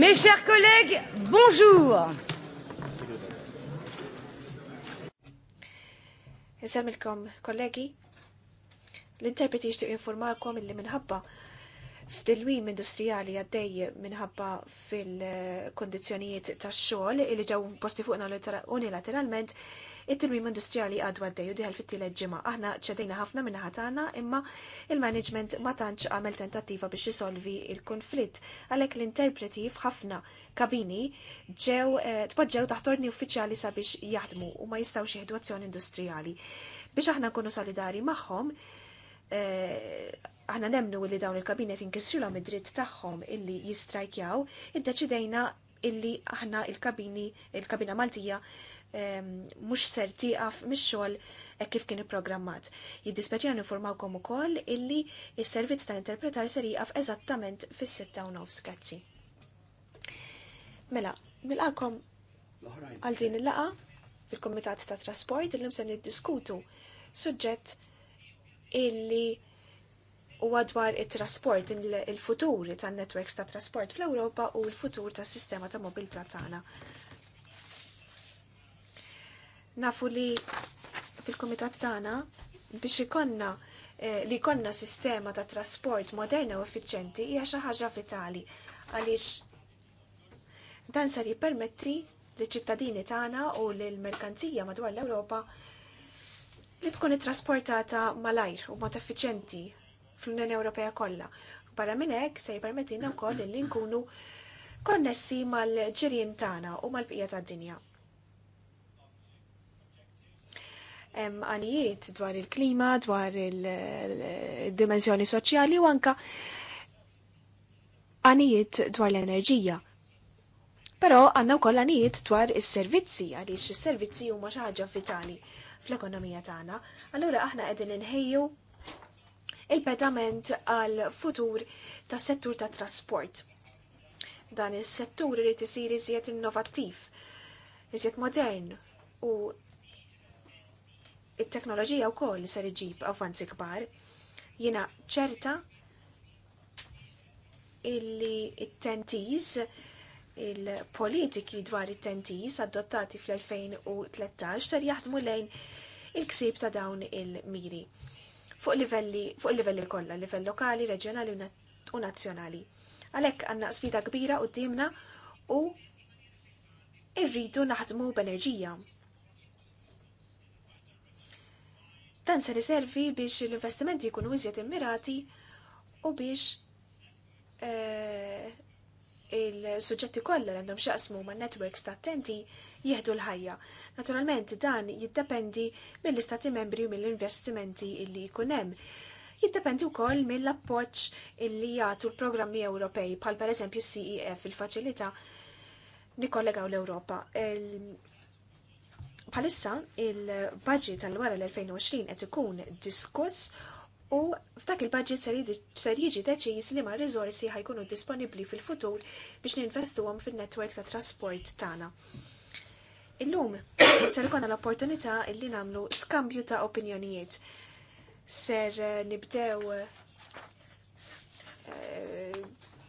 Mes chers collègues, bonjour. Nsemilkom kollegi, l-interpreti jishtu informakom illi minħabba f'dilwim industrijali għaddej minħabba fil-kondizjonijiet tax xogħol illi ġew posti fuqna unilateralment it-tilwim industrijali għadu għaddej u diħal fit tilet ġimgħa. Aħna ċedejna ħafna minna ħatana imma il-management ma tantx għamel tentattiva biex isolvi il-konflitt. Għalhekk l-interpreti f'ħafna kabini ġew eh, tpoġġew taħt ordni uffiċjali sabiex jaħdmu u ma jistgħu jieħdu azzjoni industrijali. Biex aħna nkunu solidari magħhom, eh, aħna nemnu li dawn il-kabinet inkissru mid-dritt tagħhom illi jistrajkjaw, iddeċidejna illi aħna il-kabini, il-kabina Maltija mhux ser tieqaf mix-xogħol e kif kien ipprogrammat. Jiddispeċjan informawkom ukoll illi s-servizz ta' interpretar ser jiqaf eżattament fis-sitta u nofs. Grazzi. Mela, nilqakom għal din il-laqa fil-Komitat ta' Trasport illum se niddiskutu suġġett illi huwa dwar it-trasport, il-futur tan netwerks ta' trasport fl-Ewropa u l-futur tas sistema ta' mobilità tagħna. Nafu li fil-komitat tagħna biex ikonna eh, li konna sistema ta' trasport moderna u effiċenti hija xi ħaġa vitali għaliex dan se jippermetti liċ ċittadini tagħna u l merkanzija madwar l-Ewropa li tkun ittrasportata malajr u mod effiċenti fl-Unjoni Ewropea kollha. Barra minn hekk se jippermettilna wkoll li nkunu konnessi mal-ġirien tagħna u mal-bqija tad-dinja. hemm għanijiet dwar il-klima, dwar il-dimensjoni soċjali u anka għanijiet dwar l-enerġija. Però għanna wkoll għanijiet dwar is-servizzi għaliex is-servizzi huma xi ħaġa vitali fl-ekonomija tagħna. Allura aħna qegħdin inħejju il-pedament għal futur tas settur ta' trasport. Dan is-settur irid isir iżjed innovattiv, iżjed modern u it-teknoloġija wkoll li ser iġib avvanzi kbar. Jiena ċerta illi it-tentis il-politiki dwar it-tentis adottati fl-2013 ser jaħdmu lejn il-ksib ta' dawn il-miri fuq livelli, fuq livelli kollha, livell lokali, reġjonali u nazzjonali. Għalhekk għandna sfida kbira dimna u rridu naħdmu b'enerġija Dan se riservi biex l-investimenti jkunu iżjed immirati u biex eh, il-suġġetti kollha li għandhom xaqsmu ma' networks ta' attenti jieħdu l-ħajja. Naturalment dan jiddependi mill-istati membri u mill-investimenti illi jkun hemm. Jiddependi wkoll mill-appoġġ illi jagħtu l-programmi Ewropej bħal pereżempju CEF il-faċilità nikollegaw l-Ewropa. Palissa il-budget tal-wara l-2020 qed ikun diskuss u f'dak il-budget ser jiġi deċiż li ma' riżorsi ħajkunu disponibbli fil-futur biex ninvestuhom fin-netwerk ta' trasport tagħna. Illum ser ikun l-opportunità li nagħmlu skambju ta' opinjonijiet. Ser eh, nibdew eh,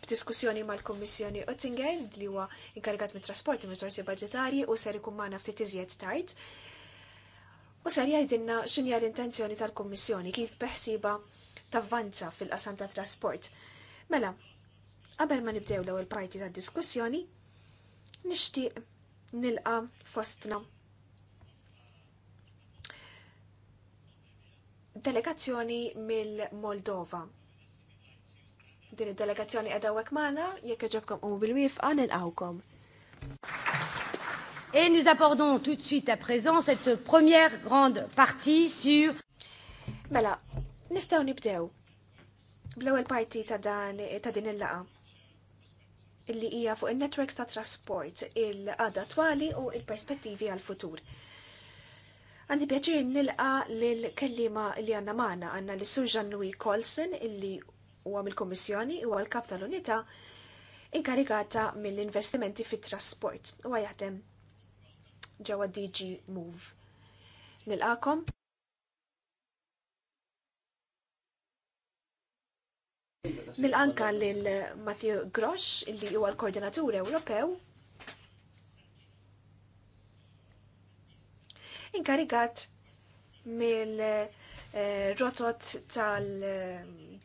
f'diskussjoni mal-Kommissjoni Oettinger li huwa inkarigat mit-trasport u risorsi budġetarji u ser ikun magħna ftit iżjed tard. U ser jgħidilna x'inhi l-intenzjoni tal-Kummissjoni kif beħsiba tavvanza fil-qasam ta' trasport. Mela, qabel ma nibdew l-ewwel parti tad-diskussjoni, nixtieq nilqa fostna delegazzjoni mill-Moldova din id-delegazzjoni edha għek maħna, jekk ġobkom u bil għan il għawkom E nous abordons tout de suite à présent cette première grande partie sur... Mela, nistaw nibdew bl-ewwel parti ta' dan ta' din il-laqa illi hija fuq in-networks ta' trasport il għada twali u il-perspettivi għal-futur. Għandi pjaċir nilqa l kellima li għanna maħna għanna l-Sur Jean-Louis Colson illi huwa mill-Kummissjoni huwa l-kap tal-unità inkarigata mill-investimenti fit-trasport u jaħdem ġewwa DG Move. Nilqakom. Nilqanka lil Matthew Grosh li huwa l-Koordinatur Ewropew inkarigat mill-rotot eh, eh,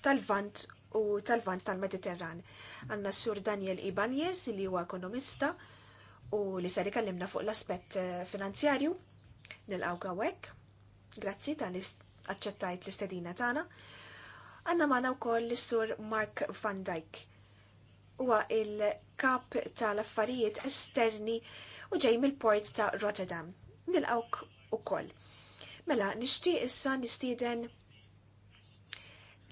tal-vant u tal-Vant tal-Mediterran. Għanna s-sur Daniel Ibanez li huwa ekonomista u li sar ikallimna fuq l-aspett eh, finanzjarju nilqaw għawek. Grazzi tal aċċettajt l-istedina tagħna. Għanna magħna wkoll l-sur Mark Van Dyke. Huwa il-kap tal-affarijiet esterni u ġej mill-port ta' Rotterdam. Nilqawk ukoll. Mela, nixtieq issa nistieden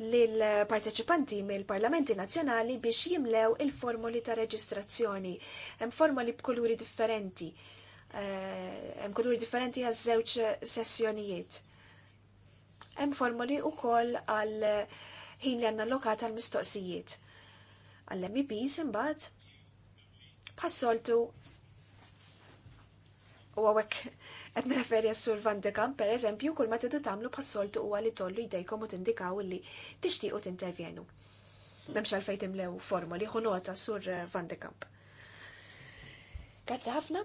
lill-parteċipanti mill-parlamenti nazzjonali biex jimlew il-formuli ta' reġistrazzjoni. Hemm formuli b'kuluri differenti. Eh, hemm kuluri differenti għaż-żewġ sessjonijiet. Hemm formuli wkoll għal ħin li għandna allokat għal mistoqsijiet. Għall MEPs imbagħad bħassoltu u għawek Qed nirreferi sur Van de Kamp, per eżempju, kull ma t tagħmlu bħas-soltu huwa li tollu jdejkom u tindikaw li tixtiequ tintervjenu. M'hemmx għalfejn timlew formoli ħu nota sur Van de Kamp. Grazzi ħafna.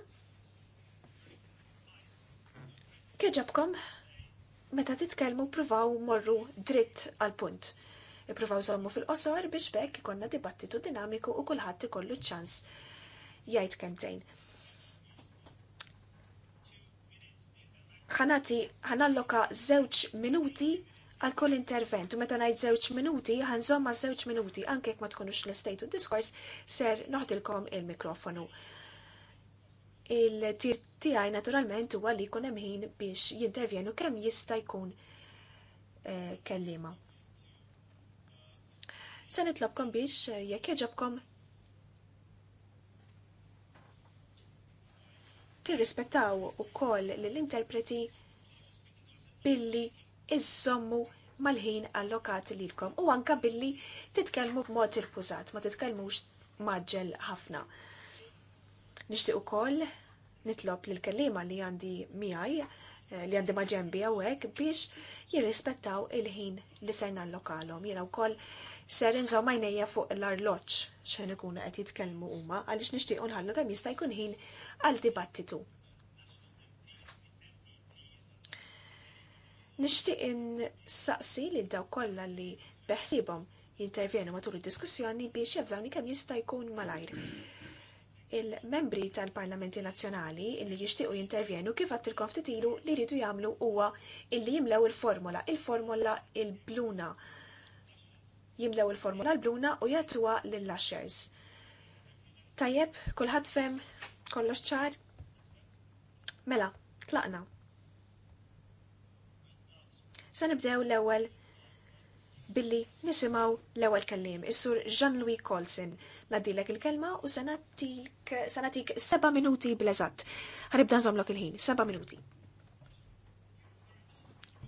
Kieġabkom, meta titkellmu pruvaw morru dritt għal punt. Ippruvaw żommu fil-qosor biex bekk ikonna dibattitu dinamiku u kulħadd ikollu ċans jgħid kemtejn. ħanati ħanalloka żewġ minuti għal kull intervent u meta ngħid żewġ minuti ħanżomma żewġ minuti anke jekk ma tkunux l-istejt u diskors ser noħdilkom il-mikrofonu. Il-tir tiegħi naturalment huwa li jkun hemm ħin biex jintervjenu kemm jista' jkun eh, kellima. Se nitlobkom biex eh, jekk jaġabkom tirrispettaw ukoll lill-interpreti billi iżommu mal-ħin allokat lilkom u anka billi titkellmu b'mod irpużat, ma titkellmux maġġel ħafna. Nixtieq ukoll nitlob l kellima li għandi miħaj, eh, li għandi maġembi għawek biex jirrispettaw il-ħin li sejna Jena Jiena wkoll ser inżomma jnejja fuq l-arloċ xejn ikunu qed jitkellmu huma għaliex nixtiequ unħallu kemm jista' jkun ħin għal dibattitu. Nixtieq insaqsi li daw kollha li beħsibom jintervjenu matul id-diskussjoni biex jabżawni kemm jista' jkun malajr. Il-membri tal-Parlamenti Nazzjonali li jixtiequ jintervjenu kif għattilkom ftit ilu li jridu jagħmlu huwa illi jimlew il-formola, il-formola il-bluna. il formola il formola il bluna il il bluna jimlew il-formula l-bluna u jattuwa lill-lashers. Tajjeb, kulħadd fem, kollox ċar. Mela, tlaqna. Sa nibdew l-ewwel billi nisimaw l-ewwel kellim, is-sur Jean-Louis Colson. Nadilek il-kelma u sanatik seba' minuti bl-eżatt. Ħaribda nżomlok il-ħin, seba' minuti.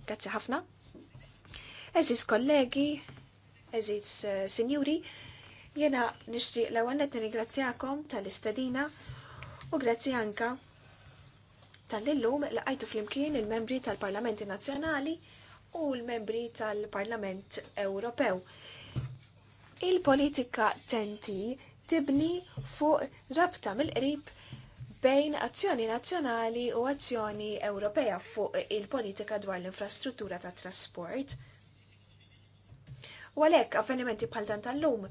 Grazzi ħafna. Eżis kollegi, eżiz eh, sinjuri, jena nishtiq la ewwel nirigrazzjakom nirringrazzjakom tal-istedina u grazzi anka tal-illum laqajtu flimkien il-membri tal-Parlamenti Nazzjonali u l-membri tal-Parlament Ewropew. Il-politika tenti tibni fuq rabta mill-qrib bejn azzjoni nazzjonali u azzjoni Ewropea fuq il-politika dwar l-infrastruttura tat trasport. U għalhekk avvenimenti bħal dan tal-lum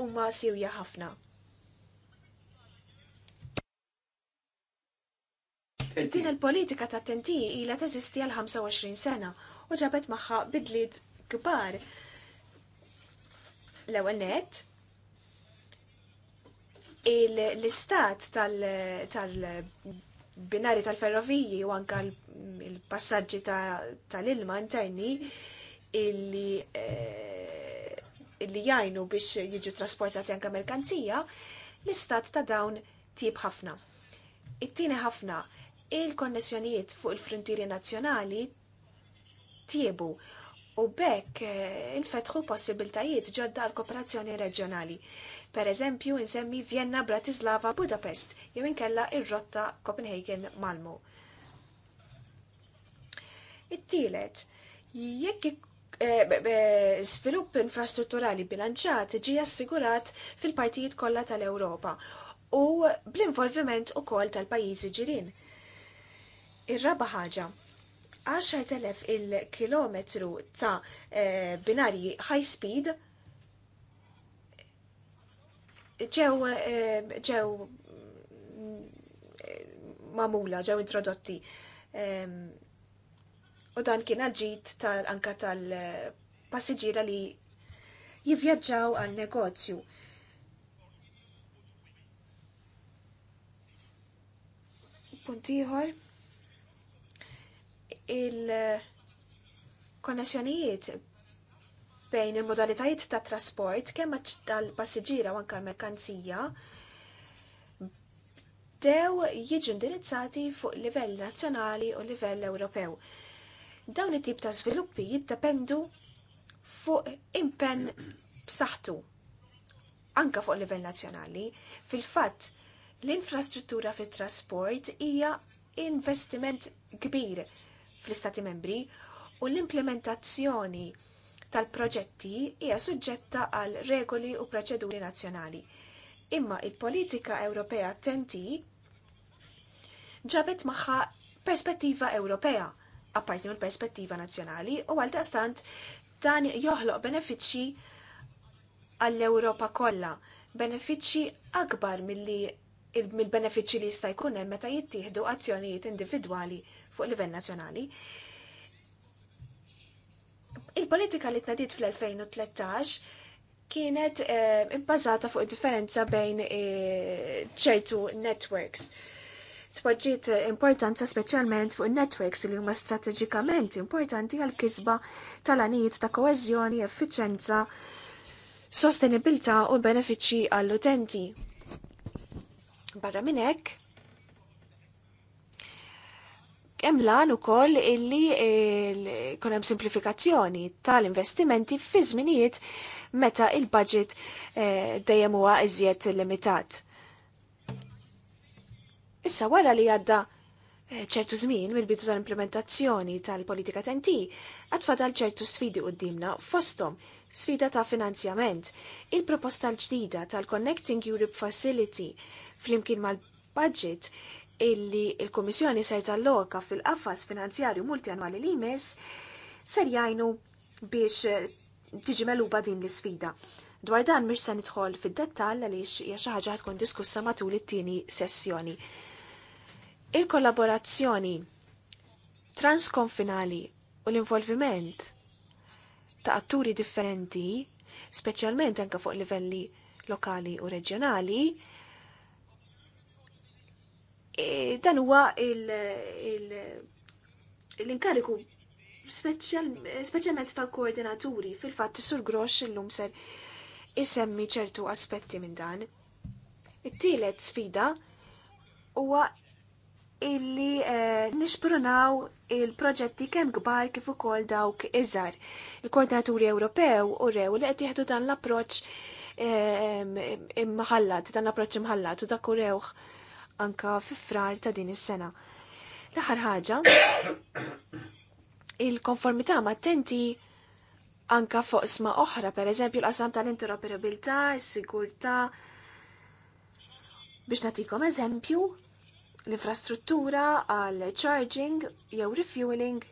huma sirja ħafna. Din il-politika ta' tenti ila teżisti għal 25 sena u ġabet maħħa bidlit kbar. L-ewwel net l-istat tal-binari tal-ferroviji u anka l-passagġi tal-ilma interni illi eh, li jajnu biex jiġu trasportati anka merkanzija, l-istat ta' dawn tib ħafna. It-tieni ħafna il-konnessjonijiet fuq il-frontieri nazzjonali tiebu u bekk eh, infetħu possibiltajiet ġodda għal kooperazzjoni reġjonali. Per eżempju, insemmi Vienna, Bratislava, Budapest, jew inkella ir-rotta Copenhagen Malmo. It-tielet, jekk Eh, svilupp infrastrutturali bilanċat ġi assigurat fil-partijiet kollha tal-Ewropa u bl-involviment ukoll tal-pajjiżi ġirien. Ir-raba ħaġa, 10,000 il-kilometru ta' eh, binarji high speed ġew eh, ġew mm, mamula, ġew introdotti. Ehm, U dan kien għalġit tal-anka tal-passiġġiera li jivvjaġġaw għal negozju. Puntiħor, il-konnessjonijiet bejn il-modalitajiet ta' trasport kemm tal passiġġiera u anke l-merkanzija dew jiġu indirizzati fuq livell nazzjonali u livell Ewropew. Dawn it-tip ta' sviluppi jiddependu fuq impenn b'saħħtu anka fuq livell nazzjonali. Fil-fatt, l-infrastruttura fit trasport hija investiment kbir fl-Istati membri u l-implementazzjoni tal-proġetti hija suġġetta għal regoli u proċeduri nazzjonali. Imma il-politika Ewropea attenti ġabet magħha perspettiva Ewropea apparti mill perspettiva nazzjonali u għal stant dan joħloq benefiċċji għall-Ewropa kollha, benefiċċji akbar milli mill-benefiċċji li jista' jkun hemm meta jittieħdu azzjonijiet individwali fuq livell nazzjonali. Il-politika li tnadiet fl-2013 kienet eh, bbażata fuq differenza bejn eh, ċertu eh, networks tpoġġiet importanza speċjalment fuq networks li huma strateġikament importanti għal kisba tal-anijiet ta' koeżjoni, effiċenza, sostenibilità u benefiċċji għall-utenti. Barra minn hekk, hemm lan ukoll illi jkun hemm simplifikazzjoni tal-investimenti fi żminijiet meta il-budget eh, dejjem huwa iżjed limitat. Issa wara li għadda eh, ċertu żmien mill-bidu tal-implementazzjoni tal-politika TNT, fadal ċertu sfidi d-dimna fostom sfida ta' finanzjament. Il-proposta l-ġdida tal-Connecting Europe Facility flimkien mal-budget illi il-Komissjoni ser tal-loka fil-qafas finanzjarju multianwali li jmiss ser jajnu biex eh, tiġi meluba din l-sfida. Dwar dan mhux se nidħol fid-dettall għaliex hija xi ħaġa tkun diskussa matul it-tieni sessjoni. Il-kollaborazzjoni transkonfinali u l-involviment ta' atturi differenti, speċjalment anke fuq livelli lokali u reġjonali, e dan huwa l-inkariku speċjalment tal-koordinaturi fil-fatt sur grox illum ser isemmi ċertu aspetti minn dan. It-tielet sfida huwa illi eh, nixprunaw il-proġetti kemm kbar kif ukoll dawk iżar Il-Koordinaturi Ewropew u rew li qed jieħdu dan l-approċċ eh, imħallat, dan l-approċċ imħallat u dak rewħ anka fi ta' din is-sena. L-aħħar ħaġa il-konformità ma' tenti anka fuq sma oħra, per eżempju l-qasam tal-interoperabilità, s sigurtà Biex natikom eżempju, l-infrastruttura għal charging jew refueling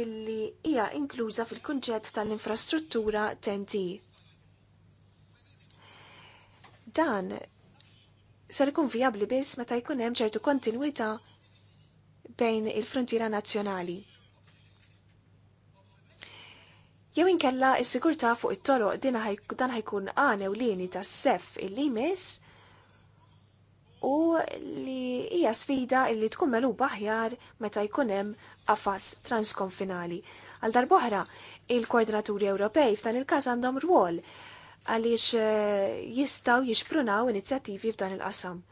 illi hija inkluża fil-kunċett tal-infrastruttura TNT. Dan ser ikun vijabbli biss meta jkun hemm ċertu kontinwità bejn il-frontiera nazzjonali. Jew inkella s-sigurtà fuq it-toroq dan ħajkun għanew lini tas-sef illi jmiss u li hija sfida illi tkun meluba aħjar meta jkun hemm qafas transkonfinali. Għal darboħra, il-koordinaturi Ewropej f'dan il-każ għandhom rwol għaliex eh, jistaw jixprunaw inizjattivi f'dan il-qasam.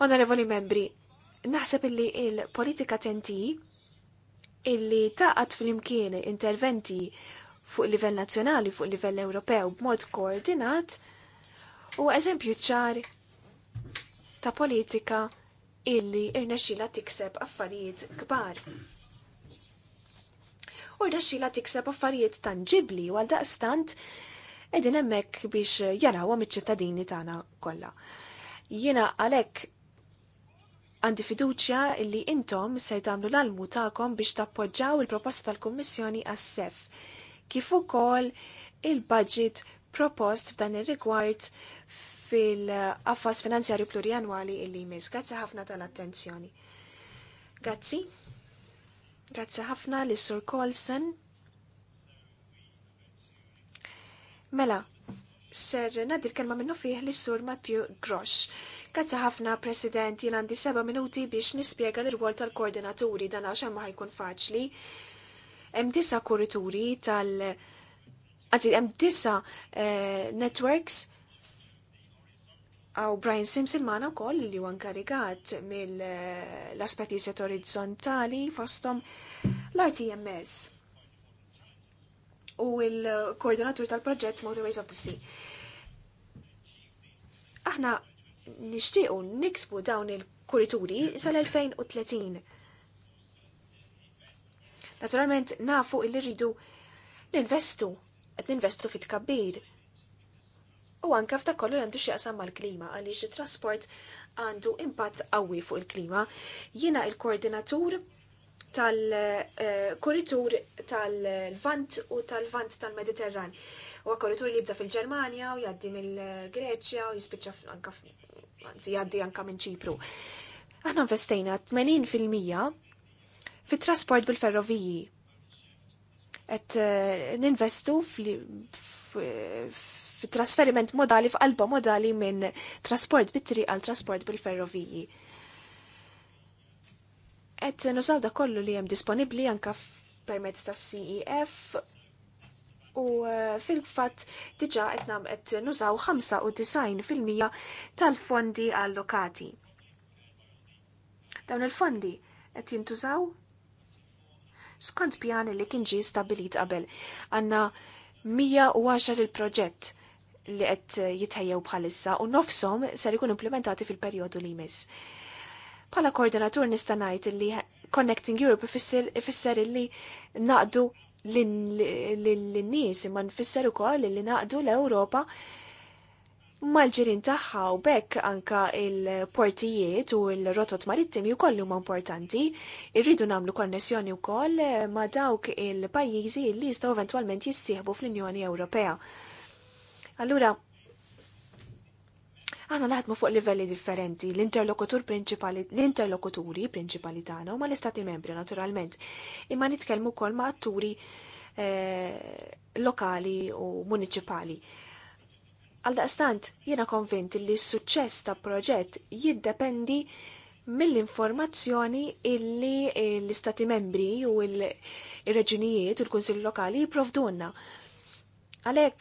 Onorevoli membri, naħseb illi il-politika tenti illi taqat fl-imkien interventi fuq livell nazzjonali, fuq livell Ewropew b'mod koordinat u eżempju ċar ta' politika illi irnexxila tikseb affarijiet kbar. U rnexxila tikseb affarijiet tanġibli u għalda stant edin emmek biex jarawhom iċ-ċittadini tagħna kollha. Jiena għalhekk għandi fiduċja illi intom ser tagħmlu l-almu tagħkom biex tappoġġaw il-proposta tal-Kummissjoni għas-sef kif ukoll il-budget propost f'dan ir-rigward fil-qafas finanzjarju plurianwali illi jmiss. Grazzi ħafna tal-attenzjoni. Grazzi. Grazzi ħafna li sur Colson. Mela, ser nadi l-kelma minnu fih li sur Matthew Grosh. Grazzi ħafna, President, jien għandi seba' minuti biex nispjega l-rwol tal-koordinaturi dan għax ma ħajkun faċli hemm disa kurituri tal- Għazzi, hemm disa eh, networks għaw Brian Simpson maħna u koll li huwa nkarigat mill-aspeti set orizzontali fostom l-RTMS u il-koordinatur tal-proġett Motorways of the Sea. Aħna nixtiequ niksbu dawn il-kurituri sal-2030 Naturalment nafu illi rridu ninvestu, qed ninvestu fit kabbir. U anka f'ta' kollu għandu xieqsam mal-klima għaliex it-trasport għandu impatt qawwi fuq il-klima. Jiena il-koordinatur tal-kuritur eh, tal-Vant u tal-Vant tal-Mediterran. U kuritur li jibda fil-Ġermanja u jaddi mill-Greċja u jispiċċa anka anzi jaddi anka minn Ċipru. Aħna investejna 80% fit-trasport bil-ferroviji. Et eh, ninvestu fit-trasferiment modali f'qalba modali minn trasport bit-triq għal trasport bil-ferroviji. Et nużaw da kollu li hemm disponibbli anka permezz ta' CEF u eh, fil-fatt diġa qed et nużaw 95% tal-fondi allokati. Dawn il-fondi qed jintużaw skont pjan li kien ġi stabilit qabel. Għanna 110 il-proġett li qed jitħejjew bħalissa u nofsom ser ikun implementati fil-perjodu li jmiss. Pala koordinatur nista' ngħid li Connecting Europe ifisser illi naqdu lin-nies imma nfisser ukoll li naqdu l-Ewropa mal-ġirin tagħha u bekk anka il-portijiet u il rotot marittimi wkoll huma importanti, irridu nagħmlu konnessjoni wkoll eh, ma' dawk il-pajjiżi li jistgħu eventwalment jissieħbu fl-Unjoni Ewropea. Allura, Għana naħdmu fuq livelli differenti, l-interlokutur principali, l-interlokuturi principali tagħna huma l-istati membri naturalment, imma nitkellmu wkoll ma' atturi eh, lokali u municipali. Għaldaqstant, jiena konvint li s-suċċess ta' proġett jiddependi mill-informazzjoni illi l-istati membri u l-reġunijiet u l-kunsilli lokali jiprovdunna. Għalek,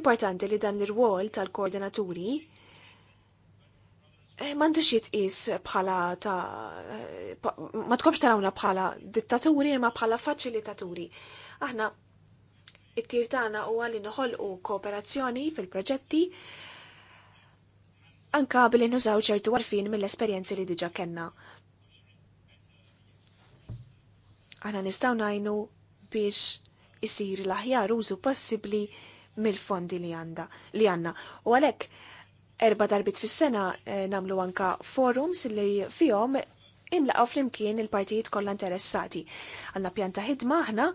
importanti li dan l-rwol tal-koordinaturi eh, xiet jitqis bħala ta' eh, ma tkobx tarawna bħala dittaturi imma bħala faċilitaturi. Aħna it-tir tagħna huwa li noħolqu kooperazzjoni fil-proġetti anka billi nużaw ċertu għarfin mill-esperjenzi li diġa kenna. Aħna nistgħu ngħinu biex isir l-aħjar użu possibbli mill-fondi li għanda li għanna. U għalhekk erba darbit fis-sena eh, namlu anka forums li fihom inlaqgħu flimkien il-partijiet kollha interessati. Għandna pjanta ħidma aħna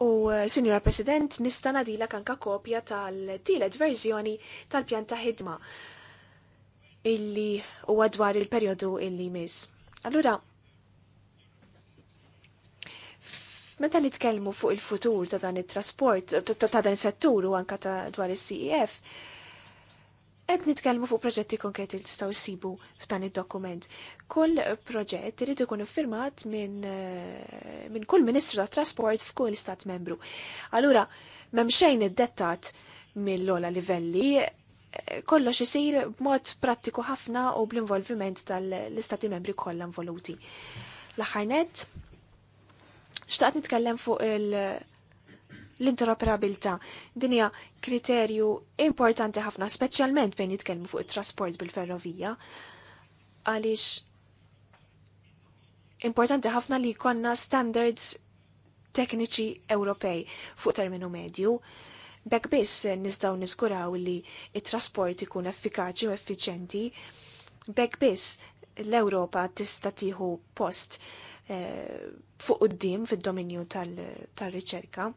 U, eh, Signora President, nista' nadila kanka kopja tal-tielet verżjoni tal-pjan ta' ħidma illi huwa dwar il-perjodu illi miss. Allura, meta nitkellmu fuq il-futur ta' dan it-trasport, ta' dan is-settur u anka ta' dwar is-CEF, Qed nitkellmu fuq proġetti konkreti li tistgħu issibu f'dan id-dokument. Kull proġett irid ikun iffirmat minn eh, min kull Ministru tat-Trasport f'kull Stat Membru. Allura m'hemm xejn iddettat mill-ola livelli, eh, kollox isir b'mod prattiku ħafna u bl-involviment tal-Istati Membri kollha involuti. L-aħħar nett, xtaqt nitkellem fuq il- l-interoperabilità. Din hija kriterju importanti ħafna, speċjalment fejn jitkellmu fuq it-trasport bil-ferrovija, għaliex importanti ħafna li jkollna standards tekniċi Ewropej fuq terminu medju. Bek biss nistgħu niskuraw li it-trasport ikun effikaċi u effiċenti. Bek biss l-Ewropa tista' tieħu post eh, fuq qudiem fid-dominju tal-riċerka. Tal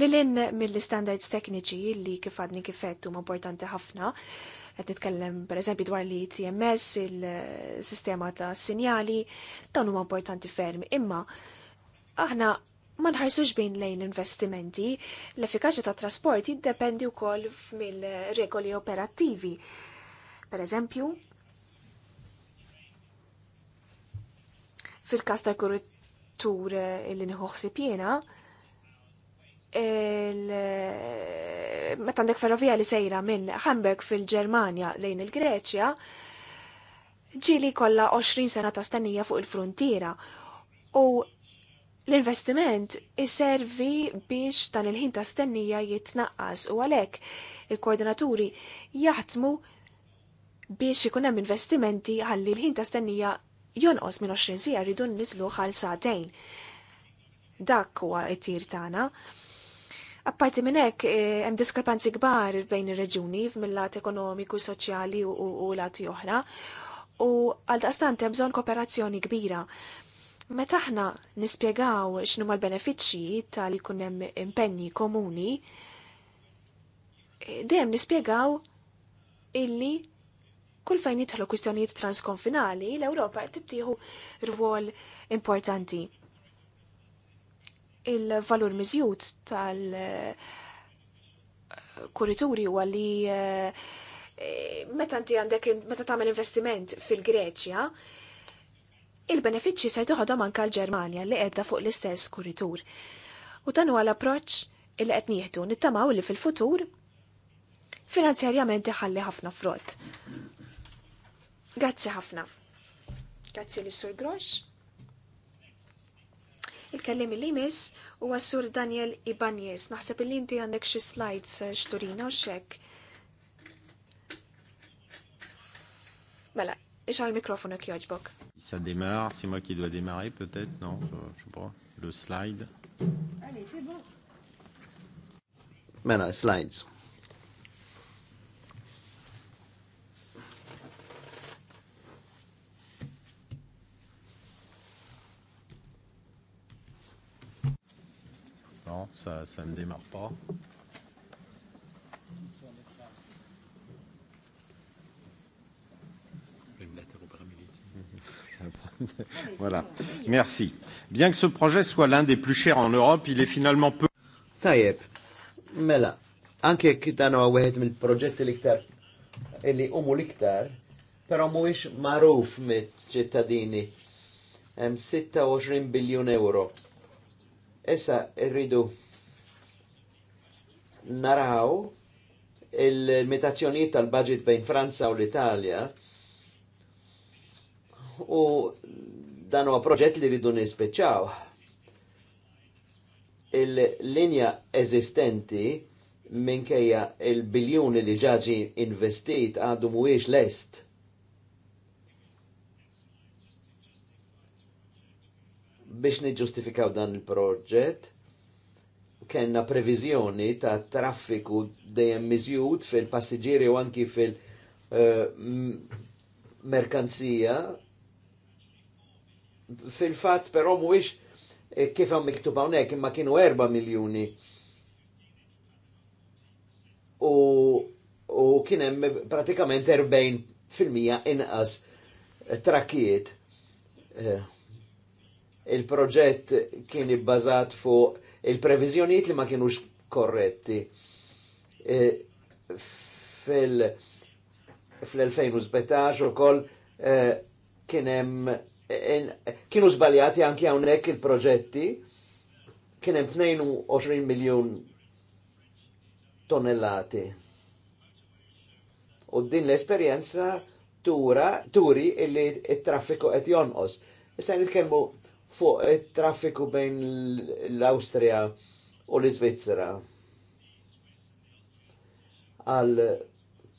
li l-in mill-standards tekniċi li kif kifettu ma' importanti ħafna, għed nitkellem per eżempju dwar li TMS, il-sistema ta' sinjali, dawn huma importanti ferm, imma aħna ma nħarsux bejn lejn investimenti, l-effikaċja ta' trasport jiddependi wkoll mill-regoli operattivi. Per eżempju, fil-kas tal-kurittur eh, li nħuħsi jena, meta għandek ferrovija li sejra minn Hamburg fil-Ġermanja lejn il-Greċja, ġili kolla 20 sena ta' stennija fuq il-frontiera u l-investiment iservi biex dan il-ħin ta' stennija jitnaqqas u għalek il-koordinaturi jaħdmu biex ikun hemm investimenti ħalli l-ħin ta' stennija jonqos minn 20 sija rridu nislu għal sa'tejn. Dak huwa t-tir tagħna. Apparti minn hekk eh, hemm diskrepanzi kbar bejn ir-reġuni mill-lat ekonomiku, soċjali u lati oħra. U għal daqstant hemm bżonn kooperazzjoni kbira. Meta aħna nispjegaw x'nu l-benefiċċji tal jkun hemm impenni komuni, eh, dejjem nispjegaw illi kull fejn jidħlu kwistjonijiet transkonfinali l-Ewropa qed tittieħu rwol importanti il-valur miżjud tal-kurituri eh, huwa li eh, meta ti għandek meta tagħmel investiment fil-Greċja, il-benefiċċji se toħodhom anke l-Ġermanja li qiegħda fuq l-istess kuritur. U dan huwa l-approċċ li qed nieħdu nittamaw li fil-futur finanzjarjament iħalli ħafna frott. Grazzi ħafna. Grazzi l-Sur Grosh. Il-kellim li miss u għassur Daniel Ibanez. Naħseb li inti għandek xie slides eh, xturina u xek. Mela, ix għal mikrofonu kjoġbok. Sa demar, si ma ki dois démarrer peut-être, non Je sais pas, le slide. Allez, c'est bon. Mela, slides. No, ça, ça ne démarre pas. voilà. Merci. Bien que ce projet soit l'un des plus chers en Europe, il est finalement peu. Tayeb, mela, anke kitano għawihet mill proġett l-iktar illi umu l-iktar, pero mhuwiex magħruf mit ċittadini Hemm 26 biljun euro Issa rridu naraw il-limitazzjonijiet tal-budget bejn Franza u l-Italja u dan huwa proġett li rridu nispeċċaw. Il-linja eżistenti minkejja il-biljuni li ġaġi investit għadu mhuwiex lest biex niġġustifikaw dan il-proġett kena previżjoni ta' traffiku dejjem miżjud fil passiġieri u anki fil-merkanzija. Eh, Fil-fatt però mhuwiex eh, kif hemm miktub hawnhekk imma kienu 4 miljuni. U, u kien hemm pratikament 40 fil-mija inqas trakkiet. Uh, eh, il-proġett kien ibbażat fu il-previżjonijiet li ma kienux korretti. E, fil fl-2017 u koll e, kienem kienu zbaljati anki hawnhekk il-proġetti kienem 22 miljon tonnellati. U din l-esperjenza tura, turi illi il-traffiku qed jonqos. Issa nitkellmu fuq traffiku bejn l-Austria u l-Svizzera għal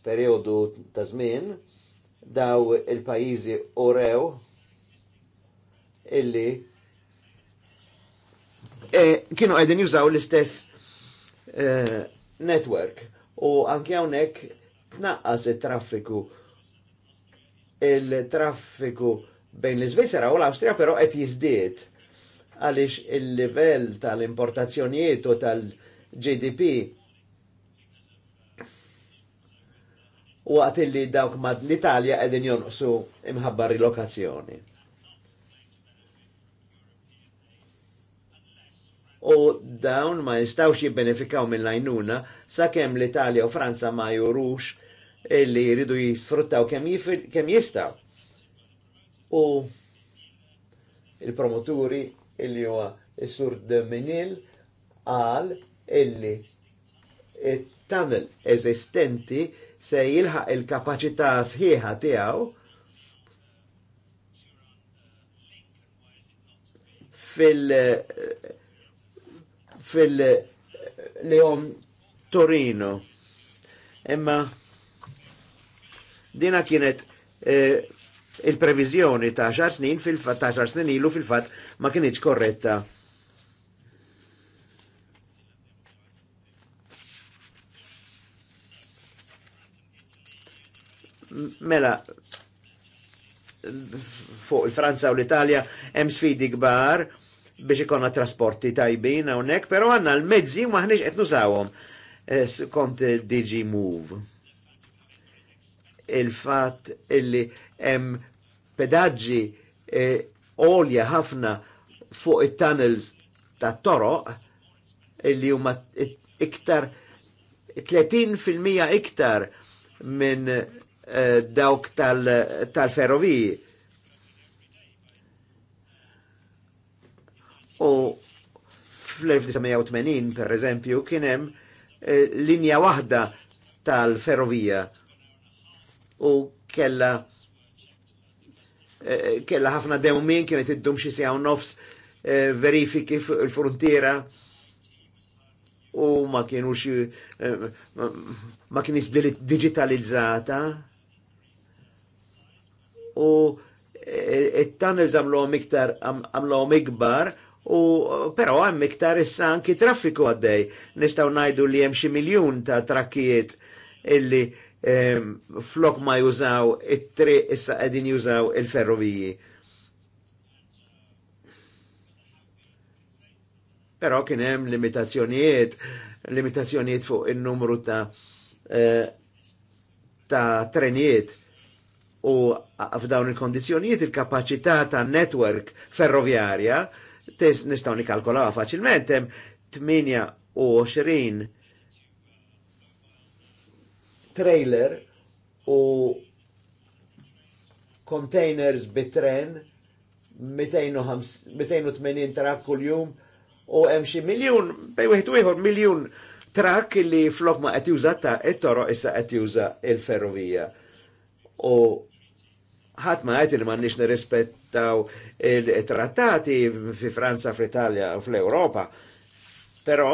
periodu ta' żmien daw il-pajjiżi orew illi e, kienu għedin jużaw l-istess e, network u anke hawnhekk tnaqqas it-traffiku il-traffiku il traffiku bejn l-Svizzera u l-Awstrija, però qed jiżdied għaliex il-livell tal-importazzjonijiet u tal-GDP waqt li dawk mad l-Italja edin jonqsu imħabba rilokazzjoni. U dawn ma jistawx jibbenefikaw minn lajnuna sakemm l-Italja u Franza ma jurux illi jridu jisfruttaw kemm kem jistaw u il-promoturi illi huwa is-sur Minil għal illi it-tunnel eżistenti se jilħa il kapacità sħiħa tiegħu fil fil Leon Torino. Imma dina kienet eh, il-previżjoni ta' xar snin fil-fat ta' xar snin ilu fil-fat ma kienieċ korretta. Mela, fuq il-Franza u l-Italja hemm sfidi kbar biex ikonna trasporti tajbin hawnhekk, però għandna l-mezzi ma ħniex qed nużawhom eh, kont DG Move il-fat illi hemm pedaġġi eh, olja ħafna fuq it-tunnels ta' toro illi huma iktar 30% iktar minn eh, dawk tal-ferroviji. U fl-1980 per eżempju kienem eh, linja wahda tal-ferrovija u kella eh, kella ħafna dewmin kienet iddum xi sew nofs eh, verifiki il-frontiera u ma kienux eh, ma kienx digitalizzata u it-tunnels għamluhom iktar għamluhom ikbar u però hemm iktar issa anki traffiku għaddej. Nistgħu ngħidu li hemm xi miljun ta' trakkijiet illi flok ma jużaw it tri issa qegħdin jużaw il-ferroviji. Però kien hemm limitazzjonijiet, limitazzjonijiet fuq in-numru ta' eh, ta' trenijiet u f'dawn il-kondizjonijiet il-kapacità ta' network ferroviarja nistaw nikalkolaw faċilment 28 trailer u containers bitren 280 trak kull-jum u hemm miljon, miljun bej wieħed ieħor miljun trak li flok ma qed juża ta' it-toro issa qed juża il-ferrovija. U ħadd ma qed li m'għandniex nirrispettaw il-trattati fi Franza, fl-Italja u fl-Ewropa. Però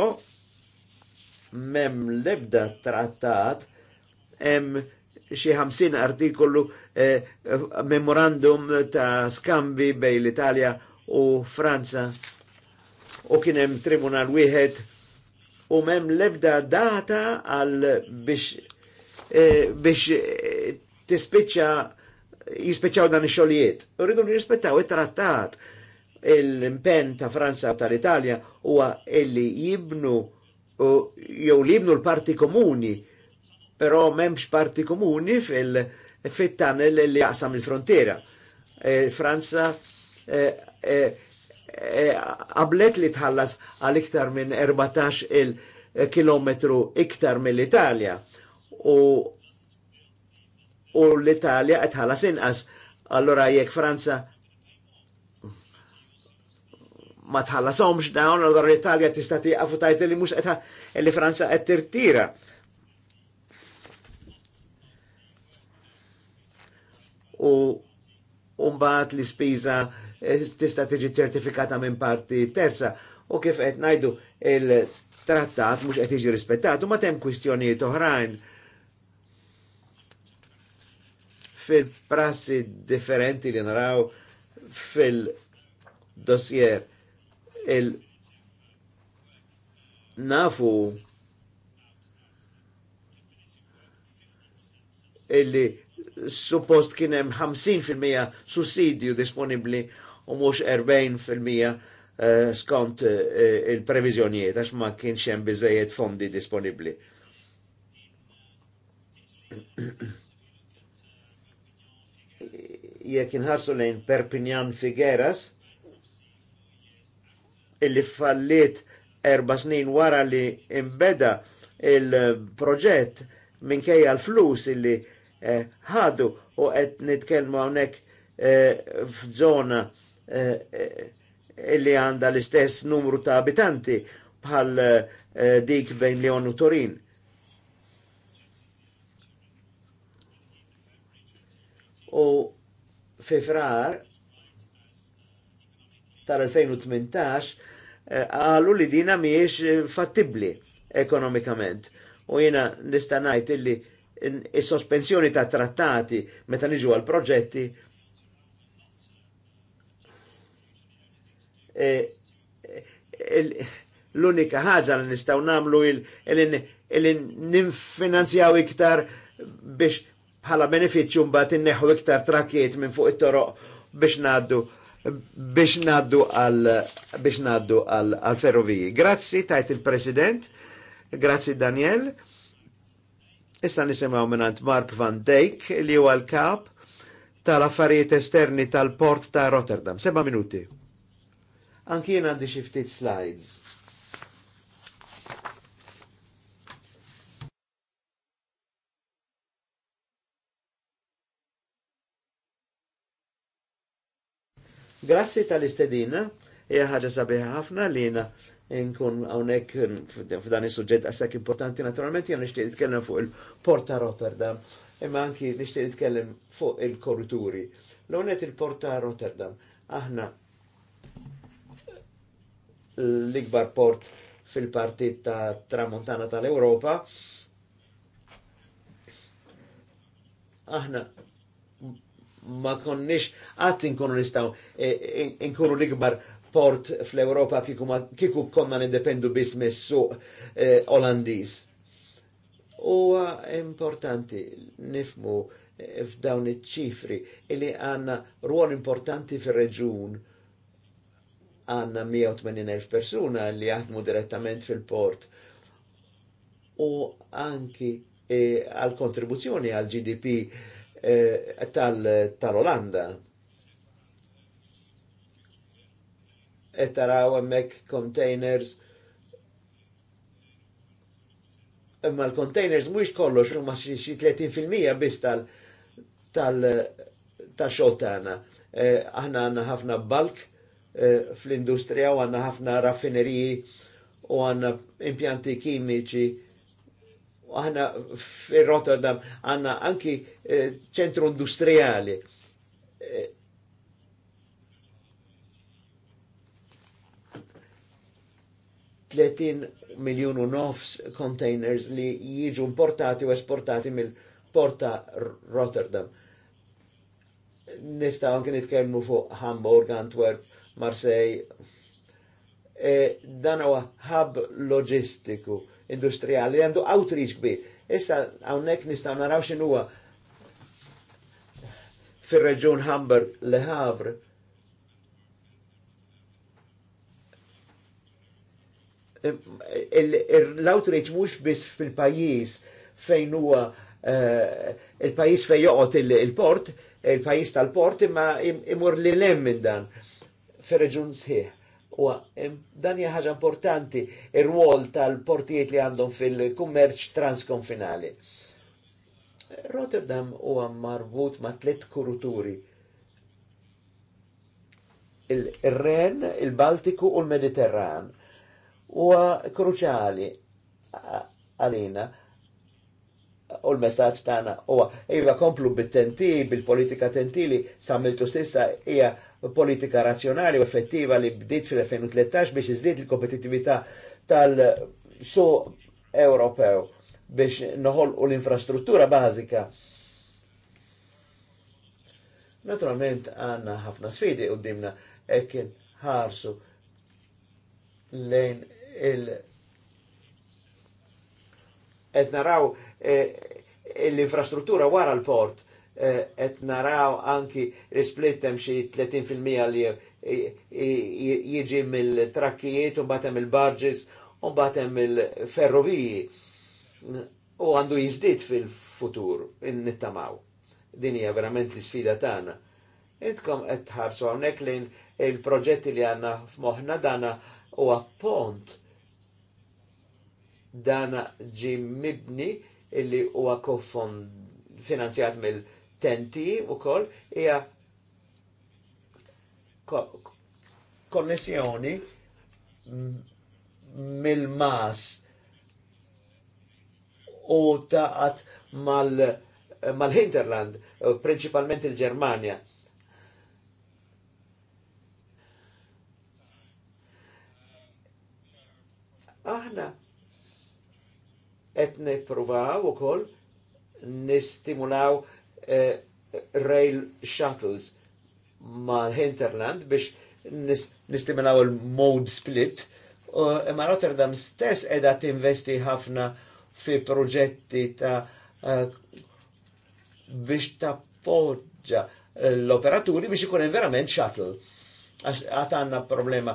mem lebda trattat hemm xi ħamsin artikolu eh, memorandum ta' skambi bej l-Italja u Franza u kien hemm tribunal wieħed u mem lebda data għal biex eh, biex eh, tispiċċa jispeċaw dan ix-xogħlijiet. Urridu nirrispettaw it-trattat l-impenn ta' Franza u tal-Italja huwa illi jibnu jew li jibnu l-parti komuni però memx parti komuni fil-tunnel li jaqsam il-frontiera. E Franza e, e, qablet li tħallas għal iktar minn 14 km kilometru iktar mill-Italja u l-Italja qed ħallas inqas. Allora jekk Franza ma tħallasomx dawn, allora l-Italja tista' tieqaf u tajt li mhux qed li Franza qed tirtira u mbagħad li spiża eh, tista' tiġi ċertifikata minn parti terza u kif qed najdu il-trattat mhux qed jiġi rispettat u ma temm kwistjonijiet oħrajn fil-prassi differenti li naraw fil-dossier il nafu illi suppost kien hemm 50% sussidju disponibbli u mhux 40% eh, skont eh, il-previżjonijiet għax ma kienx hemm biżejjed fondi disponibbli. Jekk inħarsu lejn Perpignan Figueras, illi fallit erba snin wara li imbeda il-proġett minkejja l-flus illi ħadu u għed nitkelmu għonek eh, f'żona eh, illi għanda l-istess numru ta' abitanti bħal eh, dik bejn Lyon u Torin. U fi tal-2018 għalu li dina miex fattibli ekonomikament. U jina nistanajt illi is-sospensjoni e ta' trattati meta niġu għal proġetti e, e, l-unika ħaġa li nistaw namlu il ninfinanzjaw iktar biex bħala beneficju mbagħad inneħu iktar trakkiet minn fuq it-toroq biex ngħaddu biex naddu għal biex naddu għal ferroviji. Grazzi tajt il-President, grazzi Daniel. Issa nisimaw minnant Mark Van Dijk li huwa l-kap tal-affarijiet esterni tal-port ta' Rotterdam. Seba minuti. Anki jien għandi xi ftit slides. Grazzi tal-istedina, hija ħaġa sabiħa ħafna li nkun hawnhekk f'dan il-sujġet għasak importanti naturalment jgħan nishtiq nitkellem fuq il-Porta Rotterdam imma anki nishtiq nitkellem fuq il-korrituri. L-għonet il-Porta Rotterdam aħna l-ikbar port fil-partit ta' tramontana tal-Europa aħna ma konniex għat inkunu nistaw inkunu e, e, l-ikbar port fl-Europa kiku konna nindependu bismis suq eh, Olandis. U importanti nifmu eh, f'dawn iċ-ċifri illi għanna ruol importanti fil-reġun għanna 180.000 persuna li jaħdmu direttament fil-port u anki eh, għal-kontribuzzjoni e, għal-GDP e, eh, tal-Olanda. Tal qed taraw hemmhekk containers. Imma l-containers mhuwiex kollox huma xi 30% biss tal tal ta' xogħol tagħna. Eh, Aħna għandna ħafna bulk eh, fl-industrija u għandna ħafna raffineriji u għandna impjanti kimiċi u aħna fil-Rotterdam għanna anki eh, ċentru industrijali. Eh, 30 miljon u nofs containers li jiġu importati u esportati mill-porta Rotterdam. Nistaw anke nitkellmu fuq Hamburg, Antwerp, Marseille. E, dan huwa hub loġistiku industrijali għandu outreach bi. Issa hawnhekk nistgħu naraw x'inhuwa fir-reġjun Hamburg Le Havre l-outreach mhux biss fil-pajjiż fejn huwa eh, il pajis fejn joqgħod il-port, il pajis tal-port imma imur li lem minn dan fil reġun sħiħ. U dan hija ħaġa importanti ir-rwol tal-portijiet li għandhom fil-kummerċ transkonfinali. Rotterdam huwa marbut ma' tliet kuruturi il-Ren, il-Baltiku u l-Mediterran huwa kruċali għalina u l-messaġġ tagħna huwa iva komplu bit-tentil, bil-politika tentili samiltu stessa hija politika razzjonali u effettiva li bdiet fil-2013 biex iżdied il-kompetittività tal-suq Ewropew biex u l-infrastruttura bażika. Naturalment għanna ħafna sfidi u dimna ekin ħarsu lejn il et naraw eh, l-infrastruttura wara l-port qed eh, naraw anki risplit hemm xi 30% li eh, eh, jiġi mill-trakkijiet u batem il-barges u batem il-ferroviji u għandu jiżdied fil-futur in nittamaw. Din hija verament l-isfida tagħna. Intkom qed tħarsu hawnhekk lejn il-proġetti li għandna f'moħħna dana huwa pont dana ġi mibni illi huwa kofond finanzjat mill-tenti u koll hija konnessjoni mill-mas u taqat mal-Hinterland, mal principalment il-Germania. Aħna ah, provaw u koll nistimulaw eh, rail shuttles mal-hinterland biex nis, nistimulaw il-mode split. Uh, ma Rotterdam stess edha investi ħafna fi proġetti ta' uh, biex poġġa l-operaturi biex ikun verament shuttle. Għat għanna problema.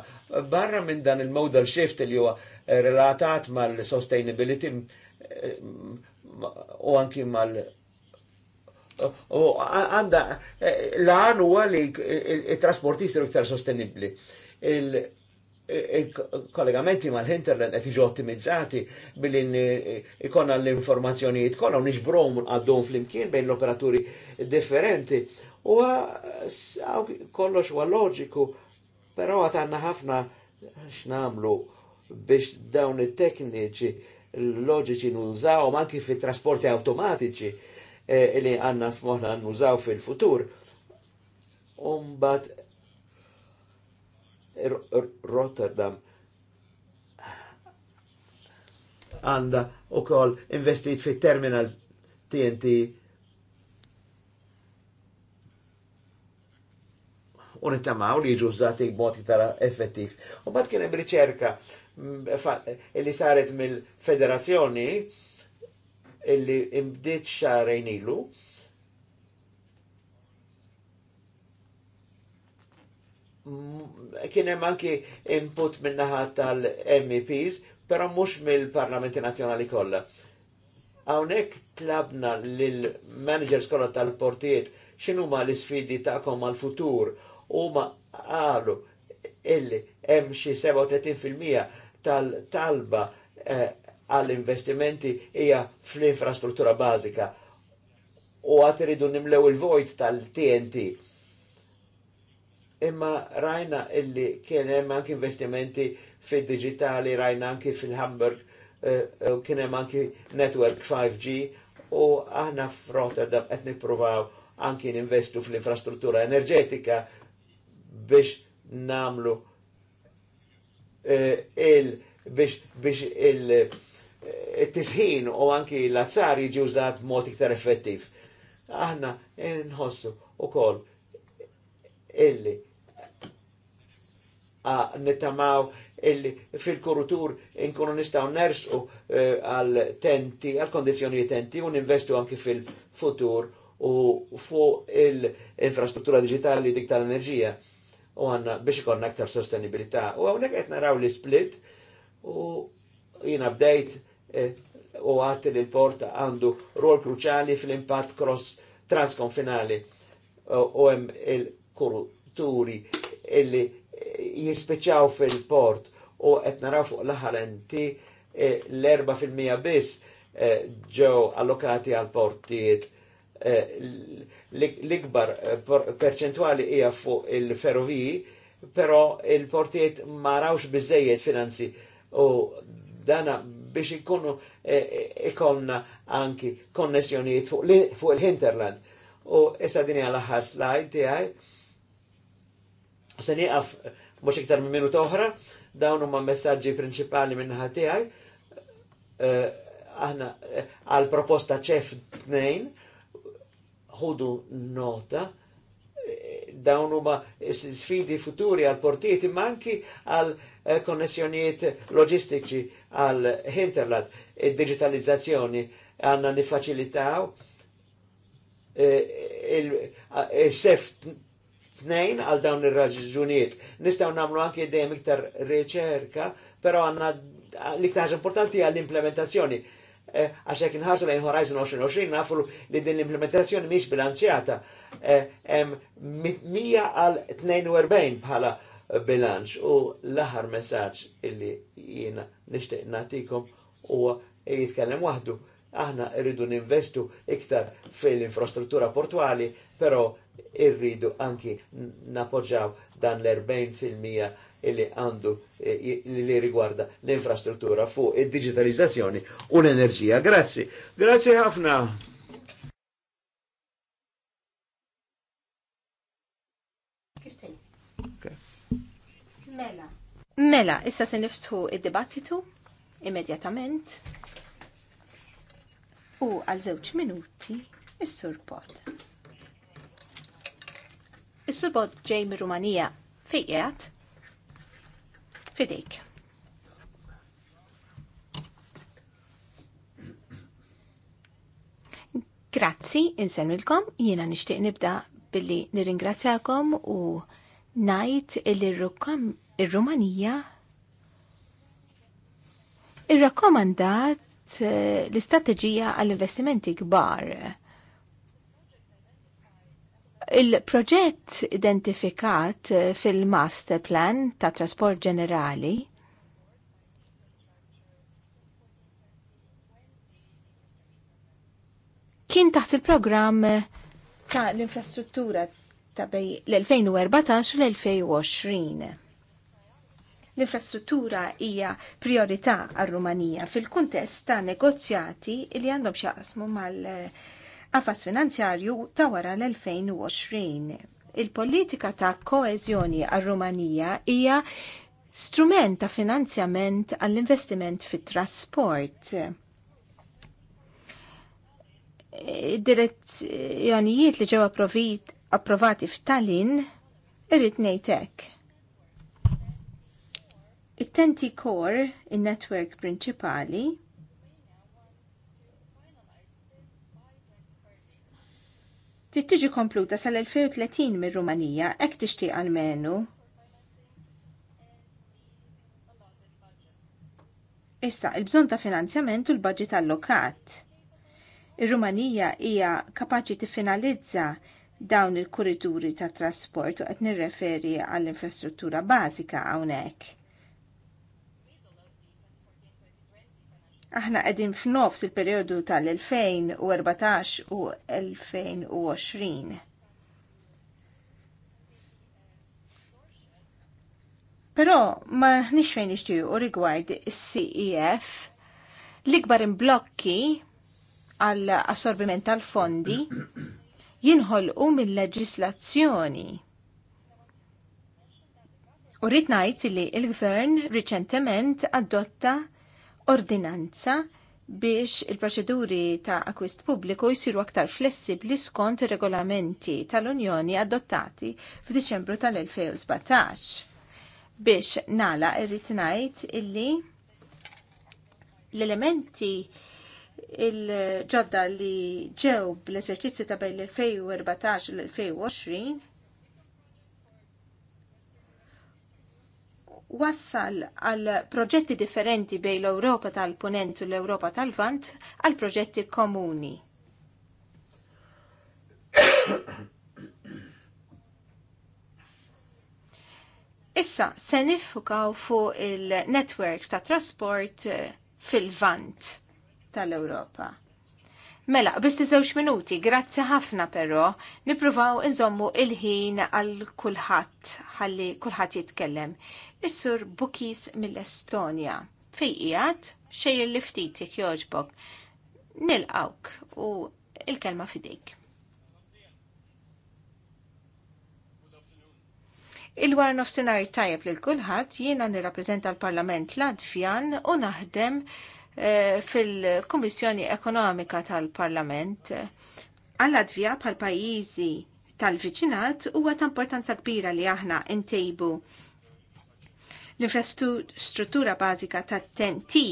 Barra minn dan il-modal shift li huwa relatat mal-sustainability u anki mal u għanda l-għan u għalli il-trasportisti iktar sostenibli. Il-kollegamenti mal-internet għet iġu ottimizzati billi ikonna l-informazzjonijiet kollha un iġbrom għaddu fl-imkien bejn l-operaturi differenti. U kollox huwa loġiku, pero għat għanna ħafna x'namlu biex dawn it-tekniċi l loġiċi nużaw, anki fit trasporti automatiċi eh, li għanna f'moħna nużaw fil-futur. Umbat Rotterdam għanda u kol investit fit terminal TNT u nittamaw li ġużati b'mod tara effettiv. U bat kienem riċerka illi saret mill-federazzjoni illi imbdiet xarejn ilu. Kien hemm anki input minnaħa tal-MEPs, però mhux mill-Parlamenti Nazzjonali kollha. Hawnhekk tlabna lill managers kollha tal-portijiet x'inhuma l-isfidi tagħkom għall futur huma qalu illi hemm xi 37% tal-talba eh, għall-investimenti hija fl-infrastruttura bażika u għat iridu nimlew il-vojt tal-TNT. Imma rajna illi kien hemm anki investimenti fid-digitali, rajna anki fil-Hamburg, eh, kien hemm anki network 5G u aħna f'Rotterdam qed nippruvaw anki ninvestu fl-infrastruttura enerġetika biex namlu Eh, il- biex il-tisħin eh, u anki l-azzar jiġi użat mod iktar effettiv. Aħna nħossu u koll illi nittamaw illi fil-kurutur inkunu nistaw nersqu eh, għal tenti, għal kondizjoni tenti u ninvestu anki fil-futur u fuq il-infrastruttura digitali dik tal-enerġija u għanna biex ikonna aktar sostenibilità. U għawnek għet naraw li split u jina bdejt eh, u għat li l-port għandu rol kruċali fil-impatt cross transkonfinali eh, u għem il kulturi illi jispeċaw fil-port u qed naraw fuq laħalenti eh, l erba fil-mija bis ġew allokati għal portijiet Eh, l-ikbar eh, perċentwali hija fuq il-ferroviji, però il-portijiet ma rawx biżejjed finanzi u dana biex ikunu eh, ikonna anki konnessjonijiet fuq il-hinterland. U issa din għal aħħar slide tiegħi. Se nieqaf mhux iktar minn minut oħra, dawn huma messaġġi prinċipali minn tiegħi. Aħna għal proposta ċef 2 ħudu nota dawn huma sfidi futuri għal portijiet imma anki għal eh, konnessjonijiet loġistiċi għal hinterland id-digitalizzazzjoni għandna nifaċilitaw eh, il-sef eh, tnejn għal dawn ir-raġunijiet. Nistgħu nagħmlu anke dejjem iktar riċerka, però għandna li ktaħġ importanti għall-implementazzjoni. Eh, għax jekk inħarsu lejn Horizon 2020 nafu li din l-implementazzjoni miex bilanċjata. Eh, hemm 100 għal 42 bħala bilanċ u l-aħħar messaġġ illi jiena nixtieq nagħtikom huwa jitkellem waħdu. Aħna rridu ninvestu iktar fil-infrastruttura portuali, però irridu anki napoġġaw dan l-40% illi għandu e, li rigwarda l-infrastruttura fuq id-digitalizzazzjoni u l-enerġija. Grazzi. Grazzi ħafna. Mela. Mela, issa se niftħu id-dibattitu immedjatament u għal żewġ minuti is-sur Pod. is surbot ġej mir-Rumanija fejqiegħed Fidejk. Grazzi, insemmilkom, jiena nixtieq nibda billi nirringrazzjakom u najt illi ir-Rumanija irrakkomandat eh, l-istrateġija għall-investimenti kbar Il-proġett identifikat eh, fil-master plan ta' trasport ġenerali kien taħt il-programm eh, ta' l-infrastruttura ta' bej l-2014 l-2020. L-infrastruttura hija priorità għar rumanija fil-kuntest ta' negozjati li għandhom xaqsmu mal- uh, għafas finanzjarju ta' wara l-2020. Il-politika ta' koezjoni għal-Rumanija hija strument ta' finanzjament għall-investiment fit-trasport direzzjonijiet li ġew approvati f'Tallinn irrid ngħid hekk. It-Tenti Core, in netwerk prinċipali, trid tiġi kompluta sal-2030 mir-Rumanija, hekk tixtieq għalmenu. Issa, il-bżon ta' finanzjament u l-budget allokat. Ir-Rumanija hija kapaċi tiffinalizza dawn il kurituri ta' trasport u qed nirreferi għall-infrastruttura bażika hawnhekk. Aħna qegħdin f'nofs il-perjodu tal-2014 u 2020. Però ma nix fejn u rigward is-CEF l-ikbar imblokki għall assorbiment tal-fondi jinħolqu mill-leġislazzjoni. U rrit ngħid li l-Gvern riċentement adotta ordinanza biex il-proċeduri ta' akwist pubbliku jisiru aktar flessibli skont regolamenti tal-Unjoni adottati f'Diċembru tal-2017. Biex nala irrit ngħid illi l-elementi il-ġodda li ġew bl-eżerċizzi ta' bejn l-2014 l-2020 wassal għal proġetti differenti bej l-Europa tal-Ponent u l-Europa tal-Vant għal proġetti komuni. Issa, se nifukaw fuq il-networks ta' trasport eh, fil-Vant tal-Europa. Mela, bisti żewġ minuti, grazzi ħafna però, nipruvaw nżommu il-ħin għal kulħadd ħalli kulħadd jitkellem. Is-sur Bukis mill-Estonja. Fej qiegħed xejjer li ftit jekk jogħġbok. Nilqawk u il-kelma fidejk. Il-war nofsinhar tajjeb lil kulħadd jiena nirrappreżenta l-Parlament Latvjan u naħdem Eh, fil-Kummissjoni Ekonomika tal-Parlament. Għall-Latvija pal pajjiżi tal-viċinat huwa ta' importanza kbira li aħna ntejbu l-infrastruttura bażika tat-TNT.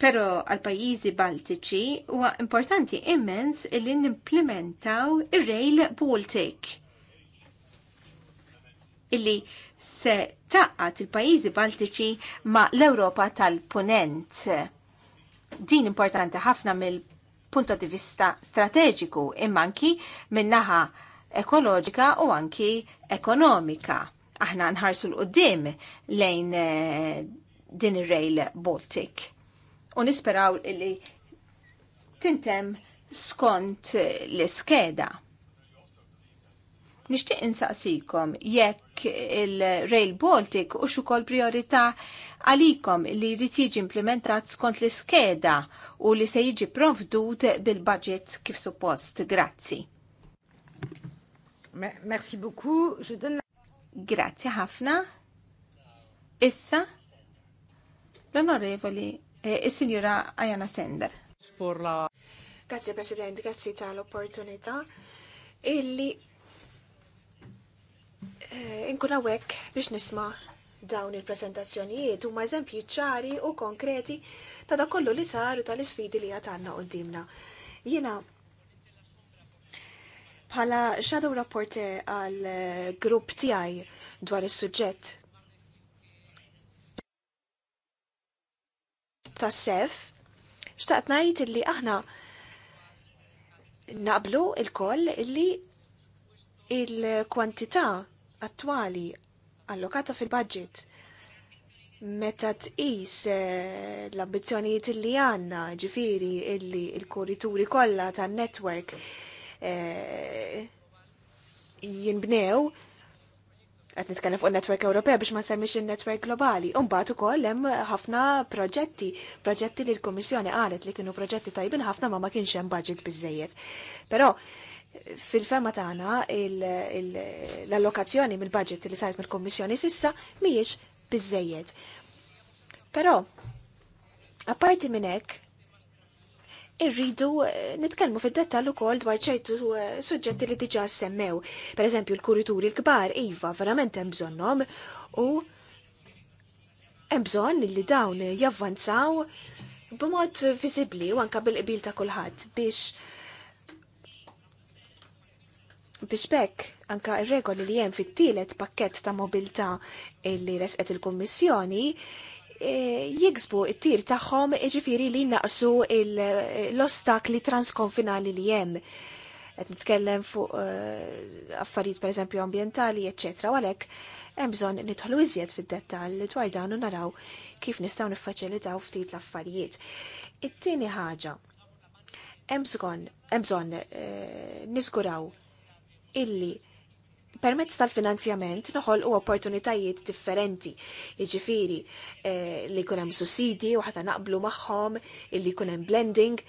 Pero għal pajjiżi Baltiċi huwa importanti immens li nimplementaw ir-Rail Baltic illi se taqqat il-pajjiżi Baltiċi ma' l-Ewropa tal-Punent. Din importanti ħafna mill-punto di vista strateġiku imma anki minnaħa ekoloġika u anki ekonomika. Aħna nħarsu l-qoddim lejn eh, din ir-Rail Baltic. U nisperaw li tintem skont l-iskeda. Nixtieq insaqsikom jekk il-Rail Baltic u ukoll priorità għalikom li jrid jiġi implementat skont l-iskeda u li se jiġi provdut bil-budget kif suppost. Grazzi. Merci beaucoup. Je donne... Grazie ħafna. Issa, l-onorevoli, eh, il-signora Ajana Sender. Grazie President, grazie tal-opportunità illi Eh, inkun għawek biex nisma dawn il-prezentazzjonijiet huma eżempji ċari u konkreti ta' da kollu li sar u tal-isfidi li għatanna dimna. Jina bħala shadow rapporter għal grupp tiegħi dwar is-suġġett ta' sef xtaqt najt li aħna naqblu il-koll li il-kwantità attwali allokata fil-budget meta tqis eh, l-ambizzjonijiet li għanna ġifiri illi il-korrituri kollha tan-network eh, jinbnew qed nitkellem fuq in-netwerk Ewropea biex ma semmix in-netwerk globali. U mbagħad ukoll hemm ħafna proġetti, proġetti li l-Kummissjoni qalet li kienu proġetti tajbin ħafna ma ma kienx hemm budget biżejjed. Però fil-fema tagħna l-allokazzjoni mill-budget li saret mill-Kommissjoni sissa mhijiex biżejjed. Però apparti minn hekk irridu eh, nitkellmu fid-dettall ukoll dwar ċertu eh, suġġetti li diġà semmew. Pereżempju l-kurituri l-kbar iva verament hemm bżonnhom u hemm bżonn li dawn javvanzaw b'mod viżibbli u anke bil-qbil ta' kulħadd biex Bispek anka il regoli li jem fit-tielet pakket ta' mobilta li resqet il-Kommissjoni, e, jiksbu it-tir tagħhom ġifiri li naqsu l-ostakli transkonfinali li jem. Qed nitkellem fuq e, affarijiet eżempju ambientali, eċċetra, għalhekk hemm bżonn nidħlu iżjed fid-dettall dwar dan u naraw kif nistgħu niffaċilitaw ftit l-affarijiet. It-tieni ħaġa, hemm bżonn e, niżguraw illi permezz tal-finanzjament noħol u opportunitajiet differenti. Iġifiri, eh, li kunem sussidi u ħata naqblu maħħom, illi kunem blending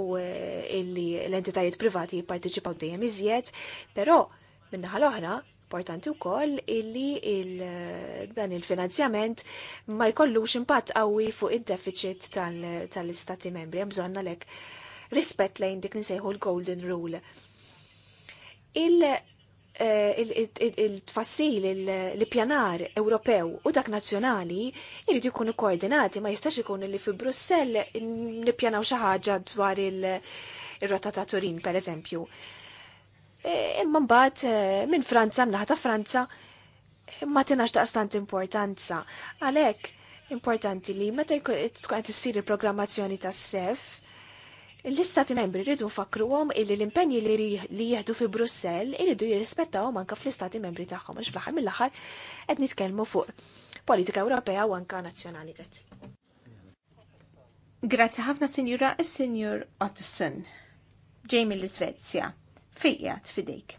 u eh, illi l-entitajiet privati jipparteċipaw dejjem iżjed, pero minnaħa l-oħra, importanti u koll illi il, eh, dan il-finanzjament ma jkollux impatt qawwi fuq id-deficit tal-istati tal membri, bżonna lek rispett lejn dik nisejħu l-golden rule il-tfassil, eh, il-pjanar Ewropew u dak nazzjonali jridu jkunu koordinati, ma jistax ikun li fi Brussell nippjanaw xi ħaġa dwar il-rotta ta' Turin, per eżempju. E, imma mbagħad eh, minn Franza, mnaħa ta' Franza, ma tinax daqstant importanza. Għalhekk importanti li meta tkun qed issir il-programmazzjoni tas-sef, L-istati membri rridu għom illi l-impenji li jieħdu fi Brussell irridu jirrispettawhom anke fl-istati membri tagħhom għax fl ħar mill-aħħar qed nitkellmu fuq politika Ewropea u anke nazzjonali grazzi. Grazzi ħafna Sinjura il sinjur Ottesson, ġej mill svezja fejjat fidejk.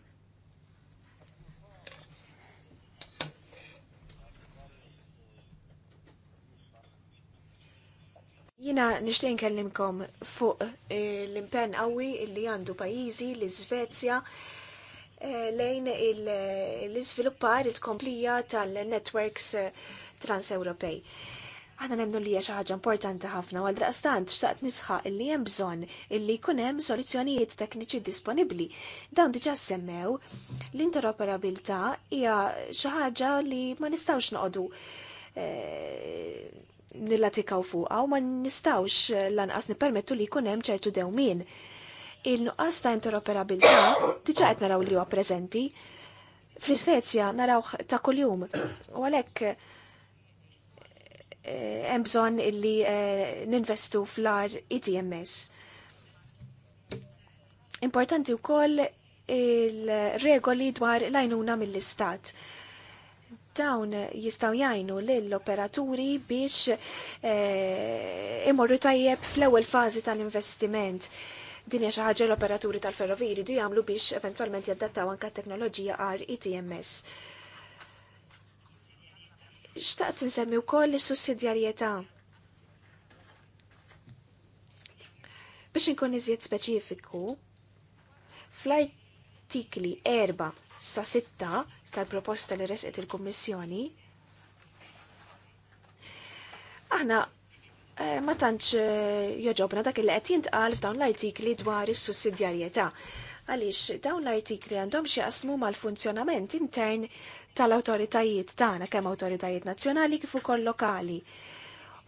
Jina nishtin kellimkom fuq eh, l-impen għawi li għandu pajizi l Svezja eh, lejn l-izviluppar il-komplija tal-networks eh, trans-Ewropej. Għana nemnu li hija ħaġa importanti ħafna għal daqstant xtaqt nisħa illi hemm bżonn illi jkun hemm soluzzjonijiet tekniċi disponibbli. Dawn diġà semmew l-interoperabilità hija xi ħaġa li ma nistgħux noqogħdu nillatikaw fuqa u ma nistawx lanqas nipermettu li jkun hemm ċertu dewmin. Il-nuqqas ta' interoperabilità diġa qed naraw li huwa preżenti. Fl-Isvezja naraw ta' kuljum u għalhekk eh, hemm bżonn illi eh, ninvestu fl-ar ITMS. E Importanti wkoll il-regoli dwar l-għajnuna mill-istat dawn jistaw jajnu l-operaturi biex eh, imorru tajjeb fl-ewwel fażi tal-investiment din hija xi ħaġa l-operaturi tal ferroviri jridu jagħmlu biex eventwalment jaddattaw anke teknoloġija RITMS. E Xtaqt insemmi wkoll is-sussidjarjetà. Biex inkun iżjed speċifiku, fl-artikli 4 sa 6 tal-proposta li resqet il-Kummissjoni. Aħna eh, ma tantx eh, joġobna dak li qed jintqal f'dawn l-artikli dwar is-sussidjarjetà għaliex dawn l-artikli għandhom xi jaqsmu mal-funzjonament intern tal-awtoritajiet tagħna kemm awtoritajiet nazzjonali kif ukoll lokali.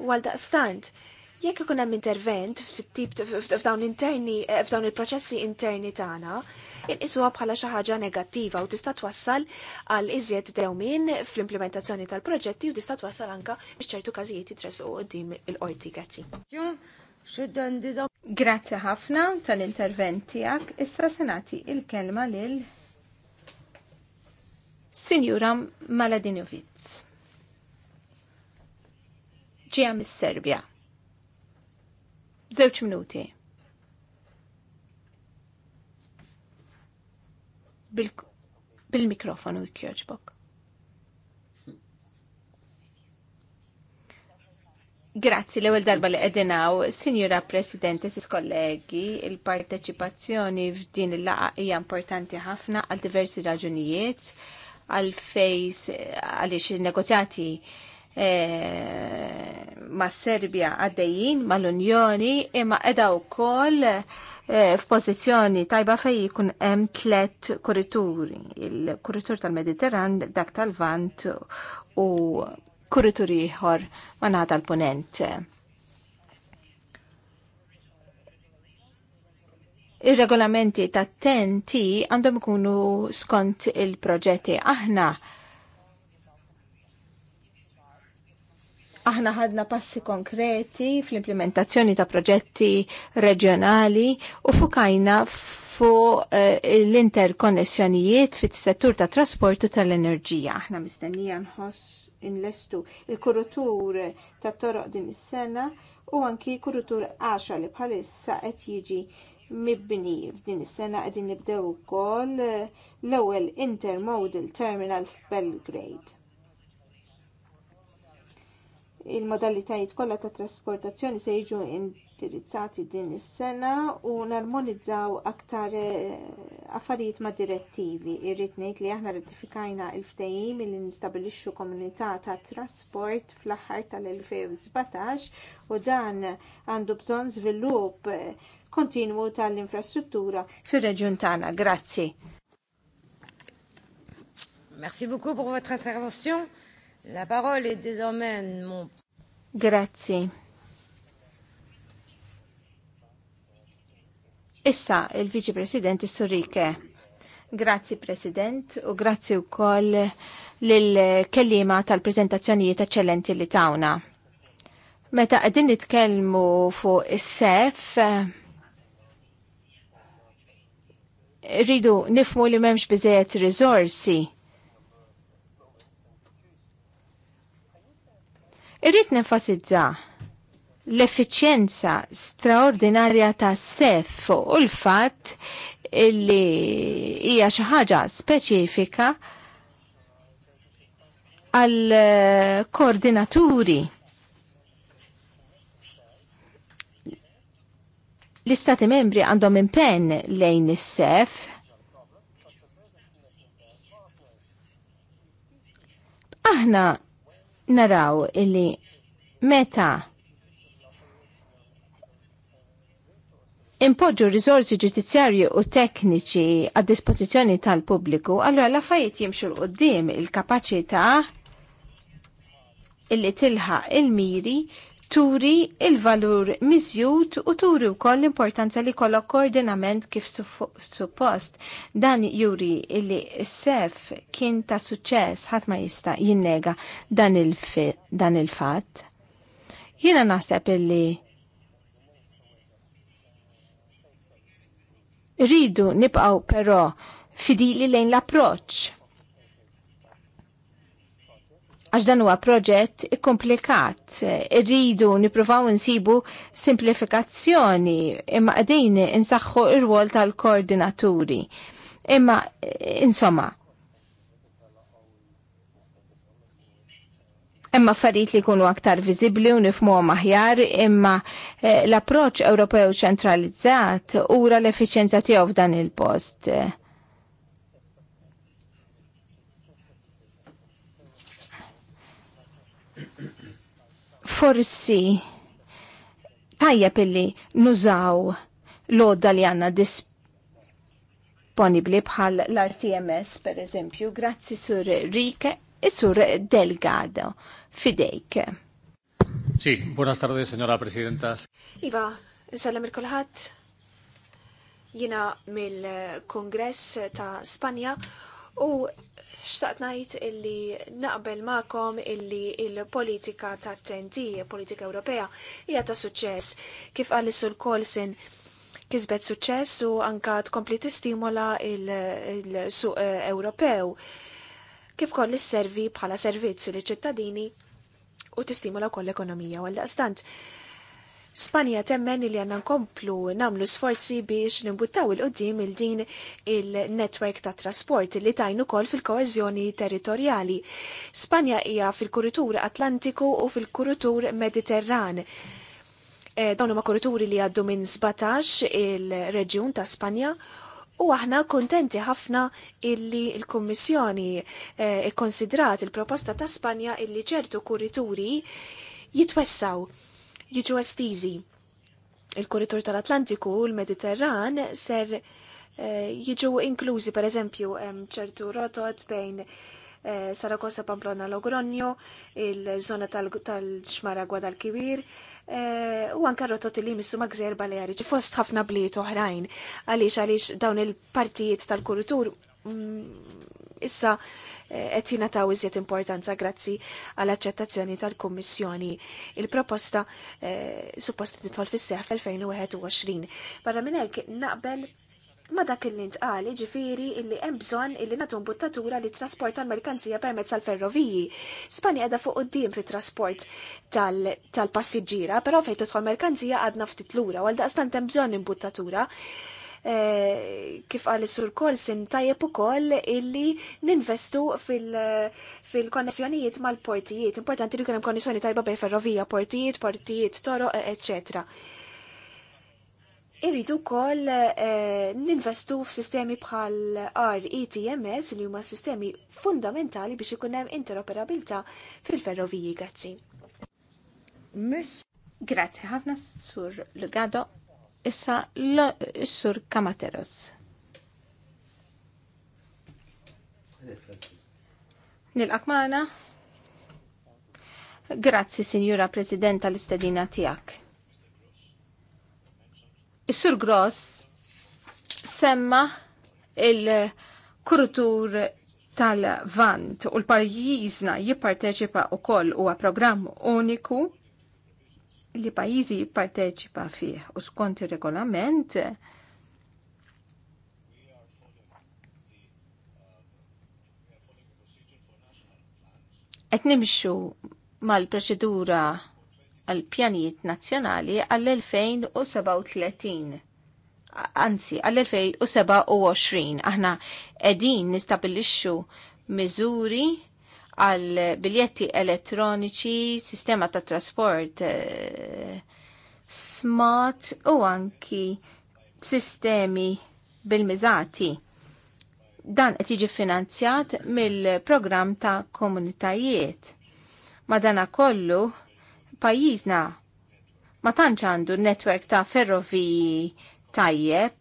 U għal daqstant, jekk ikun hemm intervent f'dawn interni eh, f'dawn il-proċessi interni tagħna, inqisuha bħala xi ħaġa negattiva u tista' twassal għal iżjed dewmin fl-implementazzjoni tal-proġetti u tista' twassal anka biex ċertu każijiet jitresqu qudiem il-qorti grazzi. Grazzi ħafna tal-intervent tiegħek. Issa se nagħti il-kelma lil Sinjura Maladinovic. Ġiem mis-Serbja. Żewġ minuti. bil-mikrofonu bil kjoġbok. Grazzi l-ewwel darba li għedinaw, Sinjura Presidente, sis kollegi, il-parteċipazzjoni f'din il-laqa hija importanti ħafna għal diversi raġunijiet għal fejs għaliex il-negozjati Eh, ma' Serbia għaddejjin mal-Unjoni imma edha wkoll eh, f'pożizzjoni tajba fej jkun hemm tlet kurituri, il-kuritur tal-Mediterran, dak tal-Vant u kurituri ieħor ma' nagħta l-punent. Ir-regolamenti tat-TNT għandhom ikunu skont il-proġetti aħna Aħna ħadna passi konkreti fl-implementazzjoni ta' proġetti reġjonali u fukajna fu eh, l-interkonnessjonijiet fit-settur ta' trasportu tal-enerġija. Aħna mistennija nħoss inlestu il-kurutur ta' toroq din is-sena u anki kurutur 10 li bħalissa qed jiġi mibni f'din is-sena qegħdin nibdew ukoll eh, l-ewwel intermodal terminal f'Belgrade il-modalitajiet kollha ta' trasportazzjoni se jiġu indirizzati din is-sena u narmonizzaw aktar eh, affarijiet ma' direttivi. Irrid ngħid li aħna ratifikajna il-ftehim li nistabilixxu komunità ta' trasport fl-aħħar tal-2017 u dan għandu bżonn żvilupp eh, kontinwu tal-infrastruttura fir-reġjun tagħna. Grazzi. Merci beaucoup pour votre intervention. La parole est désormais mon... Grazie. Issa, il-Viċi President Surrike. Grazzi President u grazie u koll l-kellima tal-prezentazzjonijiet eccellenti li tawna. Meta għedin nitkellmu fuq is-sef, rridu nifmu li memx biżejet rizorsi Irrit nenfasizza l effiċenza straordinarja ta' sef u l-fatt illi hija xi ħaġa speċifika għal koordinaturi l-istati membri għandhom impenn lejn is-sef aħna naraw illi meta impoġġu risorsi ġudizzjarju u tekniċi għad dispożizzjoni tal-pubbliku, allora l fajt jimxu l-qoddim il-kapaċità illi tilħaq il-miri turi il-valur miżjud u turi wkoll l-importanza li kollok koordinament kif suppost. Dan juri li s-sef kien ta' suċċess ħadd ma jista' jinnega dan il-fatt. Il Jiena naħseb illi rridu nibqgħu però fidili lejn l-approċċ għax dan huwa proġett komplikat. Irridu nippruvaw insibu simplifikazzjoni imma qegħdin insaħħu r wol tal-koordinaturi. Imma insomma, Imma farit li kunu aktar viżibli u nifmu maħjar, imma eh, l-approċ Ewropew ċentralizzat ura l-efficienza tiegħu f'dan il-post. forsi tajjeb illi nużaw l-odda li għanna disponibli bħal l-RTMS per eżempju, grazzi sur Rike e sur Delgado fidejk. Sì, buonas tardes, signora Presidenta. Iva, nsallem il kolħat jina mill-Kongress ta' Spanja u xtaqt najt illi naqbel ma'kom illi il-politika ta' tenti, politika Ewropea, hija ta' suċċess. Kif għal sul Kolsen kisbet suċċess u anka tkompli tistimola il-suq eh, Ewropew. Kif koll servi bħala servizz li ċittadini u tistimula koll l-ekonomija għal daqstant. Spanja temmen li għanna nkomplu namlu sforzi biex nimbuttaw il-qoddim il-din il-netwerk ta' trasport li tajnu kol fil-koezjoni territorjali. Spanja hija fil-kuritur Atlantiku u fil-kuritur Mediterran. E, dawn huma kurituri li għaddu minn 17 il-reġjun ta' Spanja U aħna kontenti ħafna illi il-Kommissjoni e, ikkonsidrat il-proposta ta' Spanja illi ċertu kurituri jitwessaw jiġu estiżi. Il-Kuritur tal-Atlantiku u l-Mediterran ser eh, jiġu inklużi per eżempju ċertu rotot bejn eh, Saragossa Pamplona Logronjo, il-żona tal-ċmara Guadalquivir, eh, u anka rotot li missu magżer Baleari, fost ħafna bliet oħrajn, għaliex għaliex dawn il-partijiet tal kuritur mm, issa qed jingħataw iżjed importanza grazzi għall aċċettazzjoni tal-Kummissjoni. Il-proposta eh, supposta titħol fis-seħ fl-2021. Barra minn hekk naqbel ma dak il ntqal ġifiri illi hemm bżonn illi nagħtu mbuttatura li trasport tal-merkanzija permezz tal-ferroviji. Spanja qiegħda fuq quddiem fit-trasport tal-passiġġiera, però fejn tidħol merkanzija għadna ftit lura, għal daqstant hemm bżonn imbuttatura. Eh, kif għalli sur sin tajjeb ukoll illi ninvestu fil-konnessjonijiet mal-portijiet. Importanti li kienem hemm konnessjoni tajba bej ferrovija, portijiet, portijiet, toroq, eccetera irridu kol eh, ninvestu f-sistemi bħal RETMS li huma sistemi fundamentali biex ikun hemm interoperabilta fil-ferroviji għazzin. Grazie, Grazzi ħafna sur Lugado issa l-sur Kamateros. Nil-akmana. Grazzi, Signora Presidenta tal-istedina tijak. Is-Sur Gross semma il-kurutur tal-Vant u l-pajjiżna jipparteċipa u koll u program uniku li pajjiżi jipparteċipa fih u skont ir-regolament qed nimxu mal-proċedura għal pjanijiet nazzjonali għall-2037. Anzi, għall-2027 aħna qegħdin nistabilixxu miżuri għal biljetti elettroniċi, sistema ta' trasport eh, smart u anki sistemi bil-miżati. Dan qed jiġi finanzjat mill-programm ta' komunitajiet. dana kollu pajjiżna ma tantx għandu netwerk ta' ferroviji tajjeb,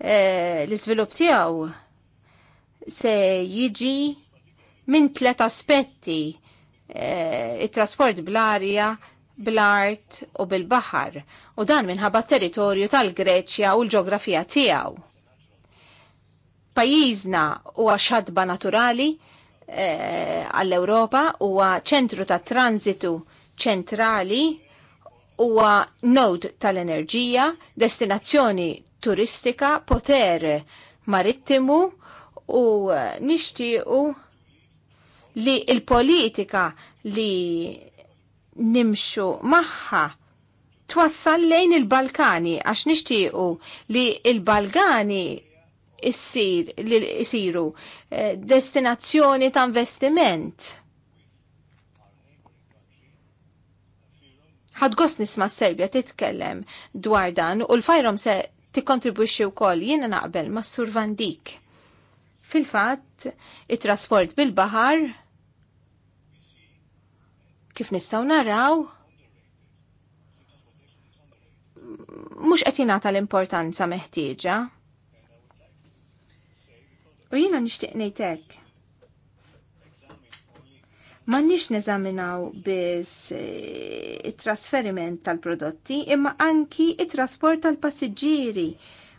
eh, l-iżvilupp tiegħu se jiġi minn tlet aspetti eh, it-trasport bl-arja, bl-art u bil-baħar u dan minħabba territorju tal-Greċja u l-ġografija tiegħu. Pajjiżna huwa xadba naturali eh, għall-Ewropa e, huwa ċentru ta' transitu ċentrali huwa nod tal-enerġija, destinazzjoni turistika, poter marittimu u nixtiequ li il-politika li nimxu maħħa twassal lejn il-Balkani għax nixtiequ li il-Balkani issir li isiru eh, destinazzjoni ta' investiment. ħadgost nisma Serbja titkellem dwar dan u l-fajrom se tikkontribwixxi wkoll jiena naqbel ma' Sur Van Dik. Fil-fatt, it-trasport bil-baħar kif nistgħu naraw mhux qed jingħata l-importanza meħtieġa. U jiena nixtieq ngħid hekk. M'għandniex neżaminaw biss e, it-trasferiment tal-prodotti imma anki il trasport tal-passiġġieri.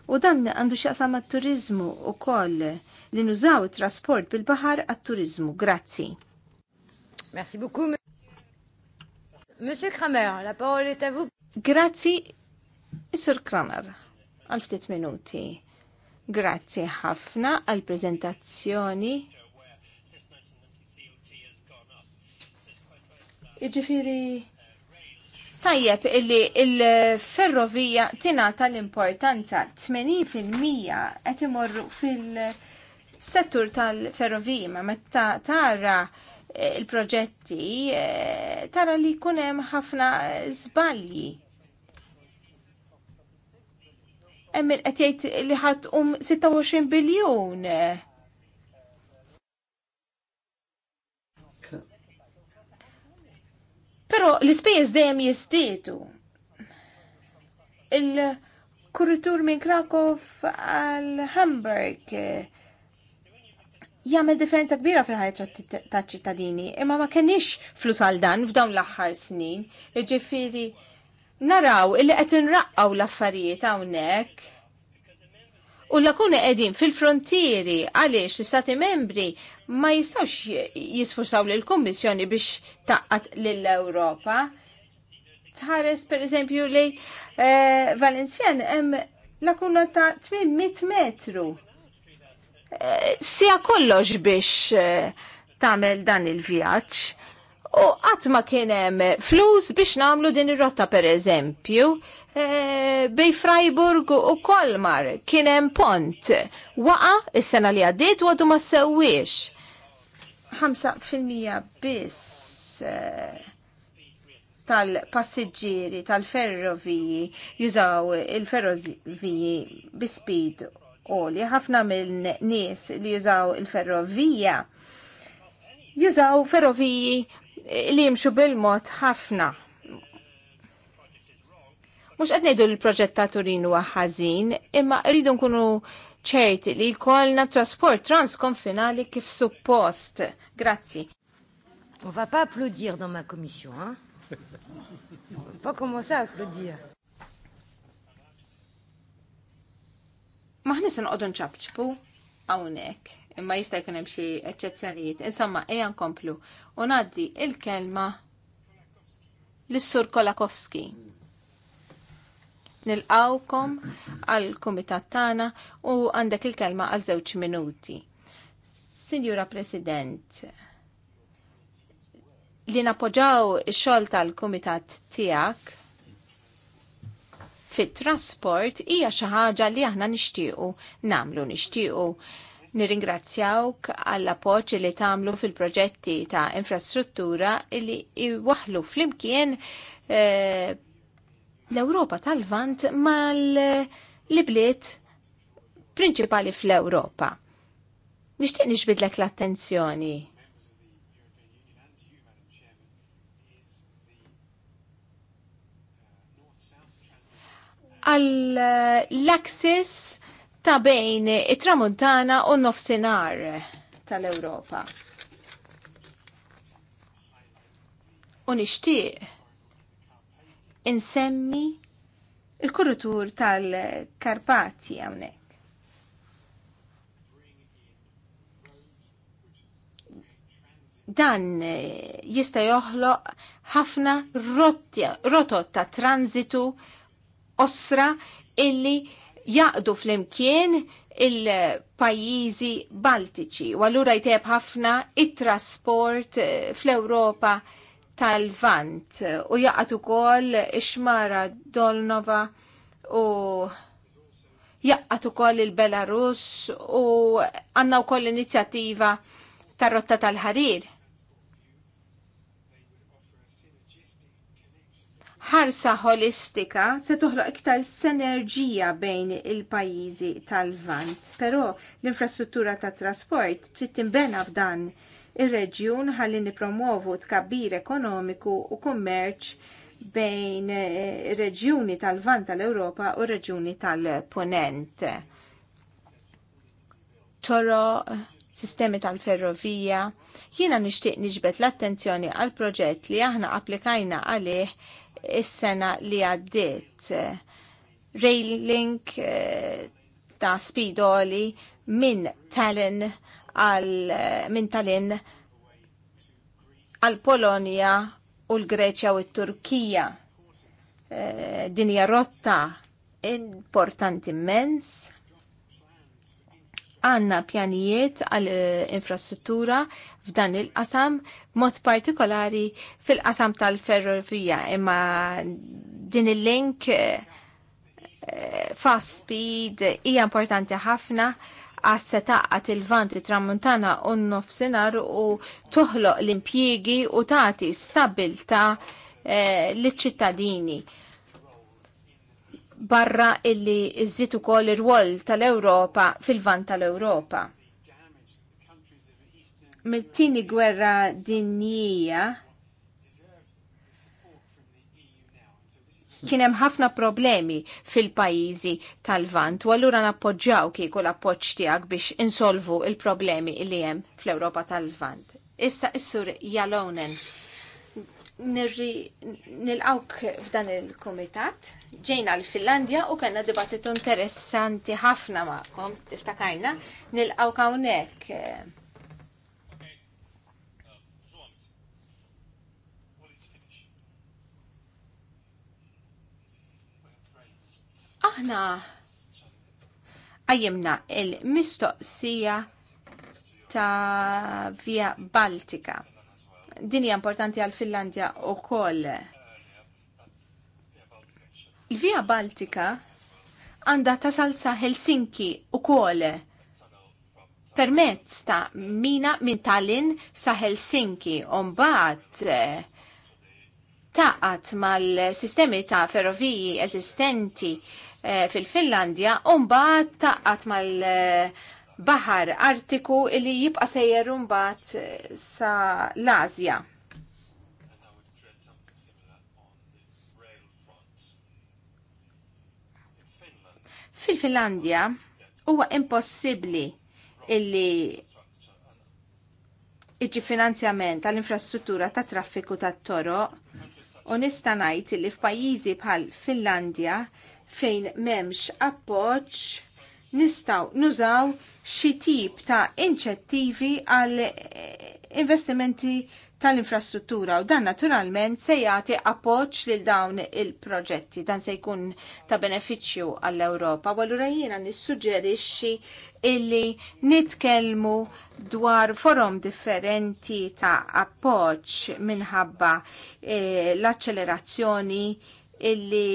U dan għandu xaqsam għat-turizmu u koll li nużaw trasport bil-bahar għat-turizmu. Grazzi. Merci beaucoup. Monsieur Kramer, la parole est à vous. Grazzi, Monsieur Kramer, għal ftit minuti. Grazzi ħafna għal prezentazzjoni. Iġifiri, tajjeb illi il-ferrovija tinata l-importanza 80% qed imorru fil-settur tal-ferrovija ma meta tara ta il-proġetti eh, tara li kunem ħafna zbalji. Emmin qed jgħid li ħat um 26 biljun. Però l-ispejjeż dejjem jistietu. Il-kuritur minn Krakow għal Hamburg eh, jagħmel differenza kbira fil-ħajja taċ-ċittadini, imma ma kenix flus għal dan f'dawn l-aħħar snin. Ġifieri naraw illi qed inraqqaw l-affarijiet hawnhekk. U la lakuni qegħdin fil-frontieri għaliex l-istati membri ma jistawx jisforsaw l kummissjoni biex taqqat l-Ewropa. Tħares per eżempju li eh, Valenzjan hemm lakuna ta' 800 metru sija kollox biex eh, tagħmel dan il-vjaġġ. U qatt ma kien hemm flus biex nagħmlu din ir-rotta pereżempju eh, bej Freiburg u Kolmar kien hemm pont. Waqa is-sena li għaddiet u għadu ma sewwiex. 5% biss eh, tal-passiġġieri tal-ferroviji jużaw il-ferroviji bi speed li Ħafna minn nies li jużaw il-ferrovija jużaw ferroviji li jimxu bil-mod ħafna. Mux qed ngħidu l-proġett ta' Turin huwa ħażin, imma rridu nkunu ċerti li jkollna trasport transkonfinali kif suppost. Grazzi. On va pa applaudir dans ma commission, hein? On va pas commencer à applaudir. Maħnis nqodu nċabċbu hawnhekk, imma jista' jkun hemm xi eċċezzjonijiet. Insomma, ejja nkomplu u ngħaddi il-kelma lis-Sur Kolakowski. Nilqawkom għal-kumitat tagħna u għandek il-kelma għal żewġ minuti. Sinjura President, li napoġaw ix-xogħol tal-kumitat tiegħek fit-trasport hija xi ħaġa li aħna nixtiequ nagħmlu nixtiequ. Nirringrazzjawk għall appoġġ li tagħmlu fil-proġetti ta' infrastruttura li waħlu flimkien eh, l-Ewropa tal-Vant mal-libliet prinċipali fl-Ewropa. Nixtieq nixbidlek l-attenzjoni għall axis ta' bejn it-tramuntana u nofsinar tal-Europa. U nixtieq insemmi il kurutur tal-Karpati hawnhekk. dan jista joħloq ħafna rotot ta' transitu osra illi jaqdu fl-imkien il-pajizi baltiċi. U allura jteb ħafna it-trasport eh, fl-Europa tal-Vant u jaqdu ukoll ixmara xmara Dolnova u jaqqat ukoll il-Belarus u għandna wkoll l-inizjattiva tar-Rotta tal-Ħarir ħarsa holistika se toħloq iktar sinerġija bejn il-pajjiżi tal-Vant, però l-infrastruttura tat trasport trid tinbena f'dan ir-reġjun ħalli nipromuovu tkabbir ekonomiku u kummerċ bejn eh, reġjuni tal-Vant tal-Ewropa u reġjuni tal-Ponent. Toro sistemi tal-ferrovija, jiena nixtieq niġbed l-attenzjoni għal proġett li aħna applikajna għalih is-sena li għaddiet. Railing eh, ta' spidoli minn Tallinn għal eh, minn Tallinn għal Polonja u l-Greċja u t-Turkija. Eh, dinja rotta importanti immens għanna pjanijiet għal eh, infrastruttura f'dan il-qasam, mod partikolari fil-qasam tal-ferrovija, imma din il-link eh, eh, fast speed hija importanti ħafna għas taqqat il-vant tramuntana u nofsinar u toħloq l-impjiegi u tagħti stabilta l-ċittadini. Eh, barra illi iżżid ukoll ir-rwol tal-Ewropa fil-van tal-Ewropa. Mill-tieni gwerra dinjija kien hemm ħafna problemi fil-pajjiżi tal-Vant u allura nappoġġjaw kieku l-appoġġ tiegħek biex insolvu il-problemi li hemm fl-Ewropa tal-Vant. Issa is-sur Jalonen Nirri nilqawk f'dan il-komitat, ġejna l-Finlandja u kellna dibattitu interessanti ħafna ma'kom, tiftakajna. nilqawk hawnhekk. Aħna għajjimna il-mistoqsija ta' Via Baltica din hija importanti għal Finlandja wkoll. Il-Via Baltika għandha tasal sa Helsinki koll permezz ta' mina minn Tallinn sa Helsinki u eh, taqat mal-sistemi ta' ferroviji eżistenti eh, fil-Finlandja u mbagħad taqat mal- baħar artiku li jibqa' sejjer mbagħad eh, sa l-Asja. Fil-Finlandja huwa impossibbli illi iġi finanzjament tal-infrastruttura ta' traffiku ta' toroq u nista' ngħid li f'pajjiżi bħal Finlandja fejn m'hemmx appoġġ nistgħu nużaw xi tip ta' inċettivi għall investimenti tal-infrastruttura u dan naturalment se jagħti appoġġ lil dawn il-proġetti. Dan se jkun ta' benefiċċju għall-Ewropa. U allura jiena nissuġġerixxi illi nitkellmu dwar forom differenti ta' appoġġ minħabba eh, l-accelerazzjoni illi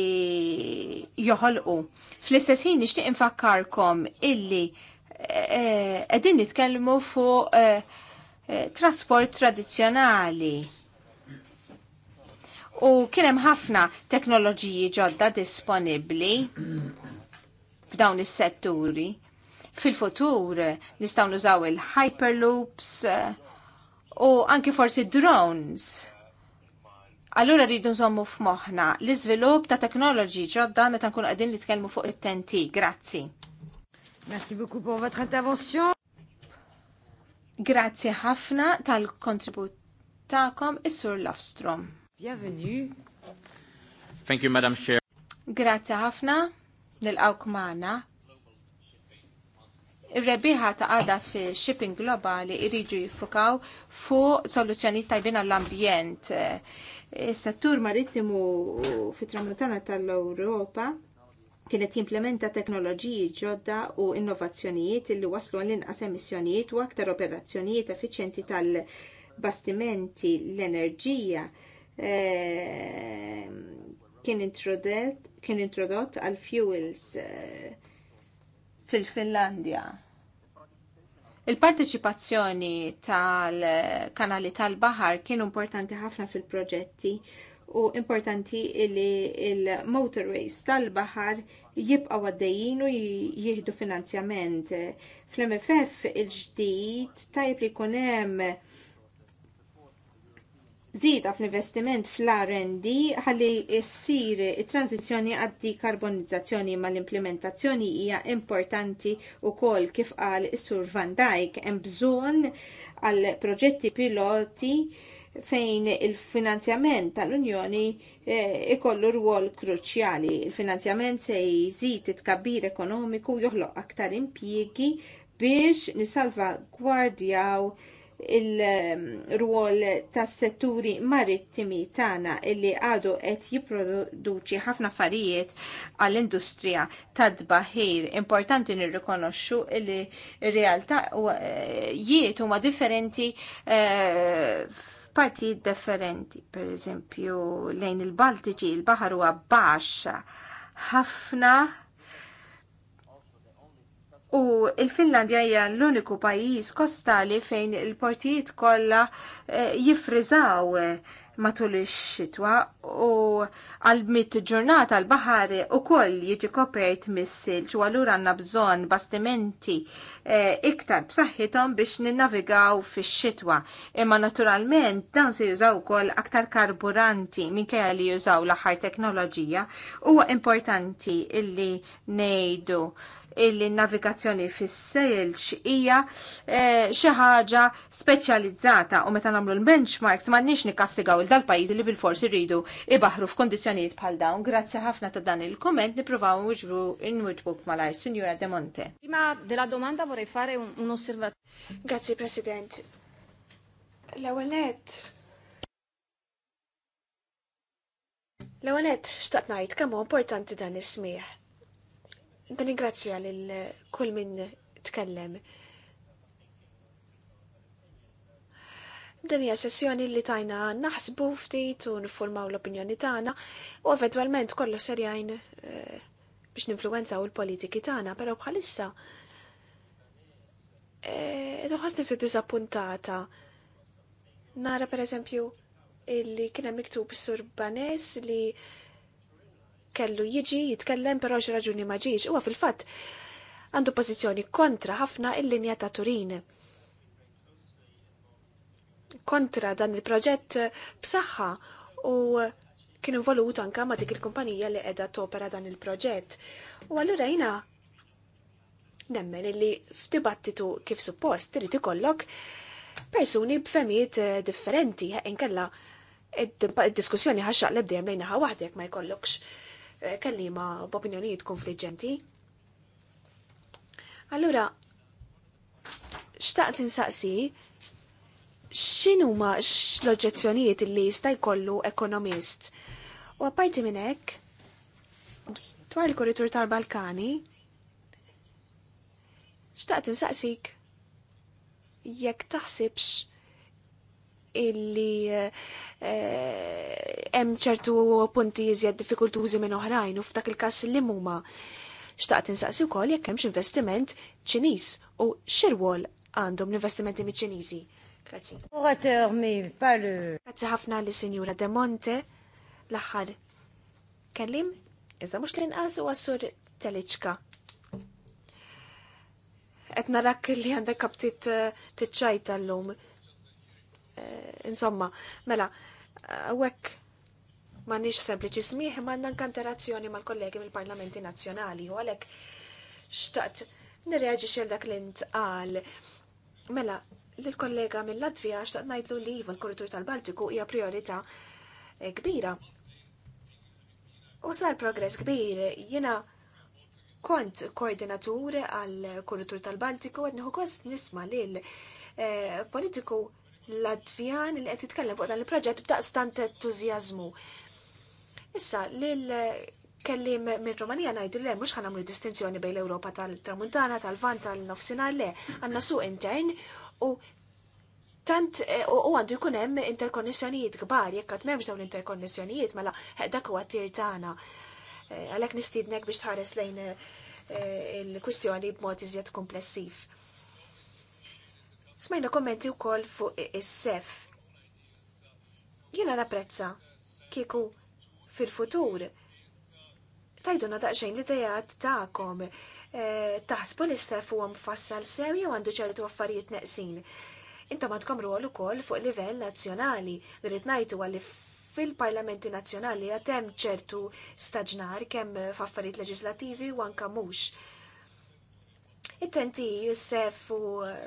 joħolqu. Fl-istess ħin nixtieq infakkarkom illi Eh, qegħdin nitkellmu fuq eh, eh, trasport tradizzjonali. U kien hemm ħafna teknoloġiji ġodda disponibbli f'dawn is-setturi. Fil-futur nistgħu nużaw il-hyperloops u anki forsi drones. Allura rridu nżommu f'moħħna l-iżvilupp ta' teknoloġi ġodda meta nkunu qegħdin nitkellmu fuq it-tenti. Grazzi. Merci beaucoup pour votre intervention. Grazie ħafna tal-kontribut ta'kom is-Sur Lofstrom. Bienvenue. Thank you, Madam Chair. Grazie ħafna nil-qawk maħna. Ir-rebiħa ta' għada fi shipping globali iriġu jiffukaw fuq soluzzjoni tajbin għall-ambjent. Is-settur marittimu fit tramutana tal-Europa kienet jimplementa teknoloġiji ġodda u innovazzjonijiet li waslu għall inqas emissjonijiet u aktar operazzjonijiet effiċjenti tal-bastimenti l-enerġija ehm, kien introdott għal fuels eh, fil-Finlandja. Il-parteċipazzjoni tal-kanali tal-bahar kienu importanti ħafna fil-proġetti u importanti li il-motorways tal-bahar jibqa' għaddejjin u jieħdu finanzjament. Fl-MFF il-ġdid tajb li jkun hemm Zida fl-investiment fl-R&D ħalli ssir it-tranzizjoni għad dekarbonizzazzjoni ma l-implementazzjoni hija importanti u kol kif qal Sur Van Dijk hemm bżonn għal proġetti piloti fejn il-finanzjament tal-Unjoni eh, ikollu rwol kruċjali. Il-finanzjament se jżid it-kabbir ekonomiku joħloq aktar impjiegi biex nisalva gwardjaw il-rwol ehm, tas setturi marittimi tagħna illi għadu qed jipproduċi ħafna affarijiet għall-industrija tad baħir Importanti nirrikonoxxu illi r-realtà eh, jiet huma differenti uh, f'partijiet differenti, per eżempju lejn il-Baltiċi, il-baħar huwa baxxa ħafna U il-Finlandja hija l-uniku pajjiż kostali fejn il-portijiet kollha eh, jifriżaw eh, matul ix-xitwa u għal mit ġurnata l baħar ukoll jiġi kopert mis-silġ u allura għandna bżonn bastimenti E, iktar b'saħħithom biex ninnavigaw fix-xitwa. Imma naturalment dan se jużaw ukoll aktar karburanti minkejja li jużaw l-aħħar teknoloġija. Huwa importanti illi ngħidu illi navigazzjoni fis-sejlx hija eh, xi ħaġa speċjalizzata u meta nagħmlu l-benchmarks m'għandniex nikkastigaw il dal pajjiżi li bil-forsi rridu ibaħru f'kondizzjonijiet bħal dawn. Grazzi ħafna ta' dan il-kumment nippruvaw nwiġbu in-notebook malajr Sinjura De Monte. Prima della domanda vorrei fare un osservazione. Grazzi President. L-ewwel L-ewwel xtaqt ngħid kemm importanti dan is-smieħ Danigrazzja lil kull min tkellem. Dan hija sessjoni li tajna naħsbu ftit u nifurmaw l-opinjoni tagħna u eventwalment kollu serjajn eh, biex ninfluwenzaw il-politiki tagħna, però bħalissa Edo eh, ħas nifsi disappuntata. Nara per eżempju illi hemm miktub sur Banes li kellu jiġi jitkellem però xi raġuni ma ġiex huwa fil-fatt għandu pożizzjoni kontra ħafna il-linja ta' Turin. Kontra dan il-proġett b'saħħa u kien involut anka ma dik il-kumpanija li qiegħda topera dan il-proġett. U allura jina nemmen illi f'dibattitu kif suppost trid ikollok persuni b'femijiet eh, differenti inkella id-diskussjoni ħaxaq lebdejjem lejn naħa waħdek ma jkollokx ma b'opinjonijiet konfliġenti. Allura, xtaqt insaqsi xinu ma l-oġġezzjonijiet li jista' jkollu ekonomist. U apparti minn hekk, dwar il-korritur tal-Balkani, xtaqt insaqsik jekk taħsibx illi eh, hemm ċertu punti iżjed diffikultużi minn oħrajn u f'dak il-każ li huma. Xtaqt insaqsi wkoll jekk hemmx investiment Ċiniż u xirwol għandhom l-investimenti miċ-Ċiniżi. Grazzi. Grazzi ħafna li Sinjura De Monte l-aħħar kellim iżda mhux l-inqas u għassur teliċka. Qed narak li għandek kaptit tiċċajta l-lum. Eh, insomma, mela, għek ma nix sempliċi smiħ, ma nanka interazzjoni mal-kollegi mill-parlamenti nazjonali, u għalek xtaqt nirreagġi xel dak l-int ntqal. Mela, l-kollega mill-Latvija xtaqt najdlu li jiva l-korritur tal-Baltiku hija priorità eh, kbira. U sar progress kbir, jina kont koordinatur għal korritur tal-Baltiku, għedniħu kost nisma lil eh, politiku Latvjan li qed jitkellem fuq dan il-proġett b'daqstant entużjażmu. Issa, lil kellim minn Romanija najdu le, mux ħanamlu distinzjoni bejn l-Europa tal-Tramuntana, tal-Van, tal-Nofsinar, le, għanna su intern u tant e, u għandu jkun hemm interkonnessjonijiet kbar, jekk qed m'hemmx dawn interkonnessjonijiet mela dak huwa tir tagħna. E, għalhekk nistiednek biex tħares lejn e, il-kwistjoni b'mod iżjed komplessiv. Smajna kommenti u koll fuq is-sef. Jena napprezza kieku fil-futur tajduna daqxejn li dejad ta'kom eh, taħsbu li s-sef u mfassal sew jew għandu ċertu affarijiet neqsin. Intom għandkom rol ukoll fuq livell nazzjonali li rrid ngħidu għalli fil-parlamenti nazzjonali għatem ċertu staġnar kemm f'affarijiet leġislativi u anka mhux. It-tenti u eh,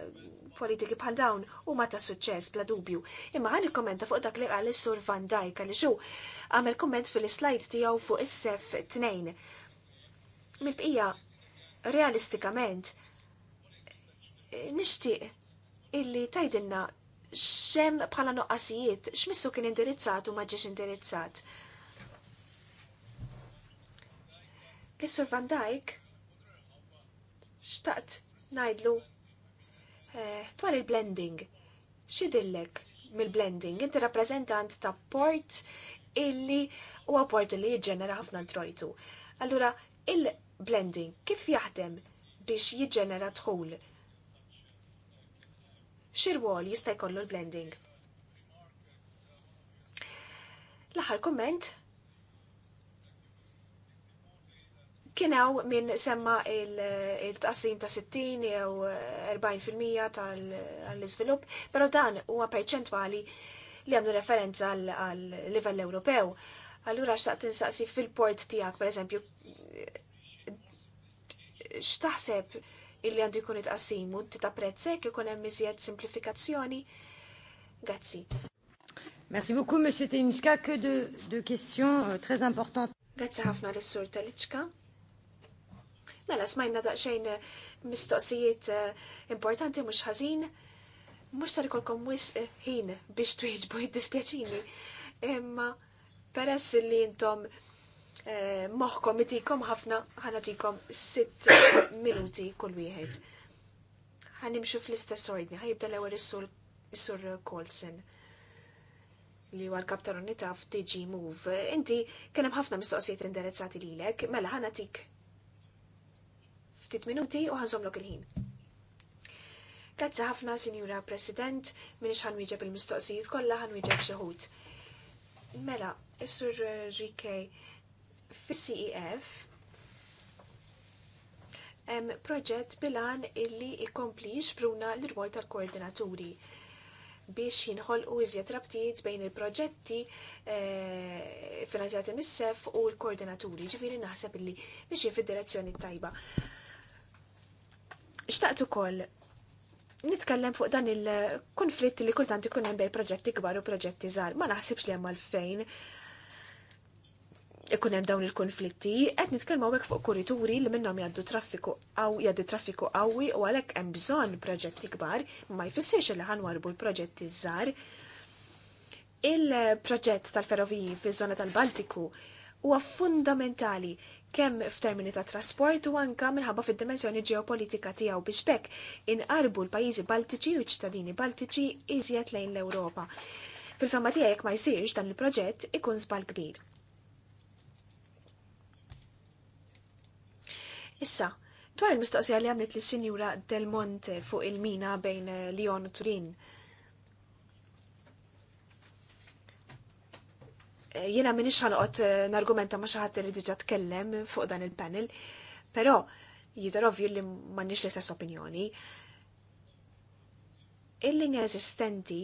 politiki bħal dawn huma ta' suċċess bla dubju. Imma ħani kommenta fuq dak li qal is-sur Van Dijk għal xu għamel komment fil slide tiegħu fuq is-sef tnejn. mil bqija realistikament nixtieq illi tajdinna xem bħala noqqasijiet x'missu kien indirizzat u ma ġiex indirizzat. Lissur sur Van Dijk xtaqt najdlu Eh, dwar il-blending. Xidillek mill-blending? Inti rappresentant ta' port illi huwa port li jiġġenera ħafna trojtu. Allura, il-blending kif jaħdem biex jiġġenera tħul? Xirwol jista' jkollu l-blending? L-aħħar komment Kienaw minn semma il-tqassim ta' 60 jew 40% tal-izvilupp, pero dan huwa perċentwali li għamlu referenza għal livell Ewropew. Allura xtaqt tinsaqsi fil-port tijak, per eżempju, xtaħseb illi għandu jkun u ti ta' prezzek, jkun hemm iżjed simplifikazzjoni. Grazzi. Merci beaucoup, Monsieur Tenichka, que de, de questions euh, très importantes. Grazie ħafna l-sur Telichka. Mela smajna daqsxejn eh, mistoqsijiet eh, importanti mhux ħażin, mhux sar ikolkom wisq eh, ħin biex twieġbu jiddispjaċini. Imma peress li intom moħkom itikom ħafna ħanatikom sitt minuti kull wieħed. Ħanimxu fl-istess ordni, ħajibda l-ewwel is-sur Colson li huwa l kaptaron taf tiġi move. Inti kien hemm ħafna mistoqsijiet indirizzati lilek, mela ħanatik ftit minuti u ħanżomlok il-ħin. Grazzi ħafna, Sinjura President, minix ħanwieġeb il-mistoqsijiet kollha ħanwieġeb xi xeħut. Mela, is-Sur Rike fis-CEF hemm proġett bilan illi jkompli jixpruna l-rwol tal-koordinaturi biex jinħolqu iżjed rabtiet bejn il-proġetti eh, finanzjati mis-sef u l-koordinaturi, ġifiri naħseb illi biex fid-direzzjoni tajba. Xtaqt ukoll nitkellem fuq dan il-konflitt li kultant ikun hemm bejn proġetti kbar u proġetti żgħar. Ma naħsibx li hemm għalfejn ikun hemm dawn il-konflitti, qed nitkellmu hekk fuq kurituri li minnhom jgħaddu traffiku qaw jgħaddi traffiku qawwi u għalhekk hemm bżonn proġetti kbar, ma jfissirx li ħanwarbu l-proġetti żgħar. Il-proġett tal-ferroviji fiż-żona tal-Baltiku huwa fundamentali kemm f'termini ta' trasport u anka minħabba fid-dimensjoni ġeopolitika tiegħu biex bekk inqarbu l-pajjiżi Baltiċi u ċittadini Baltiċi iżjed lejn l-Ewropa. Fil-fema tiegħek ma jsirx dan il-proġett ikun żball kbir. Issa, dwar il-mistoqsija li għamlet lis sinjura Del Monte fuq il-mina bejn Lyon u Turin Jena minix ħanqot eh, n-argumenta ma xaħat li diġa tkellem fuq dan il-panel, pero jidher ovvju li m'għandniex l-istess opinjoni. Il-linja eżistenti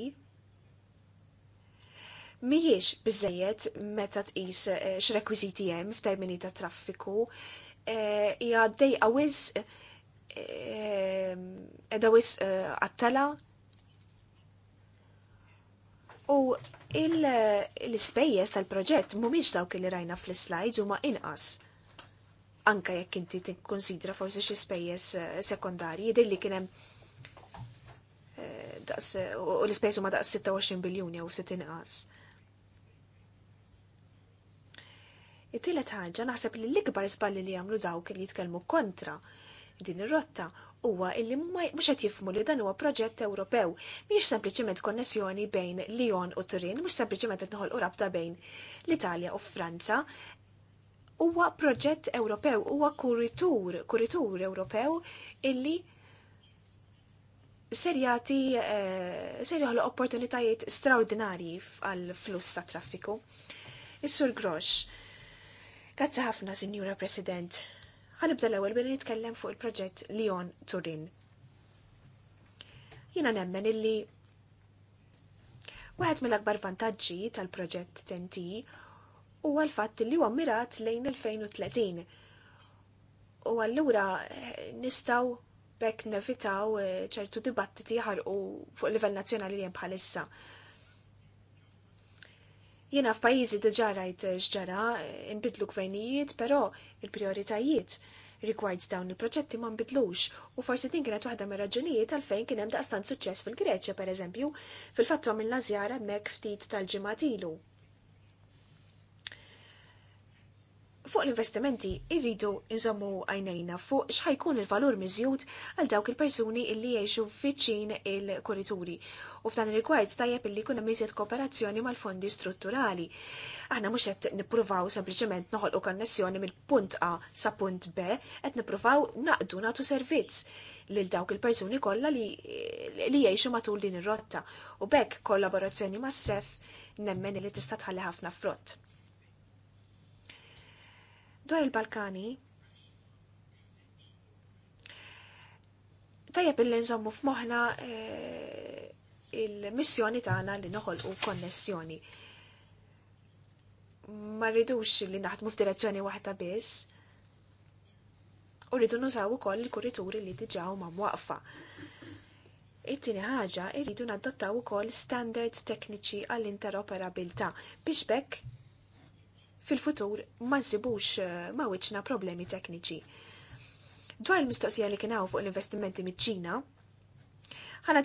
mhijiex biżejjed meta tqis eh, x'rekwiżiti hemm f'termini ta' traffiku eh, hija dej wis edha għattala U l-ispejjeż tal-proġett mhumiex dawk li rajna fl-slides huma inqas. Anka jekk inti tikkonsidra forsi xi spejjeż eh, sekondarji, jidher li kien hemm eh, u l-ispejjeż huma daqs 26 biljun jew ftit inqas. It-tielet ħaġa naħseb li l-ikbar żballi li jagħmlu dawk li jitkellmu kontra din ir-rotta huwa illi mhux qed jifmu li dan huwa proġett Ewropew. Mhix sempliċement konnessjoni bejn Lyon u Turin, mhux sempliċement qed noħolqu rabta bejn l-Italja u Franza. Huwa proġett Ewropew, huwa kuritur, kuritur Ewropew illi serjati eh, serjaħlu opportunitajiet straordinarji għal fluss ta' traffiku. Is-Sur Grosh, grazzi ħafna, Sinjura President. Ħanibda l-ewwel billi nitkellem fuq il-proġett Lyon Turin. Jiena nemmen illi Waħed mill-akbar vantaġġi tal-proġett TNT huwa l-fatt li huwa mirat lejn 2030. U allura eh, nistgħu bekk nevitaw eh, ċertu dibattiti ħarqu fuq livell nazzjonali li hemm bħalissa. Jiena f'pajjiżi diġà rajt x'ġara eh, inbidlu gvernijiet, però il-prioritajiet rigward dawn il-proġetti ma nbidlux u forsi din kienet waħda mir raġunijiet għalfejn kien hemm daqstant suċċess fil-Greċja pereżempju fil-fatt għamilna żjara hemmhekk ftit tal-ġimgħat ilu. Fuq l-investimenti irridu nżommu għajnejna fuq xħajkun il-valur miżjud għal dawk il-persuni illi jiexu fiċin il-korrituri. U f'dan il-rigward tajjeb illi kuna miżjed kooperazzjoni mal-fondi strutturali. Aħna mhux qed nippruvaw sempliċement noħolqu konnessjoni mill-punt A sa punt B, qed nippruvaw naqdu natu servizz lil dawk il-persuni kollha li li jgħixu matul din ir-rotta u bekk kollaborazzjoni mas-sef nemmen li tista' tħalli ħafna frott. Dwar il-Balkani, tajjeb illi nżommu f'moħħna eh, il-missjoni tagħna li noħolqu konnessjoni. Ma rridux li naħdmu f'direzzjoni waħda biss, u rridu nużaw ukoll il-kurituri li diġà huma mwaqfa. It-tieni ħaġa rridu nadottaw ukoll standards tekniċi għall-interoperabilità biex bekk fil-futur ma nsibux eh, ma wiċna problemi tekniċi. Dwar il-mistoqsija li kienaw fuq l-investimenti mit-ċina,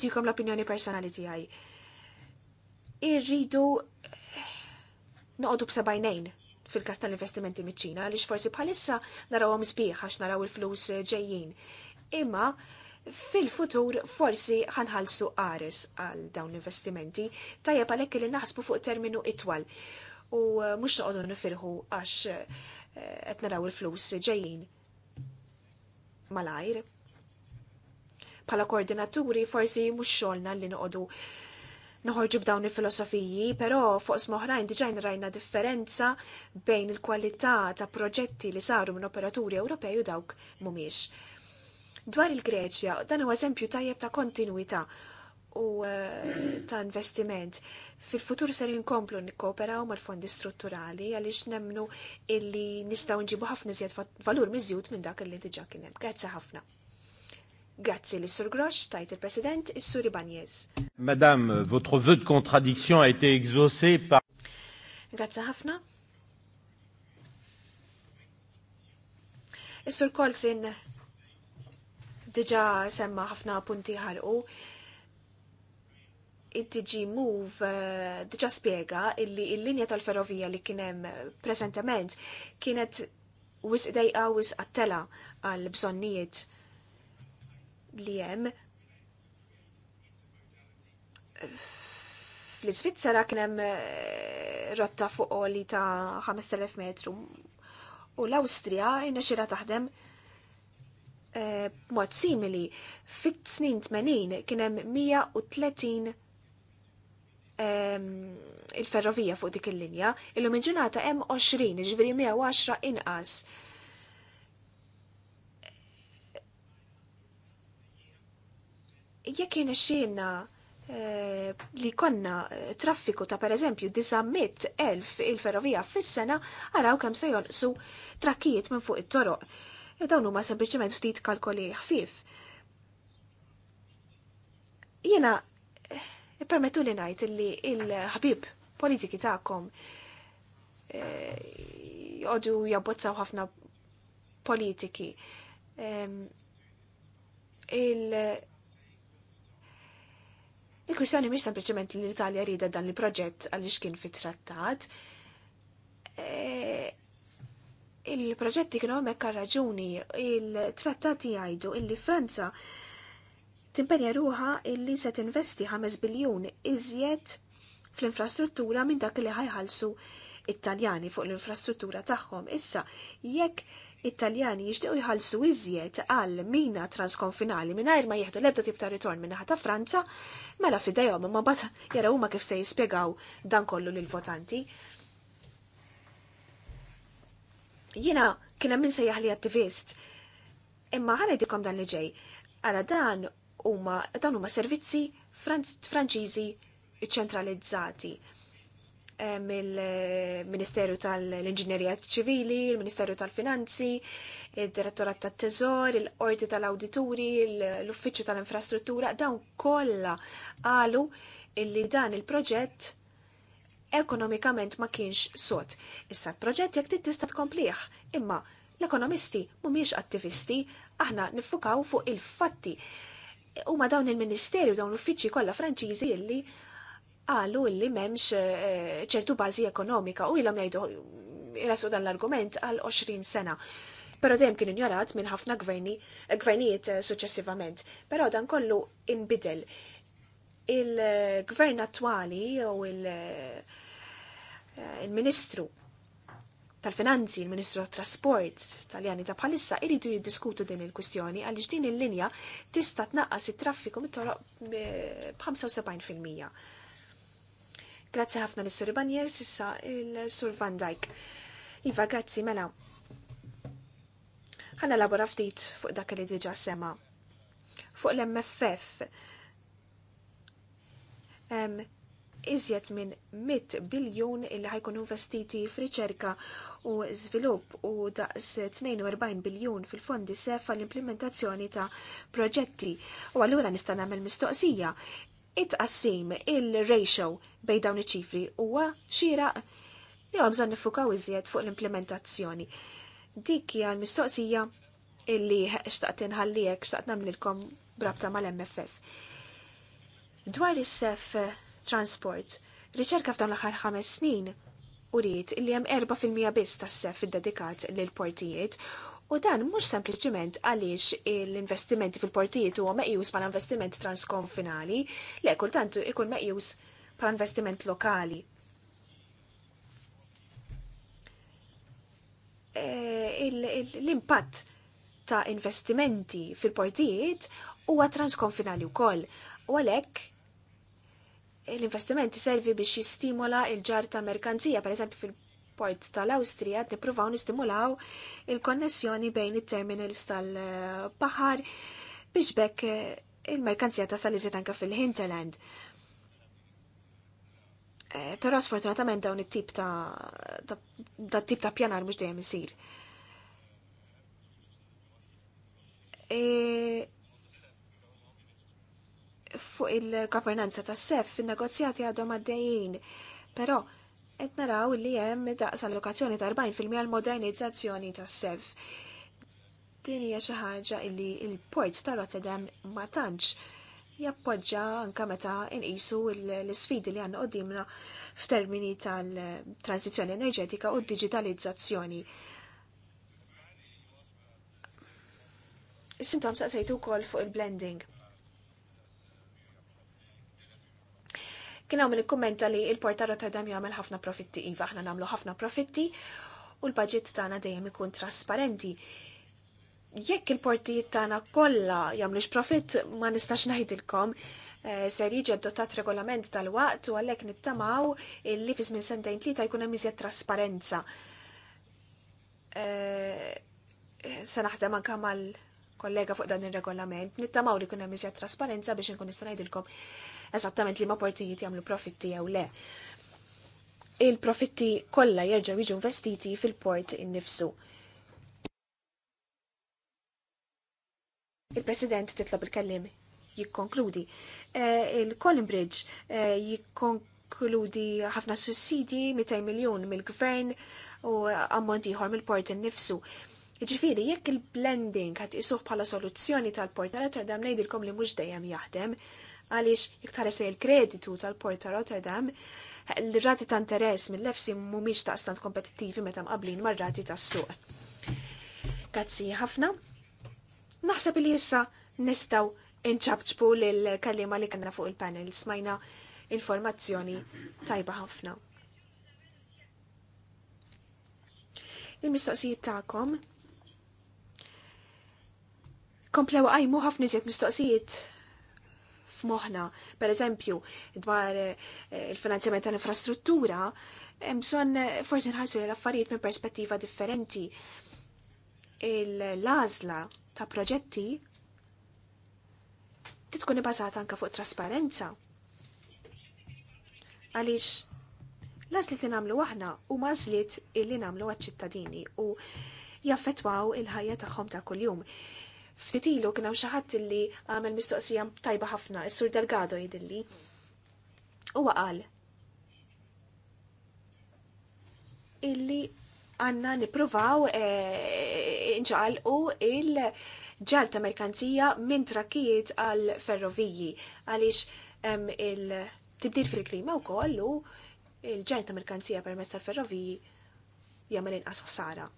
tijkom l-opinjoni personali tiegħi. Irridu eh, noqogħdu b'sebajnejn fil-kas tal-investimenti mit-ċina għaliex forsi bħalissa narawhom għom għax naraw il-flus eh, ġejjin. Imma fil-futur forsi ħanħalsu qares għal dawn l-investimenti tajjeb għalhekk li naħsbu fuq terminu itwal u eh, mhux noqogħdu nifirħu għax eh, qed naraw il-flus ġejjin malajr. Bħala koordinaturi forsi mhux xogħolna li noqogħdu noħorġu b'dawn il-filosofiji, però fuq smoħrajn diġajn rajna differenza bejn il-kwalità ta' proġetti li saru minn operaturi Ewropej u dawk mumiex. Dwar il-Greċja, dan huwa eżempju tajjeb ta' kontinuità u eh, ta' investiment. Fil-futur ser inkomplu nikkooperaw mal-fondi strutturali għaliex nemnu illi nistgħu nġibu ħafna iżjed valur miżjut minn dak li diġà kien hemm. Grazzi ħafna. Grazzi li Sur Grosh, tajt il-President, il suri Banjez. Madame, votre vœu de contradiction a été exaucé par... Grazzi ħafna. Is-Sur Kolsin diġa semma ħafna punti ħarqu It-tiġi Move eh, diġa spiega illi il-linja tal-ferrovija li kienem prezentament kienet wis dejqa wis attela għal bżonnijiet li jem. Fl-Svizzera kienem eh, rotta fuq oli ta' 5000 metru u l-Austria jina xira taħdem eh, mod simili. Fit snin 80 kienem 130 Ehm, il-ferrovija fuq dik il-linja, illum il-ġurnata hemm 20, ġifieri 110 inqas. Jekk kien xiena eh, li konna eh, traffiku ta' per eżempju 900.000 il-ferrovija fis-sena, araw kemm se jonqsu trakkijiet minn fuq it-toroq. Eh, dawn huma sempliċement ftit kalkoli ħfief. Jiena Permettu li ngħid li il-ħabib politiki tagħkom eh, jgħodu jabbozzaw ħafna politiki. Il-kwistjoni mhix sempliċement li l-Italja rida dan il-proġett għaliex kien fit-trattat. Eh, il-proġetti kienu hemmhekk raġuni, il-trattati jgħidu illi Franza timpenja ruħa illi se tinvesti 5 biljun iżjed fl-infrastruttura minn dak li ħajħalsu it-Taljani fuq l-infrastruttura tagħhom. Issa, jekk it-Taljani jixtiequ jħallsu iżjed għal mina transkonfinali mingħajr ma jieħdu l-ebda tip ta' ritorn minn ta' Franza, mela fidejhom ma bad jara huma kif se jispjegaw dan kollu lill-votanti. Jiena kien hemm min sejjaħ li attivist, imma ħanejdikom dan li ġej. Għala dan huma dan huma servizzi Franċiżi ċentralizzati mill-Ministeru tal-Inġinerija ċivili, il-Ministeru tal-Finanzi, il-Direttorat tat-Teżor, il-Orti tal-Awdituri, l-Uffiċċju tal-Infrastruttura, dawn kollha qalu illi dan il-proġett ekonomikament ma kienx sot. Issa l-proġett jekk tista' tkompliħ, imma l-ekonomisti mhumiex attivisti, aħna nifukaw fuq il-fatti ma dawn il-Ministeri u dawn l-uffiċċji kollha Franċiżi illi qalu illi m'hemmx eh, ċertu bażi ekonomika u ilhom jgħidu jrasu dan l-argument għal 20 sena. Però dejjem kien injorat minn ħafna gverni gvernijiet eh, suċċessivament. Però dan kollu inbidel. Il-gvern attuali u il- eh, il-Ministru tal-Finanzi, il-Ministru tat-Trasport tal-Jani ta' bħalissa iridu jiddiskutu din il-kwistjoni għaliex din il-linja tista' tnaqqas it-traffiku mit-toroq b'75%. Grazzi ħafna l sur Ibanjes, issa l sur Van Dijk. Iva, grazzi mela. Ħana labora ftit fuq dak li diġa sema. Fuq l-MFF iżjed minn 100 biljun illi ħajkun investiti f'riċerka u żvilupp u daqs 42 biljun fil-fondi sef għall-implementazzjoni ta' proġetti. U allura nista' nagħmel mistoqsija. It-qassim il-ratio bejn dawn iċ-ċifri huwa xieraq jew bżonn nifukaw iżjed fuq l-implementazzjoni. Dik hija l-mistoqsija illi xtaqt inħallihek xtaqt nagħmlilkom brabta mal-MFF. Dwar is-sef transport. Riċerka f'dan l-aħħar ħames snin u uriet li hemm 4% biss tas-sef iddedikat lil portijiet u dan mhux sempliċiment għaliex l-investimenti fil-portijiet huwa meqjus bħala investiment transkonfinali, le kultant ikun meqjus bħala investiment lokali. E, l-impatt ta' investimenti fil-portijiet huwa transkonfinali wkoll. U għalhekk l-investiment servi biex jistimola il-ġar ta' merkanzija, per eżempju fil-port tal-Awstrija, nippruvaw nistimulaw il-konnessjoni bejn it-terminals tal pahar biex bekk il-merkanzija ta' salizit anka fil-hinterland. Eh, però sfortunatament dawn it-tip ta' tip ta' pjanar mhux dejjem isir. Eh, fuq il-governanza tas sef fin-negozjati għadhom għaddejjin. Però qed naraw li hemm daqs allokazzjoni ta' 40% l-modernizzazzjoni tas sef. Din hija xi ħaġa li l-Port ta' Rotterdam ma tantx jappoġġa anke meta nqisu l-isfidi li għandna qudiemna f'termini tal-tranzizzjoni enerġetika u d-digitalizzazzjoni. Sintom saqsejtu wkoll fuq il-blending Kien hawn il-kummenta li il-Porta Rotterdam jagħmel ħafna profitti iva aħna nagħmlu ħafna profitti u l-budget tagħna dejjem ikun trasparenti. Jekk il-portijiet tagħna kollha jagħmlux profitt ma nistax ngħidilkom eh, ser jiġi adottat regolament tal-waqt u għalhekk nittamaw illi fi żmien sentejn tlieta jkun hemm iżjed trasparenza. Eh, se naħdem anke mal kollega fuq dan ir-regolament, nittamaw li kun hemm iżjed trasparenza biex inkun nista' ngħidilkom eżattament li ma partijiet jagħmlu profitti jew le. Il-profitti kollha jerġgħu jiġu investiti fil-port innifsu. Il-President titlob il-kellim jikkonkludi. Eh, il Bridge eh, jikkonkludi ħafna sussidi 200 miljon mill-gvern u ammont ieħor mill-port innifsu. Ġifiri, jekk il-blending għat isuħ bħala soluzzjoni tal-port tal Rotterdam nejdilkom li mux dejjem jaħdem, għaliex iktar se il-kreditu tal-Port ta' Rotterdam l-rati ta' interess mill-lefsi mumiex ta' stant kompetittivi meta mqablin mar-rati ta' suq. Grazzi ħafna. Naħseb li jissa nistaw inċabċbu l-kallima li kanna fuq il-panel smajna informazzjoni tajba ħafna. Il-mistoqsijiet ta'kom komplew għajmu ħafna iżjed mistoqsijiet f'moħna. Per eżempju, dwar eh, il-finanzjament tal-infrastruttura, bżon eh, forsi nħarsu l-affarijiet minn perspettiva differenti. Il-lazla ta' proġetti titkun ibbażata anka fuq trasparenza. Għaliex Lażlit li namlu aħna u mażlit illi namlu għal-ċittadini u jaffetwaw il-ħajja tagħhom ta' kuljum. Ftit ilu kien hemm xi ħadd illi għamel mistoqsija tajba ħafna, is-Sur Delgado jidilli. Huwa qal illi għanna nippruvaw eh, inċaqalqu il-ġal ta' merkanzija minn trakkijiet għal ferroviji għaliex il-tibdil fil-klima u kollu il-ġal ta' merkanzija permezz tal ferroviji jagħmel inqas ħsara.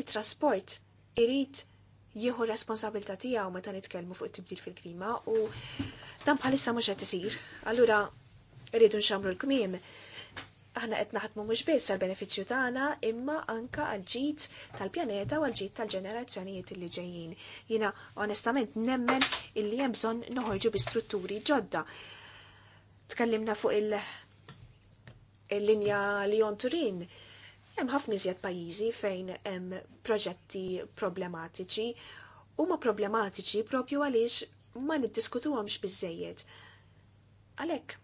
It-trasport irrit jieħu responsabilta tiegħu meta nitkellmu fuq it-tibdil fil-klima u dan bħalissa mhux qed isir. Allura rridu nxamru l-kmiem. Aħna qed naħdmu mhux biss għall-benefiċċju tagħna imma anka għall-ġid tal-pjaneta u għall-ġid tal-ġenerazzjonijiet li ġejjin. Jiena onestament nemmen illi hemm bżonn noħorġu bi strutturi ġodda. Tkellimna fuq il-linja Lyon Turin Hemm ħafna iżjed pajjiżi fejn hemm proġetti problematiċi huma problematiċi propju għaliex ma niddiskutuhomx biżejjed. Għalhekk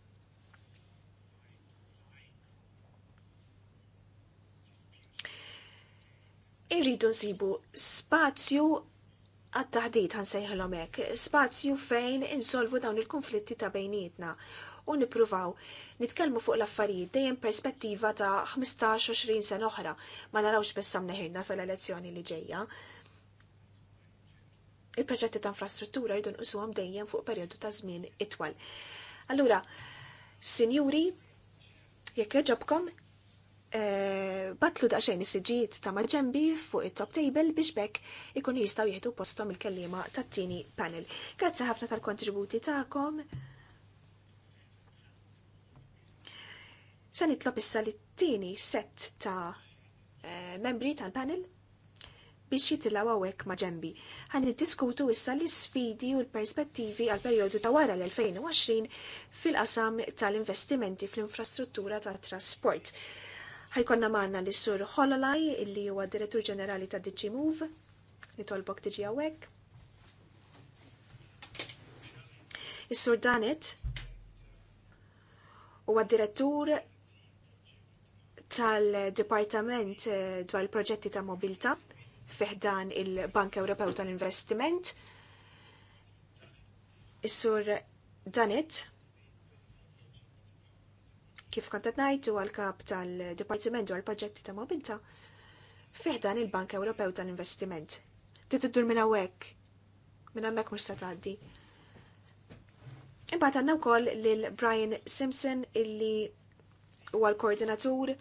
irridu nsibu spazju għat-taħdid ħansejħilhom hekk, spazju fejn insolvu dawn il-konflitti ta' bejnietna u nippruvaw nitkellmu fuq l-affarijiet dejjem perspettiva ta' 15-20 sena oħra, ma narawx biss ħinna sal-elezzjoni li ġejja. Il-proġetti ta' infrastruttura jridu nqusuhom dejjem fuq perjodu ta' żmien itwal. Allura, sinjuri, jekk jaġobkom, eh, batlu daqxajn is-siġijiet ta' maġġembi fuq it-top table biex bekk ikun jistaw jieħdu postom il-kellima tat-tini panel. Grazzi ħafna tal-kontributi ta'kom. Se nitlob issa li t-tieni set ta' eh, membri tal-panel biex jitilaw għawek ma' ġembi. Għan diskutu issa l sfidi u l-perspettivi għal periodu ta' wara l-2020 fil-qasam tal-investimenti fl-infrastruttura ta' trasport. Ħajkonna maħna li sur Hololaj, illi huwa direttur ġenerali ta' DG Move, nitolbok tiġi għawek. Is-sur Danet huwa direttur tal departament eh, dwar il-proġetti ta' mobilta fiħdan il-Bank Ewropew tal-Investiment. Is-sur Danet, kif kontet najtu għal-kap tal-Dipartiment dwar il-proġetti ta' mobilta fiħdan il-Bank Ewropew tal-Investiment. Titiddur minn hawnhekk, minn hawnhekk mhux se tgħaddi. Imbagħad għandna wkoll lil Brian Simpson illi huwa l-koordinatur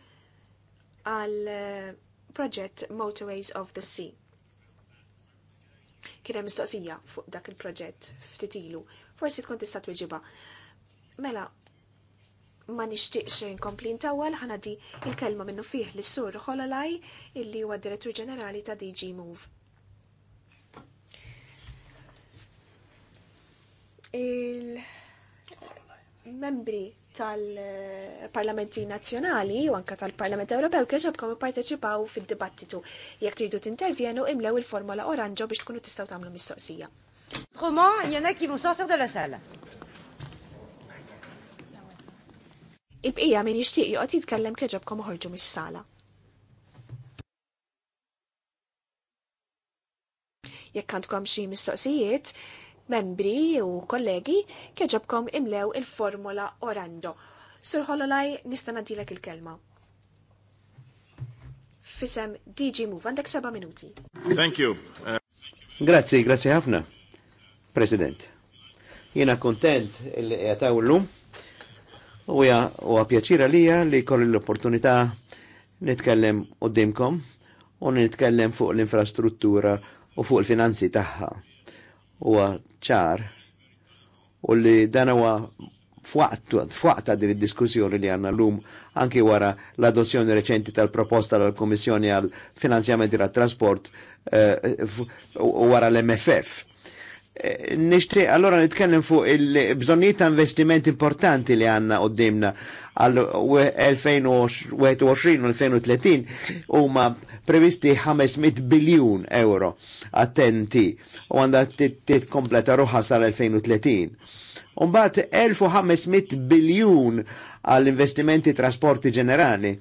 għal eh, proġett Motorways of the Sea. Kien hemm mistoqsija fuq dak il-proġett ftit ilu. Forsi tkun tista' tweġiba. Mela, ma nixtieqx inkompli ntawwal ħanadi il-kelma minnu fih l sur Hololaj illi huwa direttur ġenerali ta' DG Move. Il-membri tal-Parlamenti Nazzjonali u anka tal-Parlament Ewropew kieġobkom ipparteċipaw fid-dibattitu. Jekk tridu tintervjenu imlew il-formola oranġo biex tkunu tistgħu tagħmlu mistoqsija. Comment, il y en a qui vont sortir de la salle. Il-bqija min jixtieq joqgħod jitkellem kieġobkom uħorġu mis-sala. Jekk għandkom xi mistoqsijiet, membri u kollegi keġabkom imlew il-formula orando. Sur Hololaj, nista' nagħtilek il-kelma. Fisem DG Move, għandek seba' minuti. Thank you. Grazie, Grazzi, grazzi ħafna, President. Jena kontent li jataw l-lum u għapjaċira lija li kolli l-opportunità nitkellem u dimkom u nitkellem fuq l-infrastruttura u fuq il-finanzi taħħa huwa ċar u li dan huwa fwaqta din id-diskussjoni li għanna l-lum anki wara l-adozzjoni reċenti tal-proposta tal-Komissjoni għal finanzjamenti tal trasport eh, wara l-MFF. Nishtiq, allora nitkellem fuq il-bżonniet ta' investiment importanti li għanna għoddimna għal 2021 u ma huma previsti 500 biljun euro attenti u għanda titkompleta ruħa sal-2030. Umbat 1500 biljun għall-investimenti trasporti ġenerali.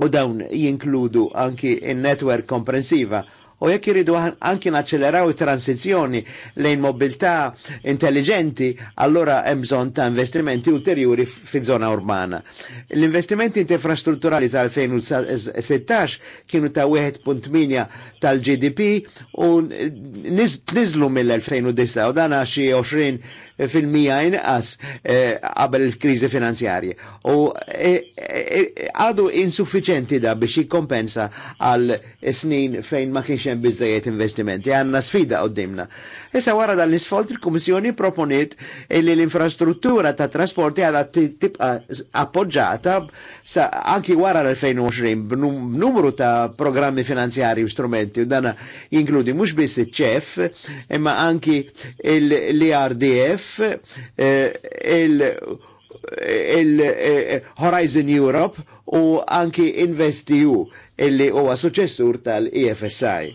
U dawn jinkludu anki in-network komprensiva U jekk iridu anki naċċeleraw it-transizjoni lejn mobilità intelligenti, allora hemm bżonn ta' investimenti ulterjuri fiż-żona urbana. L-investimenti infrastrutturali tal-2016 kienu ta' 1.8 tal-GDP u nizlu mill-2009 u dana xi 20 fil-mija inqas eh, qabel il krizi finanzjarja. U eh, eh, għadu insuffiċenti da biex jikkompensa għal snin fejn ma kienx hemm biżdejjed investimenti. Għandna sfida qudiemna. Issa wara dan l-isfolt il-Kummissjoni proponiet li l-infrastruttura ta' trasporti għadha tibqa appoġġata anki wara l-2020 b'numru ta' programmi finanzjari u strumenti u dana jinkludi mhux biss iċ-ċef imma anki l-IRDF kif eh, il-Horizon eh, Europe u anki InvestEU illi huwa suċessur tal-EFSI.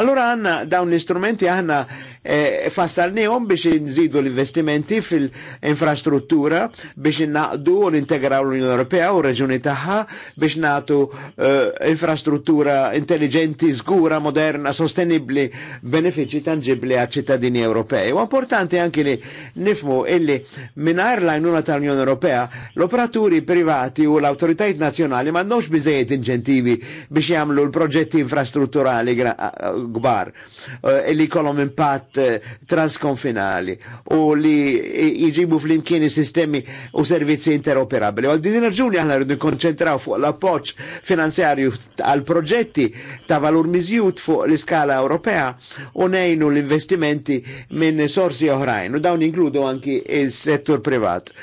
Allora għanna dawn l-istrumenti għanna E, biex nżidu l-investimenti fil-infrastruttura biex naqdu u nintegraw l-Unjoni Ewropea u reġuni tagħha biex nagħtu eh, infrastruttura intelligenti, żgura, moderna, sostenibbli, benefiċi tangibbli għaċ-ċittadini Ewropej. U importanti anki li nifmu illi mingħajr l-għajnuna tal-Unjoni Ewropea l-operaturi privati u l-autoritajiet nazzjonali m'għandhomx biżejjed inġentivi biex jagħmlu l-proġetti infrastrutturali eh, gbar illi li kolom impatt Eh, transkonfinali u li jġibu fl-imkien sistemi u servizzi interoperabili. Għal din raġuni aħna rridu konċentraw fuq l-appoċ finanzjarju għal proġetti ta' valur miżjut fuq l-iskala Ewropea u nejnu l-investimenti minn sorsi oħrajn u dawn inkludu anki il-settur privat.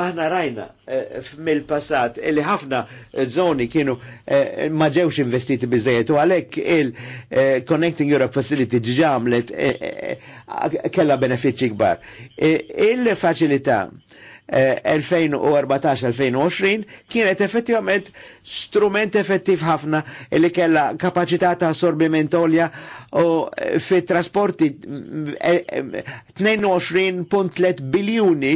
Aħna rajna eh, mill-passat li ħafna eh, zoni kienu eh, ma ġewx investiti biżejjed u għalhekk il-Connecting Europe Facility ġamlet kella benefiċċji kbar. Il-faċilità 2014-2020 eh, eh, kienet effettivament strument effettiv ħafna li kella kapacità ta' assorbiment olja u eh, fit trasporti 22.3 biljuni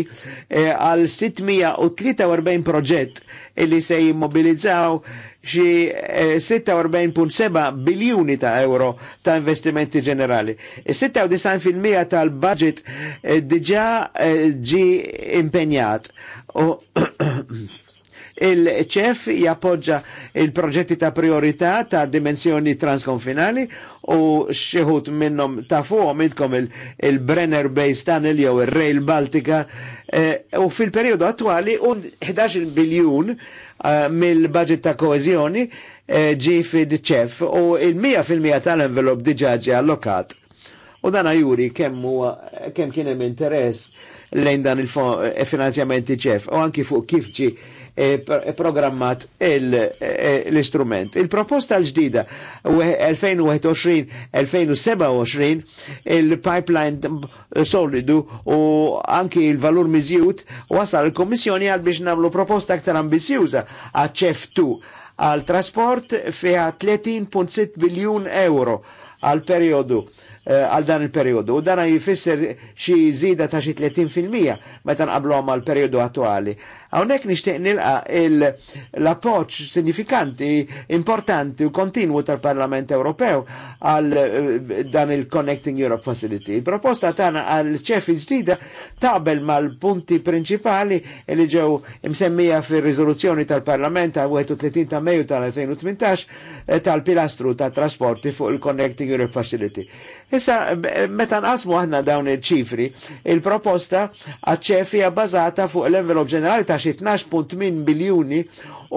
għal 643 proġett li se jimmobilizzaw xi 46.7 e, biljuni ta' euro ta' investimenti ġenerali. E, il 96 tal-budget e, diġa ġi impenjat. Il-ċef jappoġġa il-proġetti ta' priorità ta' dimensjoni transkonfinali u xieħut minnom ta' fuqom intkom il-Brenner il Base Tunnel jew il-Rail Baltica u fil-periodu attuali un 11 biljun Eh, mill-budget ta' koezjoni eh, ġi fid-ċef u il-100% tal-envelop diġaġi ġi allokat. U dan juri kemm kem kien hemm interess lejn dan il-finanzjamenti eh, ċef u anki fuq kif ġi E e programmat e, l-istrument. Il-proposta l-ġdida 2021-2027 il-pipeline solidu u anki il-valur miżjut wasal il-Komissjoni għal biex namlu proposta aktar ambizjuża għal-ċef2 għal trasport fiha 30.6 biljun euro għal periodu għal dan il-periodu. U dan jifisser xi zida ta' xi 30% meta nqablu għal periodu attuali. Hawnhekk nixtieq nilqa l-appoġġ sinifikanti, importanti u kontinwu tal-Parlament Ewropew għal eh, dan il-Connecting Europe Facility. Il-proposta tagħna għal ċef il-ġdida taqbel mal-punti prinċipali li ġew imsemmija fir-riżoluzzjoni tal-Parlament għal 31 ta' Mejju tal-2018 eh, tal-pilastru ta' trasporti fuq il-Connecting Europe Facility. Issa, meta nqasmu aħna dawn il-ċifri, il-proposta għal ċefi bażata fuq l-envelop ġenerali ta' xi 12.8 biljuni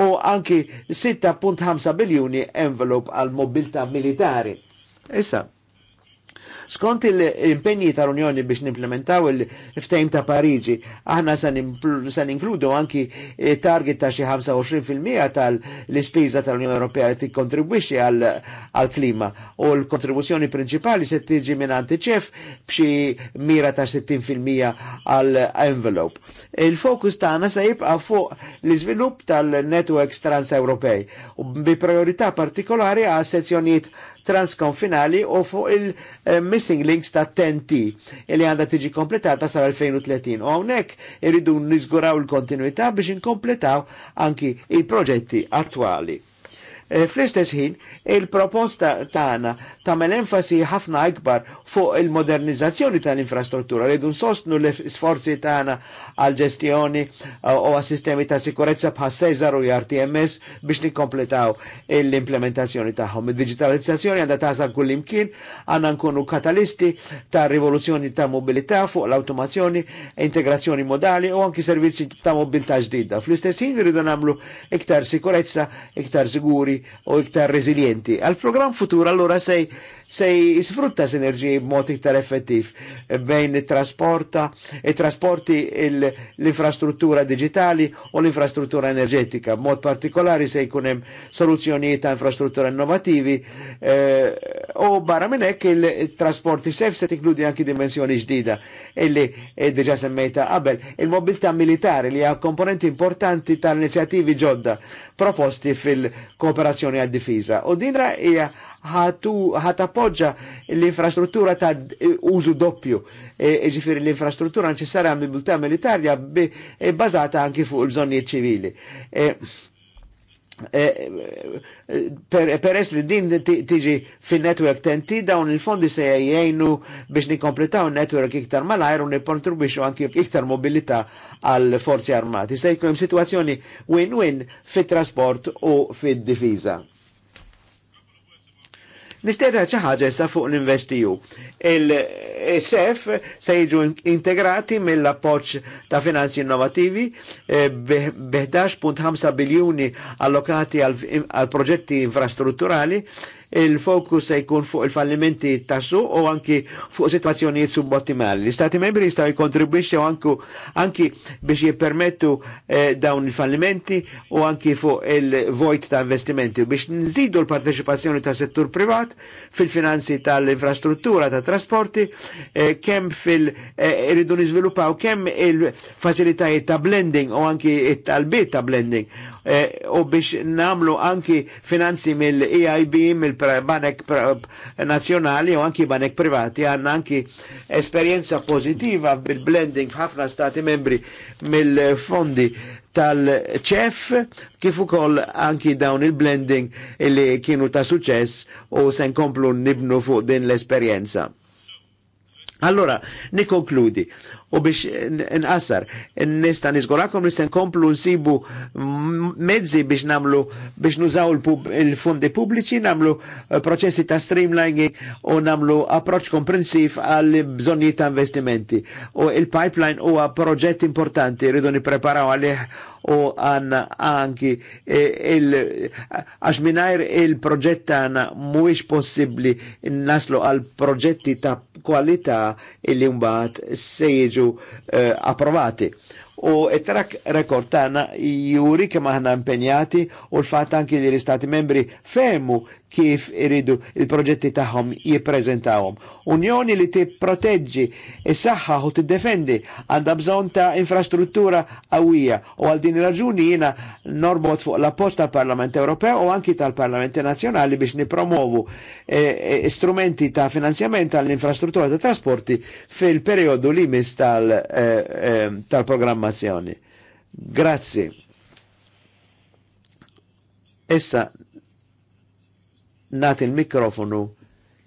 u anki 6.5 biljuni envelop għal mobilta militari. Issa, Skont il-impegni tal-Unjoni biex nimplementaw il ftajm ta' Pariġi, aħna san inkludu anki eh, target ta' xi 25% tal-ispiża tal-Unjoni Ewropea li tikkontribwixxi għall-klima u l-kontribuzzjoni prinċipali se tiġi minn antiċef b'xi mira ta' 60% għall-envelope. Il-fokus tagħna se jibqa' fuq l-iżvilupp tal-networks trans-Ewropej bi priorità partikolari għal sezzjonijiet transkonfinali u fuq il-missing eh, links ta' TNT li għanda tiġi kompletata sal-2030. U għonek irridu nizguraw il-kontinuità biex inkompletaw anki il-proġetti attuali. Eh, fl-istess ħin, il-proposta tagħna tagħmel enfasi ħafna ikbar fuq il-modernizzazzjoni tal-infrastruttura rridu nsostnu l-sforzi tagħna għal ġestjoni uh, u għas sistemi ta' sikurezza bħal Cesar u RTMS biex nikkompletaw l-implementazzjoni tagħhom. Id-digitalizzazzjoni għandha tażal kull imkien għandna nkunu katalisti ta' rivoluzzjoni ta' mobilità fuq l-automazzjoni, integrazzjoni modali u anki servizzi ta' mobilità ġdida. Fl-istess ħin rridu nagħmlu iktar sikurezza, iktar siguri u iktar resilienti. Għal-programm futur allura sej se jisfrutta b-mod iktar effettiv bejn it-trasporta, it-trasporti l-infrastruttura digitali u l-infrastruttura enerġetika. B-mod partikolari se jkun hemm soluzzjonijiet ta' infrastruttura innovativi eh, u barra minn il-trasporti sef se tikludi anki dimensjoni ġdida illi eh, diġa semmejta qabel. Il-mobilità militari li ha komponenti importanti tal inizjativi ġodda proposti fil-kooperazzjoni għad difiza U dinra hija ħat appoġġa l-infrastruttura ta' użu doppju. E, e ġifiri l-infrastruttura neċessarja mobilità militarja e, bazata anki fuq il-bżonnijiet ċivili. Peress li din tiġi fin-network tenti dawn il-fondi se jgħinu biex nikompletaw network iktar malajr u nikontribwixxu anki iktar mobilità għal forzi armati. Se jkun situazzjoni win-win fit-trasport u fit difiza Nishterra ċaħġa jessa fuq l-investiju. Il-SEF se jiġu integrati mill-appoċ ta' finanzi innovativi eh, b-11.5 biljuni allokati għal proġetti infrastrutturali il-fokus se jkun fuq il-fallimenti tassu u anki fuq situazzjonijiet subottimali. L-Istati membri jistaw jikontribwixxew anku anki biex jippermettu eh, dawn il-fallimenti u anki fuq il-vojt ta' investimenti biex nżidu l-parteċipazzjoni ta' settur privat fil-finanzi tal-infrastruttura ta' trasporti eh, kemm fil-irridu eh, nizviluppaw kemm il-faċilitajiet ta' blending u anki it bit ta' blending Eh, u biex namlu anki finanzi mill-EIB, mill-banek nazjonali u anki banek privati, għanna anki esperienza pozitiva bil-blending f'ħafna stati membri mill-fondi tal-ċef kif ukoll anki dawn il-blending li kienu ta' suċess u sen komplu nibnu fuq din l-esperjenza. Allora, nikonkludi u biex nqassar. Nista nizgurakom li sen komplu nsibu mezzi biex namlu biex nużaw il-fundi pubbliċi, namlu eh, proċessi ta' streamlining u namlu approċ komprensiv għal bżonni ta' investimenti. U il-pipeline huwa proġett importanti, rridu nipreparaw għalih u għanna anki eh, għax minajr il-proġett għanna mhuwiex possibbli naslu għal proġetti ta' kualità illi mbaħt se jiġu eh, approvati. U it-trak rekord tana juri kemm aħna impenjati u l fat anki li l-Istati membri femmu kif iridu il-proġetti tagħhom jippreżentawhom. Unjoni li tipproteġġi is-saħħa u tiddefendi għandha bżonn ta' infrastruttura qawwija u għal din raġuni jiena norbot fuq l-appoġġ tal-Parlament Ewropew u anki tal-Parlamenti Nazzjonali biex nipromovu e, eh, e, eh, strumenti ta' finanzjament tal-infrastruttura ta' trasporti fil-perjodu li mis eh, tal-programmazzjoni. E, tal Grazzi. Essa nat il-mikrofonu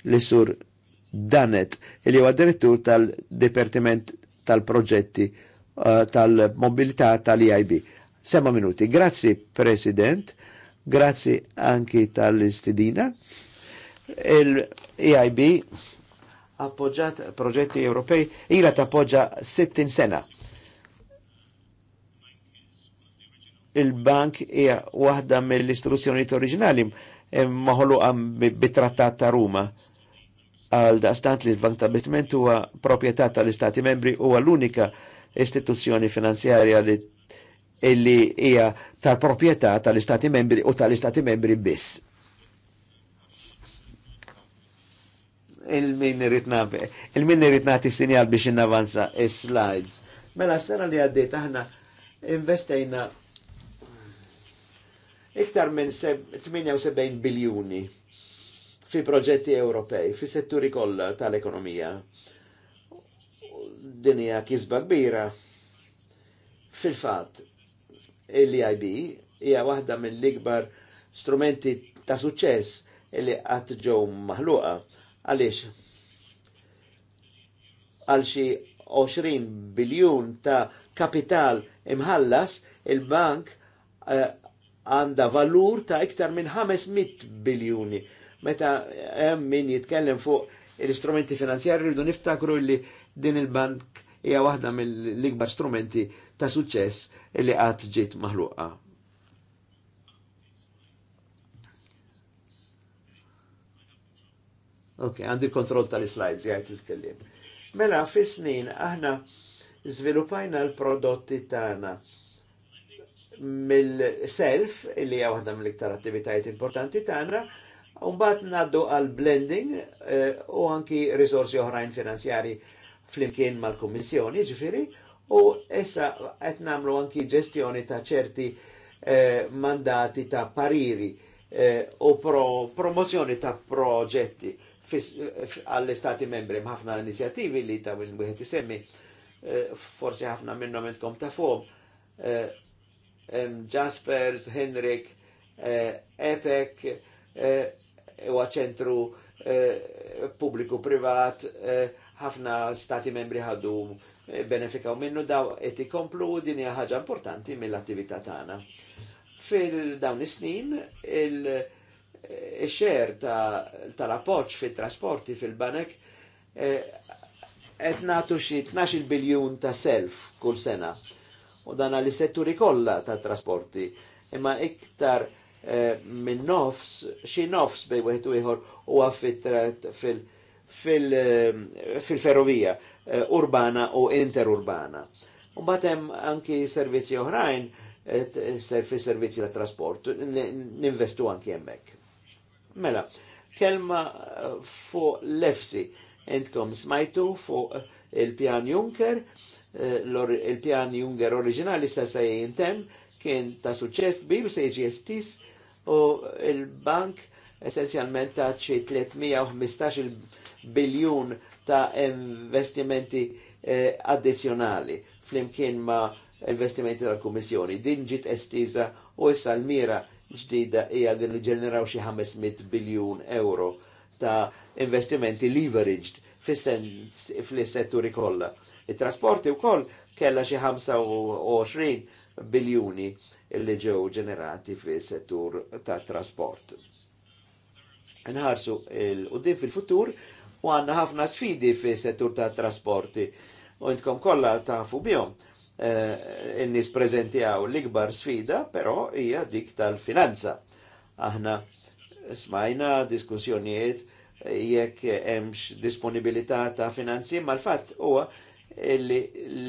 li sur Danet, il huwa direttur tal-Departiment tal-Proġetti uh, tal-Mobilità tal-IIB. Sema minuti. Grazzi, President, grazzi anki tal-istidina. Il-IIB appoġġat proġetti Ewropej, ila tappoġġa 60 sena. Il-bank hija waħda mill istruzzjonijiet oriġinali Maħlu għam bitrattat ta' Ruma għal daqstant li l-Bank ta' Bitment huwa proprjetà tal-Istati membri huwa l-unika istituzzjoni finanzjarja li illi hija tal-proprjetà tal-Istati membri u tal-Istati membri biss. Il-min irrit nagħti sinjal biex innavanza is-slides. Mela s-sena li għaddejt aħna investejna iktar minn 78 biljuni fi proġetti Ewropej, fi setturi kollha tal-ekonomija. Din hija kisba kbira. Fil-fatt, l-IB e hija waħda mill-ikbar strumenti ta' suċċess li qatt ġew maħluqa għaliex għal xi 20 biljun ta' kapital imħallas il-bank eh, għanda valur ta' iktar minn 500 biljuni. Meta hemm min jitkellem fuq l-istrumenti finanzjarri rridu niftakru li din il-bank hija waħda mill-ikbar strumenti ta' suċċess li qatt ġiet maħluqa. Ok, għandi kontroll tal-slides jgħid il-kellim. Mela, fis-snin aħna żviluppajna l-prodotti tagħna mill-self, illi għaw għadam l iktar attivitajiet importanti un bat naddu għal blending eh, u anki risorsi oħrajn finanzjari flimkien mal-Kommissjoni, ġifiri, u essa qed namlu anki ġestjoni ta' ċerti eh, mandati ta' pariri eh, u promozjoni ta' proġetti għall-Istati membri mħafna inizjativi li ta' minn wieħed isemmi, forsi ħafna minnhom intkom ta' fuq Jaspers, Henrik, eh, Epek, eh, wa ċentru eh, pubbliku privat, ħafna stati membri ħadu benefikaw minnu daw eti ikomplu din hija ħaġa importanti mill-attività tagħna. Fil-dawn is-snin il-xer tal ta fil trasporti fil-banek qed nagħtu xi 12 biljun ta' self kull sena u dan għal setturi kollha ta' trasporti. Imma iktar eh, minn nofs, xi nofs bej wieħed u ieħor eh, fil-ferrovija eh, urbana u interurbana. U hemm anki servizzi oħrajn fi servizzi ta' trasport, ninvestu anki hemmhekk. Mela, kelma fuq l-EFSI, entkom smajtu fuq il-pjan Juncker, Eh, il-pjan Junger oriġinali sa sa jintem kien ta' suċess kbir se ġestis u il-bank essenzjalment ta' ċi 315 biljun ta' investimenti eh, flimkien ma' investimenti tal-Kummissjoni. Din ġit estiza u issa l-mira ġdida hija din li ġeneraw xi 500 biljun euro ta' investimenti leveraged fl-setturi kollha Il-trasporti koll kellha xi 25 biljuni li ġew ġenerati fis-settur ta' trasport. Nħarsu il qoddim fil-futur u għandna ħafna sfidi fis-settur tat trasporti u intkom kollha ta' bihom. Eh, n-nis prezenti għaw l-ikbar sfida, pero hija dik tal-finanza. Aħna smajna diskussjonijiet jekk hemmx disponibilità ta' finanzi, mal fatt huwa illi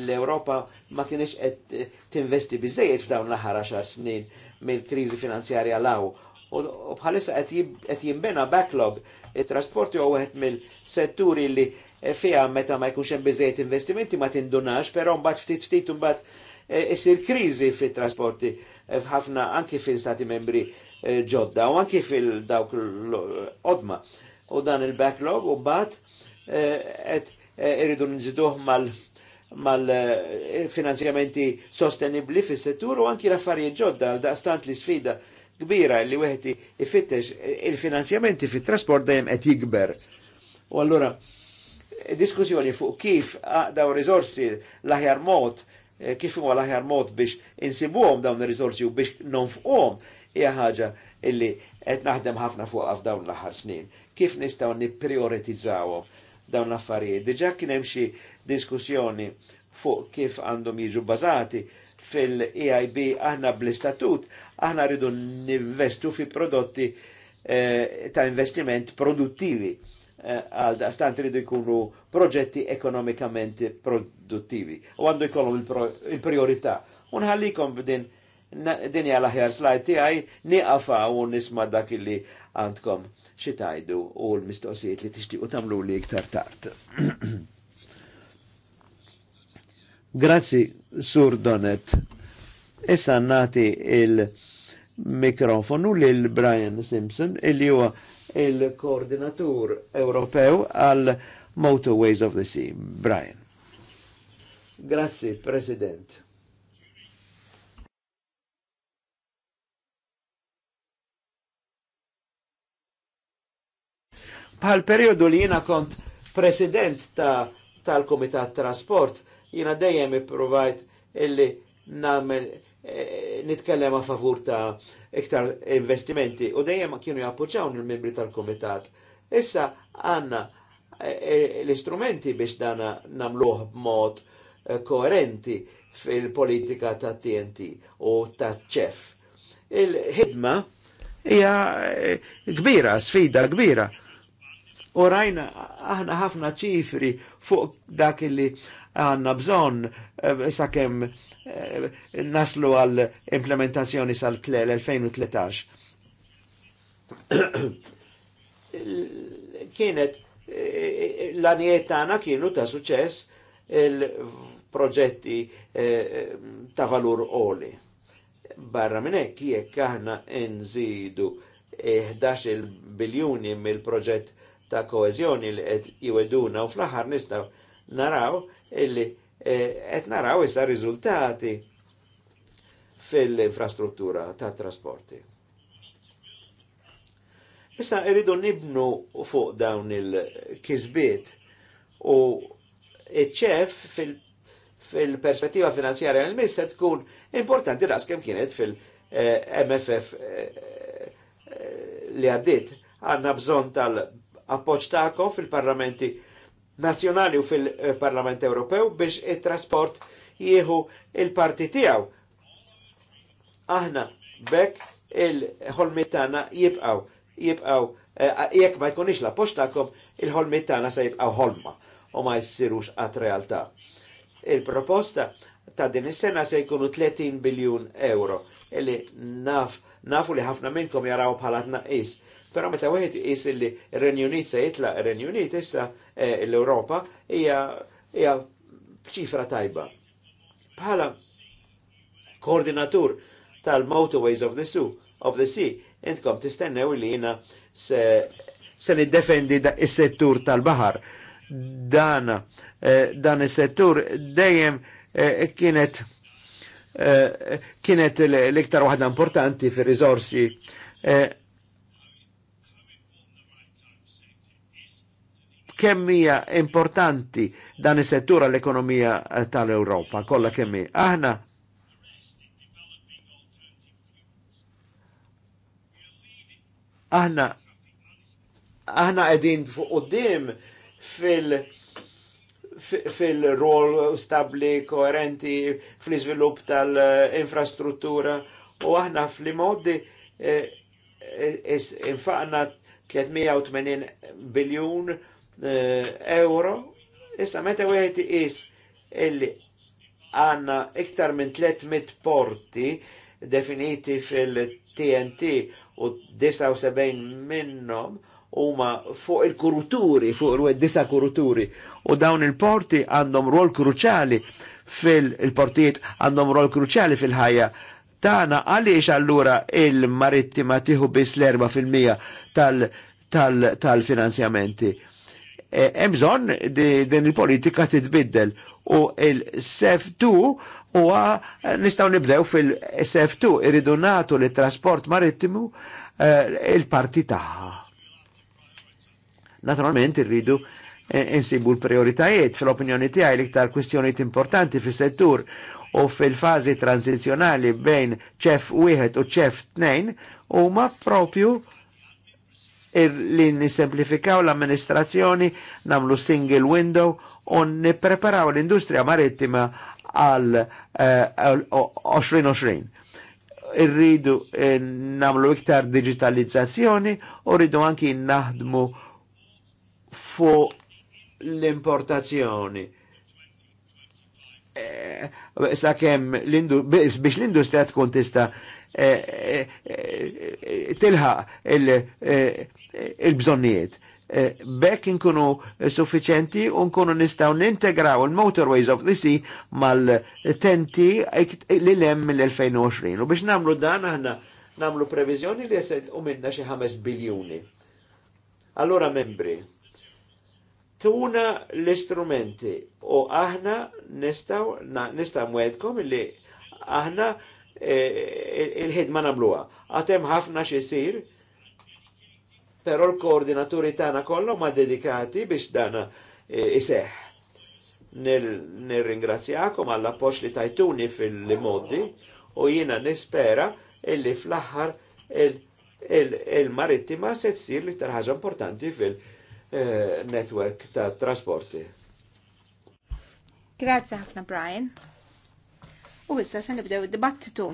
l-Europa ma kienx qed tinvesti biżejjed f'dawn l-aħħar xar snin mill-kriżi finanzjarja law. U bħalissa qed jinbena backlog it-trasporti huwa wieħed mill-setturi li fiha meta ma jkunx hemm biżejjed investimenti ma tindunax, però mbagħad ftit ftit mbagħad isir kriżi fit-trasporti f'ħafna anki fil-stati membri ġodda u anki fil-dawk l-odma. U dan il-backlog u bat qed Eh, irridu nżiduh mal- mal-finanzjamenti eh, sostenibli fis settur u anki l-affarijiet ġodda għal daqstant li sfida kbira li wieħed ifittex eh, il-finanzjamenti fit-trasport dejjem qed jikber. U allura diskussjoni fuq kif ah, daw risorsi l-aħjar mod kif huwa l-aħjar mod biex insibuhom dawn ir-risorsi u biex nonfqhom hija ħaġa illi qed naħdem ħafna fuq f'dawn l-aħħar snin. Kif nistgħu nipprioritizzawhom? dawn l-affarijiet. Diġà kien hemm xi diskussjoni fuq kif għandhom jiġu bażati fil-EIB aħna bl-istatut aħna rridu ninvestu fi prodotti eh, ta' investiment produttivi eh, għal eh, stant rridu jkunu proġetti ekonomikament produttivi u għandu jkollhom il-priorità. Il Unħallikom b'din din hija l-aħjar slajd tiegħi niqafa u nisma' dak illi għandkom xi tajdu u l-mistoqsijiet li tixtiequ tagħmlu li iktar tard. Grazzi, Sur Donet. Issa nati il-mikrofonu lil Brian Simpson, il huwa il-koordinatur Ewropew għal Motorways of the Sea. Brian. Grazzi, President. Bħal periodu li jina kont president ta, tal-Komitat Trasport, jina dejjem ipprovajt illi namel e, nitkellem a favur ta' iktar investimenti u dejjem kienu jappoġġaw il-membri tal-Komitat. Issa għanna e, e, l-istrumenti biex dana namluħ b'mod e, koerenti fil-politika ta' TNT u ta' ċef. Il-ħidma hija e, kbira, sfida kbira U rajna aħna ħafna ċifri fuq dak li għanna bżon eh, sa' kem eh, naslu għal implementazzjoni sal-2013. Kienet eh, l-anijiet tagħna kienu ta' suċess il-proġetti ta' valur oli. Barra minn hekk jekk aħna nżidu 11 biljuni mill-proġett ta' koezjoni li qed jweduna u fl-aħħar nistgħu naraw illi eh, qed naraw issa riżultati fil-infrastruttura ta' trasporti. Issa irridu nibnu fuq dawn il-kisbiet u ċef fil- fil-perspettiva finanzjarja l missa tkun importanti ras kemm kienet fil-MFF eh, eh, li għaddit għanna bżon tal appoġġ tagħkom fil-parlamenti nazzjonali u fil-Parlament Ewropew biex it-trasport jieħu il-parti tiegħu. Aħna bekk il-ħolmiet tagħna jibqgħu jibqgħu eh, jekk ma jkunix l-appoġġ il-ħolmiet tagħna se jibqgħu ħolma u ma jissirux għat realtà. Il-proposta ta' din is-sena se jkunu 30 biljun euro illi naf nafu li ħafna minnkom jaraw bħala tnaqis. is Pero meta wieħed is li r-Renju se jitla ir-Renju issa eh, l-Ewropa hija hija ċifra tajba. Bħala koordinatur tal-Motorways of the Sea, of the Sea, intkom tistennew li jiena se se niddefendi is-settur tal-baħar. Dan eh, dan is-settur dejjem eh, kienet kienet l-iktar waħda importanti fir-riżorsi kemmija importanti dan is-settur għall-ekonomija eh, tal-Ewropa kollha kemm Aħna aħna aħna qegħdin fuq qudiem fil- fil-rol stabli, koerenti, fl-iżvilupp tal-infrastruttura u aħna fl-modi eh, eh, infaqna 380 biljun Eh, euro, issa meta wieħed is illi għanna iktar minn 300 porti definiti fil-TNT u 79 minnom huma fuq il-kuruturi, fuq il-disa kuruturi. U dawn il-porti għandhom rol kruċali fil-portijiet għandhom rol kruċali fil-ħajja tana għaliex allura il-marittima tiħu bis l fil-mija tal-finanzjamenti. Tal, tal, tal Eh, hemm din il-politika titbiddel u il-SEF2 eh, u nistgħu nibdew fil-SEF2 irridu natu li trasport marittimu eh, il-parti tagħha. Naturalment irridu insibu l-prioritajiet fil-opinjoni tiegħi l-iktar kwistjonijiet importanti fis-settur u fil-fazi tranzizjonali bejn ċef wieħed u ċef tnejn huma propju li nisemplifikaw l-amministrazzjoni, namlu single window u nipreparaw l-industrija marittima għal 2020. Eh, Irridu eh, namlu iktar digitalizzazzjoni u rridu anki naħdmu fuq l-importazzjoni. Eh, Sakem biex l-industrija tkun tista' tilħaq il-bżonnijiet. Eh, bekk inkunu suffiċenti u nkunu nistaw nintegraw il-Motorways of the Sea mal-tenti li l-em mill-2020. U biex namlu dan aħna namlu previżjoni li jesed u minna xie 5 biljoni. Allora membri, tuna l-istrumenti u aħna nistaw, nistaw mwedkom li aħna eh, il-ħidma namluwa. Għatem ħafna xie sir Però l-koordinaturi tana kollu ma dedikati biex dana eh, iseħ. Nir-ringrazzjakum għall appoġġ li tajtuni fil-modi u jiena nispera illi fl-aħħar il-marittima se tsir li ħaġa importanti fil-network eh, ta' trasporti. Grazie ħafna Brian. U issa se nibdew id-dibattitu.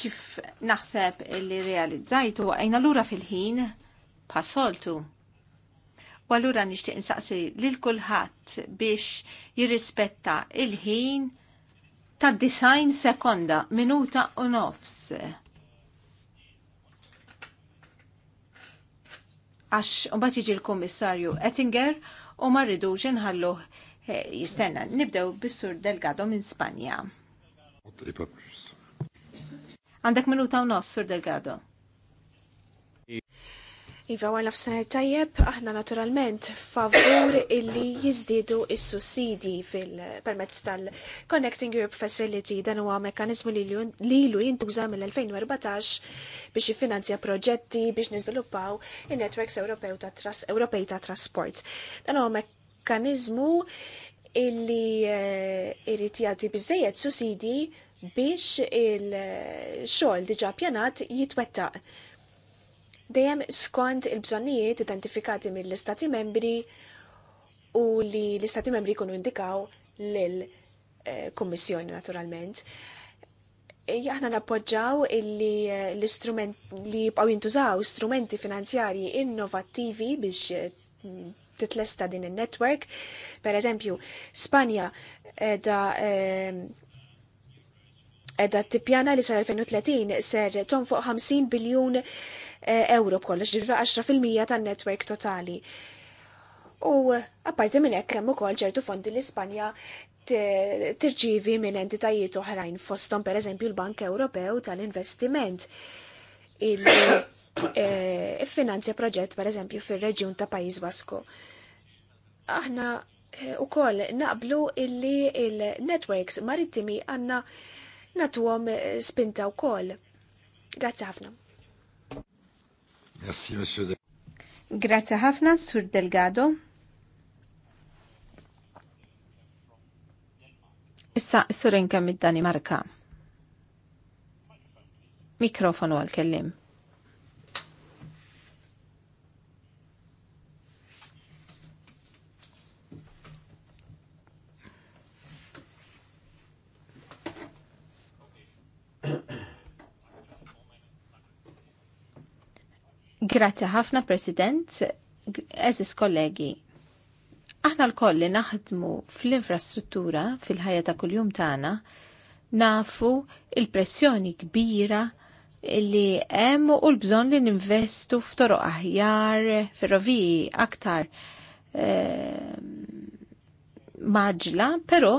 kif naħseb li realizzajtu għajna lura fil-ħin pasoltu. U allura nixtieq insaqsi lil kulħadd biex jirrispetta il-ħin ta' design sekonda, minuta u nofs. Għax mbagħad jiġi l-Kummissarju Ettinger u ma rridux inħalluh eh, jistenna. Nibdew bis-Sur Delgado minn Spanja. Għandek minuta u nos, Sur Delgado. Iva għal nafsanar tajjeb, aħna naturalment favur illi jizdidu il sussidi fil-permezz tal-Connecting Europe Facility dan huwa mekkanizmu li lu jintuża mill-2014 biex jiffinanzja proġetti biex niżviluppaw in-networks Ewropej ta' trasport. Dan huwa mekkanizmu illi eh, irrid jagħti biżejjed sussidi biex il-xogħol diġà pjanat jitwettaq. Dejjem skont il-bżonnijiet identifikati mill-Istati membri u li l-Istati membri kunu indikaw lill-Kummissjoni eh, naturalment. Jaħna eh, nappoġġaw illi eh, l-istrument li jibqaw jintużaw strumenti finanzjarji innovattivi biex titlesta din il-network. Per eżempju, Spanja da edha t-tipjana li sar 2030 ser fuq 50 biljun eh, euro b'kollox ġifra 10% tan-netwerk totali. U apparti minn hekk hemm ukoll ċertu fondi l-Ispanja tirċivi minn entitajiet oħrajn fosthom pereżempju l-Bank Ewropew tal-Investiment il-finanzja eh, proġett pereżempju fir-reġjun ta' Pajjiż Basku. Aħna eh, u naqblu illi il-networks marittimi għanna għom eh, spinta wkoll. Grazzi ħafna. Merci, Monsieur. Grazzi ħafna, Sur Delgado. Issa, Surinka mid-Danimarka. Mikrofonu għal-kellim. Grazzi ħafna, President. Eżis kollegi, aħna l-kolli naħdmu fl-infrastruttura fil-ħajja ta' kuljum tagħna nafu il-pressjoni kbira li hemm u l-bżonn li ninvestu f'toroq aħjar, ferroviji aktar ehm, maġla, però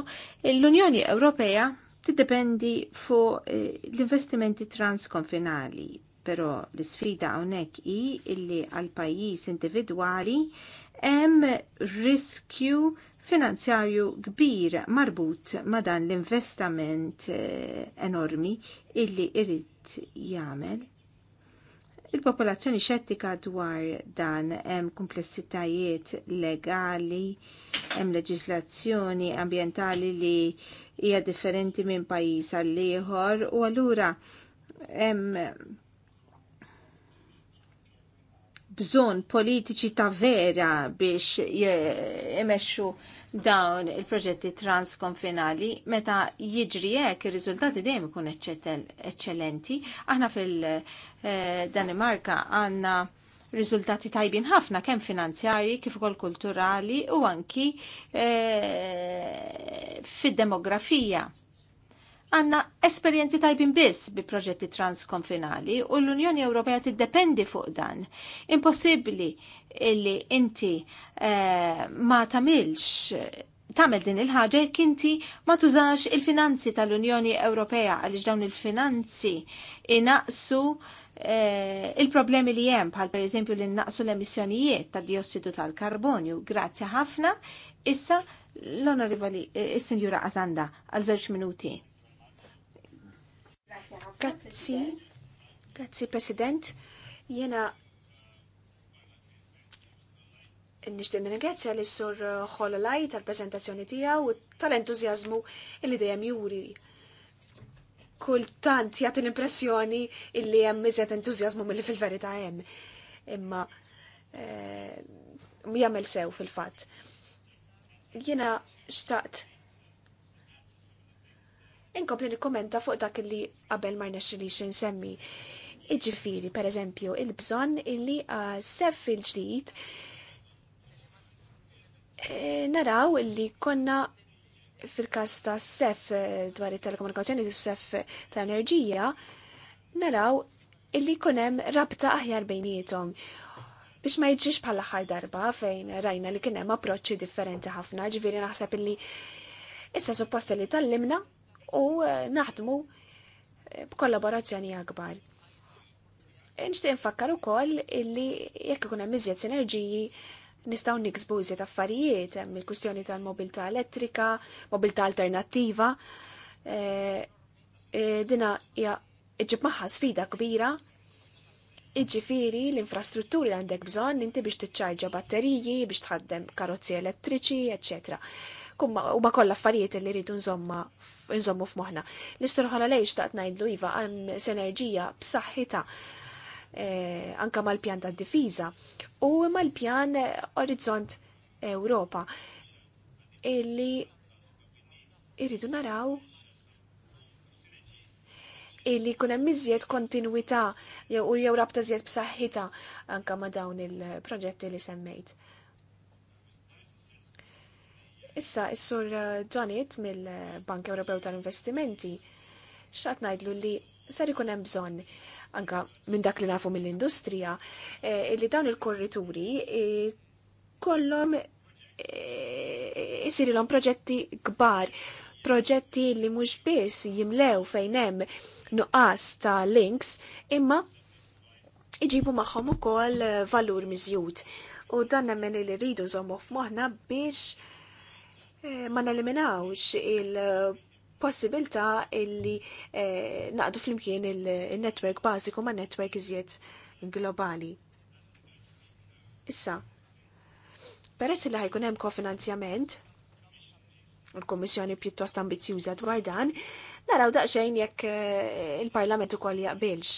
l-Unjoni Ewropea tiddependi fuq eh, l-investimenti transkonfinali però l-sfida hawnhekk hi illi għal pajjiż individwali hemm riskju finanzjarju kbir marbut ma dan l-investament eh, enormi illi irrid jagħmel. Il-popolazzjoni xettika dwar dan hemm komplessitajiet legali, hemm leġislazzjoni ambjentali li hija differenti minn pajjiż għall ieħor u allura hemm bżon politiċi ta' vera biex jemexxu dawn il-proġetti transkonfinali meta jiġri hekk ir-riżultati dejjem ikun eċċellenti. Aħna fil-Danimarka eh, għandna riżultati tajbin ħafna kemm finanzjarji kif ukoll kulturali u anki eh, fid-demografija għanna esperjenzi tajbin biss bi proġetti transkonfinali u l-Unjoni Ewropea tiddependi fuq dan. Impossibbli illi inti eh, ma tamilx tagħmel din il-ħaġa jekk inti ma tużax il-finanzi tal-Unjoni Ewropea għaliex dawn il-finanzi inaqsu eh, il-problemi li hemm bħal pereżempju li naqsu l-emissjonijiet ta' diossidu tal-karbonju. Grazzi ħafna. Issa l-onorevoli eh, is-Sinjura Azanda għal żewġ minuti. Grazzi, grazzi President. Jena nishtin ringrazzja li sur Hololaj tal-prezentazzjoni tija u tal-entuzjazmu illi dejjem juri. Kultant jagħti l-impressjoni illi hemm miżet entuzjazmu milli fil-verità hemm. Imma eh, jagħmel sew fil-fatt. Jiena xtaqt inkompli nikkommenta fuq dak li qabel ma rnexxilix insemmi. Iġifieri, per eżempju, il-bżonn illi sef fil ġdid e, naraw illi konna fil-kas ta' sef e, dwar it-telekomunikazzjoni u sef ta' enerġija naraw illi hemm rabta aħjar bejnietom biex ma jġiġ bħal aħħar darba fejn rajna li kienem approċċi differenti ħafna, ġviri naħseb illi issa supposta li tal-limna u eh, naħdmu eh, b'kollaborazzjoni akbar. Nixtieq nfakkar ukoll illi jekk ikun hemm iżjed sinerġiji nistgħu niksbu iżjed affarijiet hemm il-kwistjoni tal-mobilità elettrika, mobilità alternattiva. Eh, dina hija iġib magħha sfida kbira Iġifiri l-infrastrutturi għandek bżonn inti biex tiċċarġa batteriji, biex tħaddem karozzi elettriċi, eccetera u ma kolla affarijiet li rridu nżommu f'moħna. L-istorħala lejx taqt najdlu iva għan sinerġija b'saħħita eh, anka mal-pjan ta' difiża u mal-pjan Orizzont Ewropa illi irridu naraw illi kuna miżjed kontinuità jew jew rabta żjed b'saħħita anka ma' dawn il-proġetti li semmejt. Issa, is-sur uh, Janet mill-Bank Ewropew tal-Investimenti xat najdlu li sar ikun hemm bżonn anka minn dak li nafu mill-industrija eh, li dawn il-korrituri eh, kollhom eh, isirilhom proġetti kbar, proġetti li mhux biss jimlew fejn hemm nuqqas ta' links imma iġibu magħhom ukoll valur miżjud. U dan nemmen li rridu żommu f'moħħna biex Eh, ma neliminawx il-possibilità illi eh, naqdu flimkien il-network bażiku ma' network iżjed globali. Issa, peress li ħajkun hemm kofinanzjament, il-Kommissjoni pjuttost ambizjuża dwar dan, naraw daqsxejn jekk eh, il-Parlament ukoll jaqbilx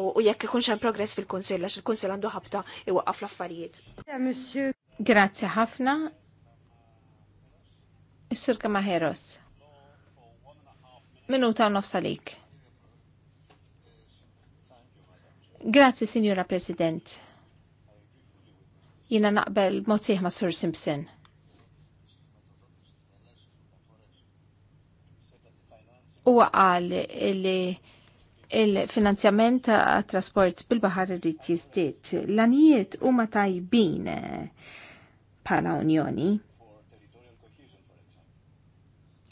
u jekk ikunx hemm progress fil-Kunsill għax il-Kunsill għandu ħabta iwaqqaf l-affarijiet. Grazzi ħafna Is-Sur Kamaheros. Minuta u nofsa lik. Grazzi, Signora President. Jina naqbel motiħ ma' Sur Simpson. Huwa qal il-finanzjament ta' trasport bil-bahar rrit jiżdied. L-anijiet huma tajbin bħala Unjoni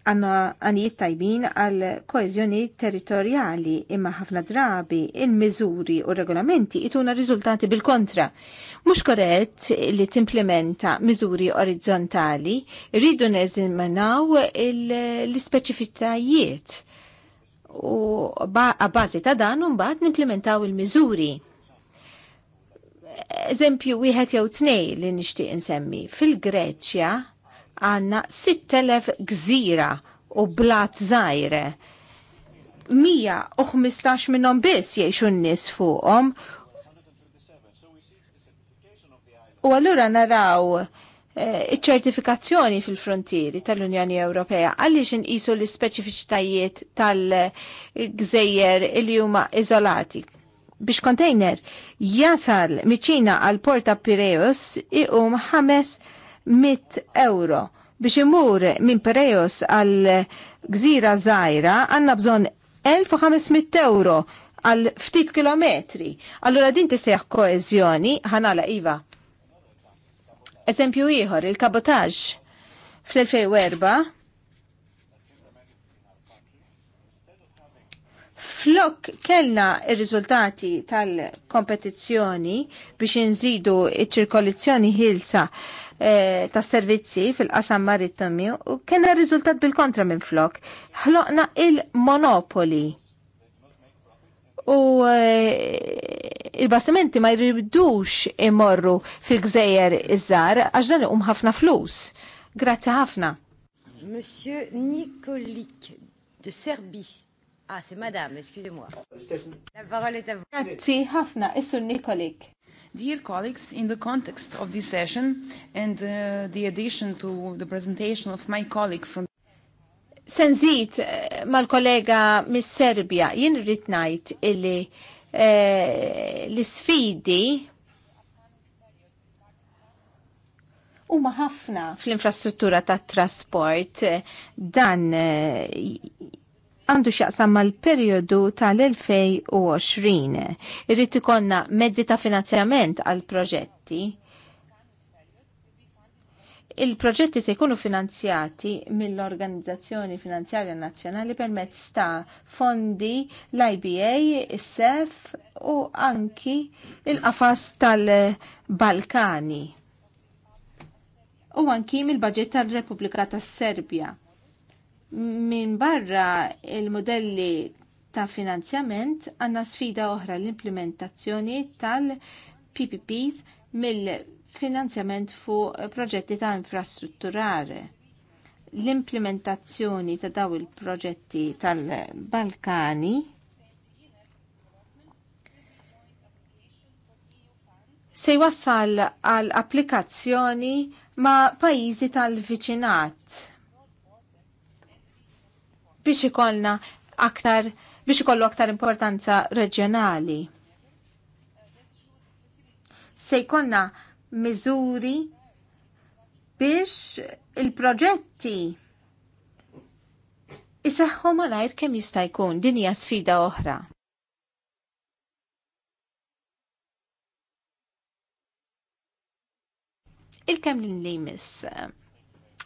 għanna għanijiet tajbin għal koezjoni territorjali imma ħafna drabi il-mizuri u regolamenti ituna riżultati bil-kontra. Mux korret li timplementa miżuri orizzontali, rridu neżimmanaw l-ispeċifitajiet u għabazi ta' dan un bad nimplementaw il-mizuri eżempju wieħed jew tnej li nixtieq insemmi. Fil-Greċja għanna 6000 gżira u blat zaħire. 115 minnom biss jiexu n-nis fuqom. U għallura naraw eh, iċ-ċertifikazzjoni fil-frontieri tal-Unjoni Ewropea għaliex inqisu l-ispeċifiċitajiet tal-gżejjer li huma iżolati biex kontejner jasal miċina għal Porta Pireus iqum ħames 100 euro. Biex imur minn Perejos għal gżira zaħira għanna bżon 1500 euro għal ftit kilometri. Allura din tistejħ koezjoni ħanala Iva. Eżempju ieħor, il-kabotaġ fl-2004 flok kellna ir-riżultati tal-kompetizzjoni biex nżidu iċ-ċirkolizzjoni ħilsa Eh, ta' servizzi fil-qasam marittomi u kena riżultat bil-kontra minn flok. Ħloqna il-monopoli u eh, il basimenti ma jridux imorru fil-gżejjer iż-żar għax dan um ħafna flus. Grazzi ħafna. Monsieur Nikolik de Serbi. Ah, c'est madame, excusez-moi. La parole est à vous. Grazzi ħafna, issu Nikolik. Dear colleagues, in the context of this session and uh, the addition to the presentation of my colleague from Senzit eh, mal-kollega mis Serbia jien rrit ngħid illi eh, l-isfidi huma ħafna fl-infrastruttura tat-trasport dan eh, għandu xaqsam mal-periodu tal-2020. Irrid ikonna mezzi ta' finanzjament għal proġetti. Il-proġetti se jkunu finanzjati mill-Organizzazzjoni Finanzjarja Nazzjonali permezz ta' fondi l-IBA, is-SEF u anki il-qafas tal-Balkani. U anki mill-budget tal-Repubblika tas-Serbja Min barra il-modelli ta' finanzjament għanna sfida oħra l-implementazzjoni tal-PPPs mill-finanzjament fu proġetti ta' infrastrutturare. L-implementazzjoni ta' daw il-proġetti tal-Balkani se wassal għal applikazzjoni ma' pajizi tal-viċinat biex ikollna aktar biex ikollu aktar importanza reġjonali. Se jkollna miżuri biex il-proġetti isaħħu malajr kemm jista' jkun din hija sfida oħra. Il-kem l-limis.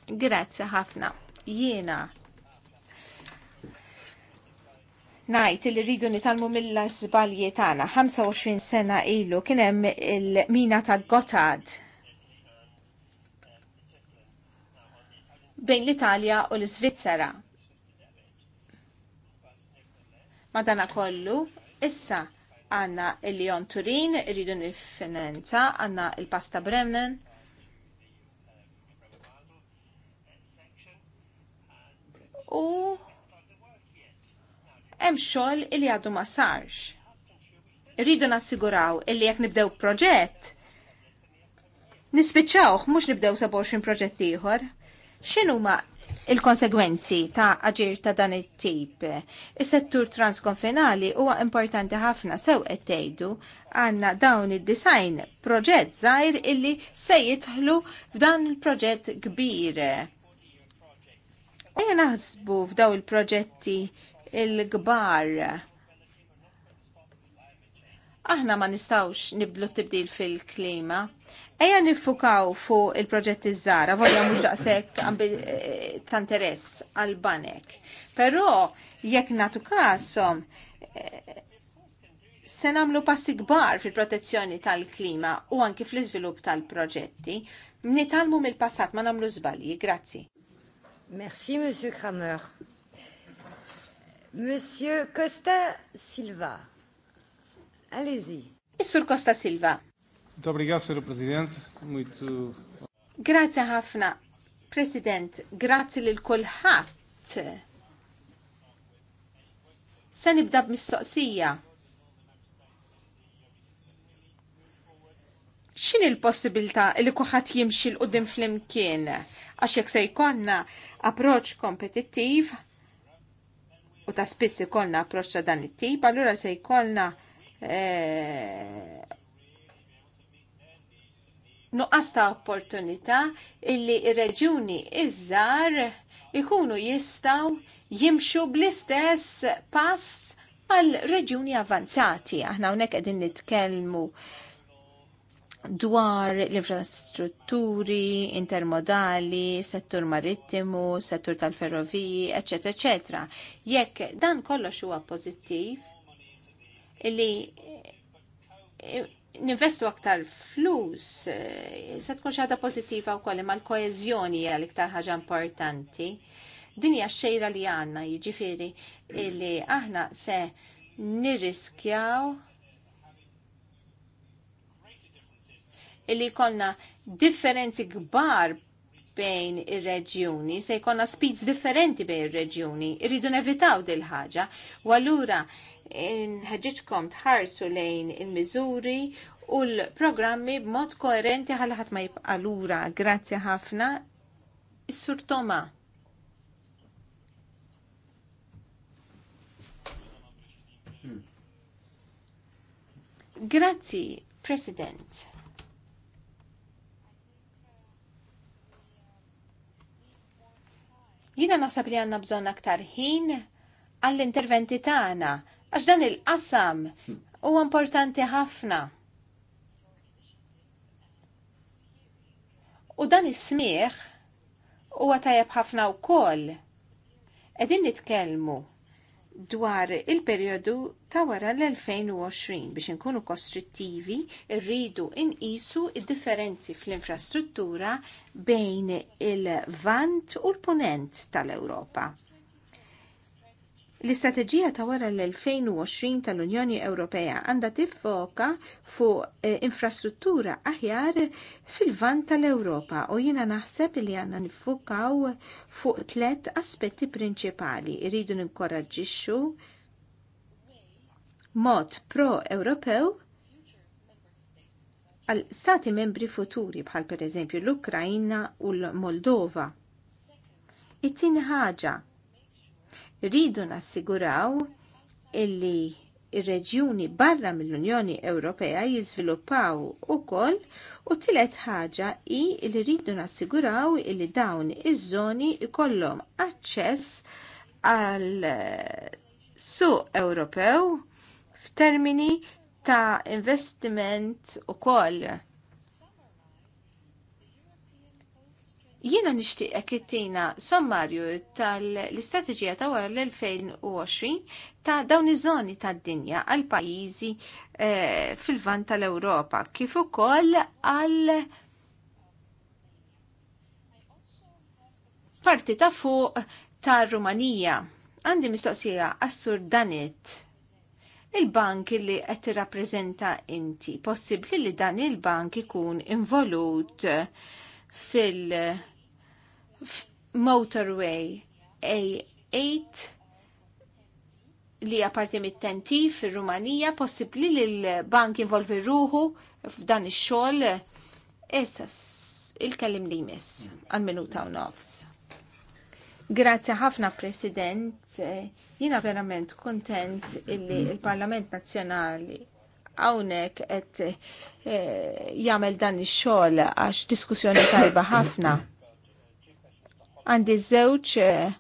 Grazzi ħafna. Jiena najt li rridu nitalmu mill-żbalji tagħna 25 sena ilu kien hemm il-mina ta' Gotad bejn l-Italja u l-Svizzera. Madana kollu, issa għanna il lion Turin, rridu nifinanza, għanna il-Pasta Bremnen, u hemm xogħol li għadu ma sarx. Irridu nassiguraw illi jekk nibdew proġett nispiċċawh mhux nibdew 27 proġett ieħor. X'inhuma il-konsegwenzi ta' aġir ta' dan it-tip. Is-settur transkonfinali huwa importanti ħafna sew qed tgħidu għandna dawn id-design proġett żgħir illi se jidħlu f'dan il-proġett kbir. Ejja naħsbu f'daw il-proġetti il-gbar. Aħna ma nistawx nibdlu tibdil fil-klima. Eja nifukaw fuq il-proġetti żara, volja mux daqsek ta' interess għal-banek. Pero jekk natu kasom, se namlu passi kbar fil-protezzjoni tal-klima u anki fl-iżvilupp tal-proġetti, nitalmu mill-passat ma namlu żbalji. Grazzi. Merci, Monsieur Kramer. Monsieur Costa Silva. Allez-y. Monsieur Costa Silva. Obrigado, Sr. Muito. Grazie ħafna, President. Grazie lil kulħadd. Se nibda b'mistoqsija. xin il-possibilità li kuħat jimxi l-qoddim fl-imkien? Għax jek se jkonna approċ kompetittiv, u ta' spiss ikollna approċċa dan it-tip, allura se jkollna eh, nuqqas ta' opportunità illi reġuni reġjuni iż-żar ikunu jistaw jimxu bl-istess pass għal reġuni avanzati. Aħna hawnhekk qegħdin nitkellmu dwar l-infrastrutturi intermodali, settur marittimu, settur tal-ferroviji, ecc. ecc. Jekk dan kollox huwa pozittiv li eh, ninvestu aktar flus eh, se tkun xi ħaġa pożittiva wkoll imma l-koeżjoni hija l-iktar ħaġa importanti. Din hija xejra li għandna, jiġifieri li aħna se nirriskjaw illi konna differenzi kbar bejn ir-reġjuni, se jkollna speeds differenti bejn ir-reġjuni, irridu nevitaw dil ħaġa u allura nħeġġeġkom tħarsu lejn il-miżuri u l-programmi b'mod koerenti għal ħadd ma jibqa' lura. Grazzi ħafna. Is-Sur Toma. Hmm. Grazzi, President. Jina naħseb li għanna bżon aktar ħin għall-interventi tagħna għax dan il-qasam huwa importanti ħafna. U dan is-smieħ huwa tajjeb ħafna wkoll. Qegħdin nitkellmu dwar il-perjodu ta' wara l-2020 biex inkunu kostrittivi rridu inqisu id-differenzi fl-infrastruttura bejn il-vant u l-punent tal-Ewropa. L-istrateġija ta' wara l-2020 tal-Unjoni Ewropea għandha tiffoka fuq eh, infrastruttura aħjar fil-vant tal-Ewropa u jiena naħseb li għandna nifukaw fuq tlet aspetti prinċipali. Irridu ninkoraġġixxu mod pro-Ewropew għal stati membri futuri bħal per eżempju l-Ukrajna u l-Moldova. It-tieni ħaġa Rridu nassiguraw illi ir-reġjuni barra mill-Unjoni Ewropea jiżviluppaw ukoll u tielet ħaġa hi li rridu nassiguraw li dawn iż-żoni ikollhom aċċess għal suq Ewropew f'termini ta' investiment ukoll Jiena nishtiq kittina sommarju tal-istrateġija ta' wara l-2020 ta' dawn iż-żoni tad-dinja għal pajjiżi eh, fil-vant tal-Ewropa kif ukoll għal parti ta' fuq ta' Rumanija. Għandi mistoqsija għassur Danit il-bank li qed tirrappreżenta inti. Possibbli li dan il-bank ikun involut fil- motorway A8 li apparti mit-tenti fir-Rumanija possibbli li l-bank involvi ruħu f'dan ix-xogħol issa il-kellim li jmiss għal minuta u nofs. Grazzi ħafna President, jina verament kontent illi il-Parlament Nazzjonali għawnek qed eh, jagħmel dan ix-xogħol għax diskussjoni tajba ħafna. Għandi żewġ eh,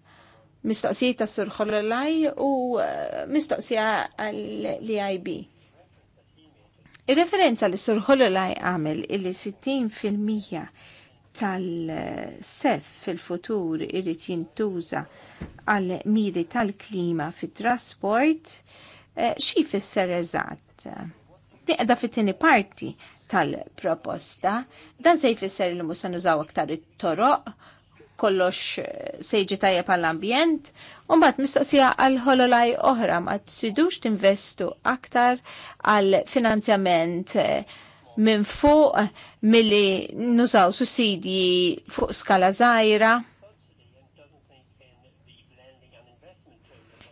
mistoqsija ta' Sur Xololaj u eh, mistoqsija l ib Ir-referenza li Sur Xololaj għamel illi 60% tal-sef fil-futur irrit jintuża għal miri tal-klima fit-trasport, eh, xi fisser eżatt. Tiqda fit-tieni parti tal-proposta, dan se jfisser li musa nużaw aktar it-toroq kollox eh, sejġi tajjeb għall-ambjent, u mbagħad mistoqsija għal ħololaj oħra ma t tinvestu aktar għal finanzjament eh, minn fuq milli nużaw sussidji fuq skala żgħira.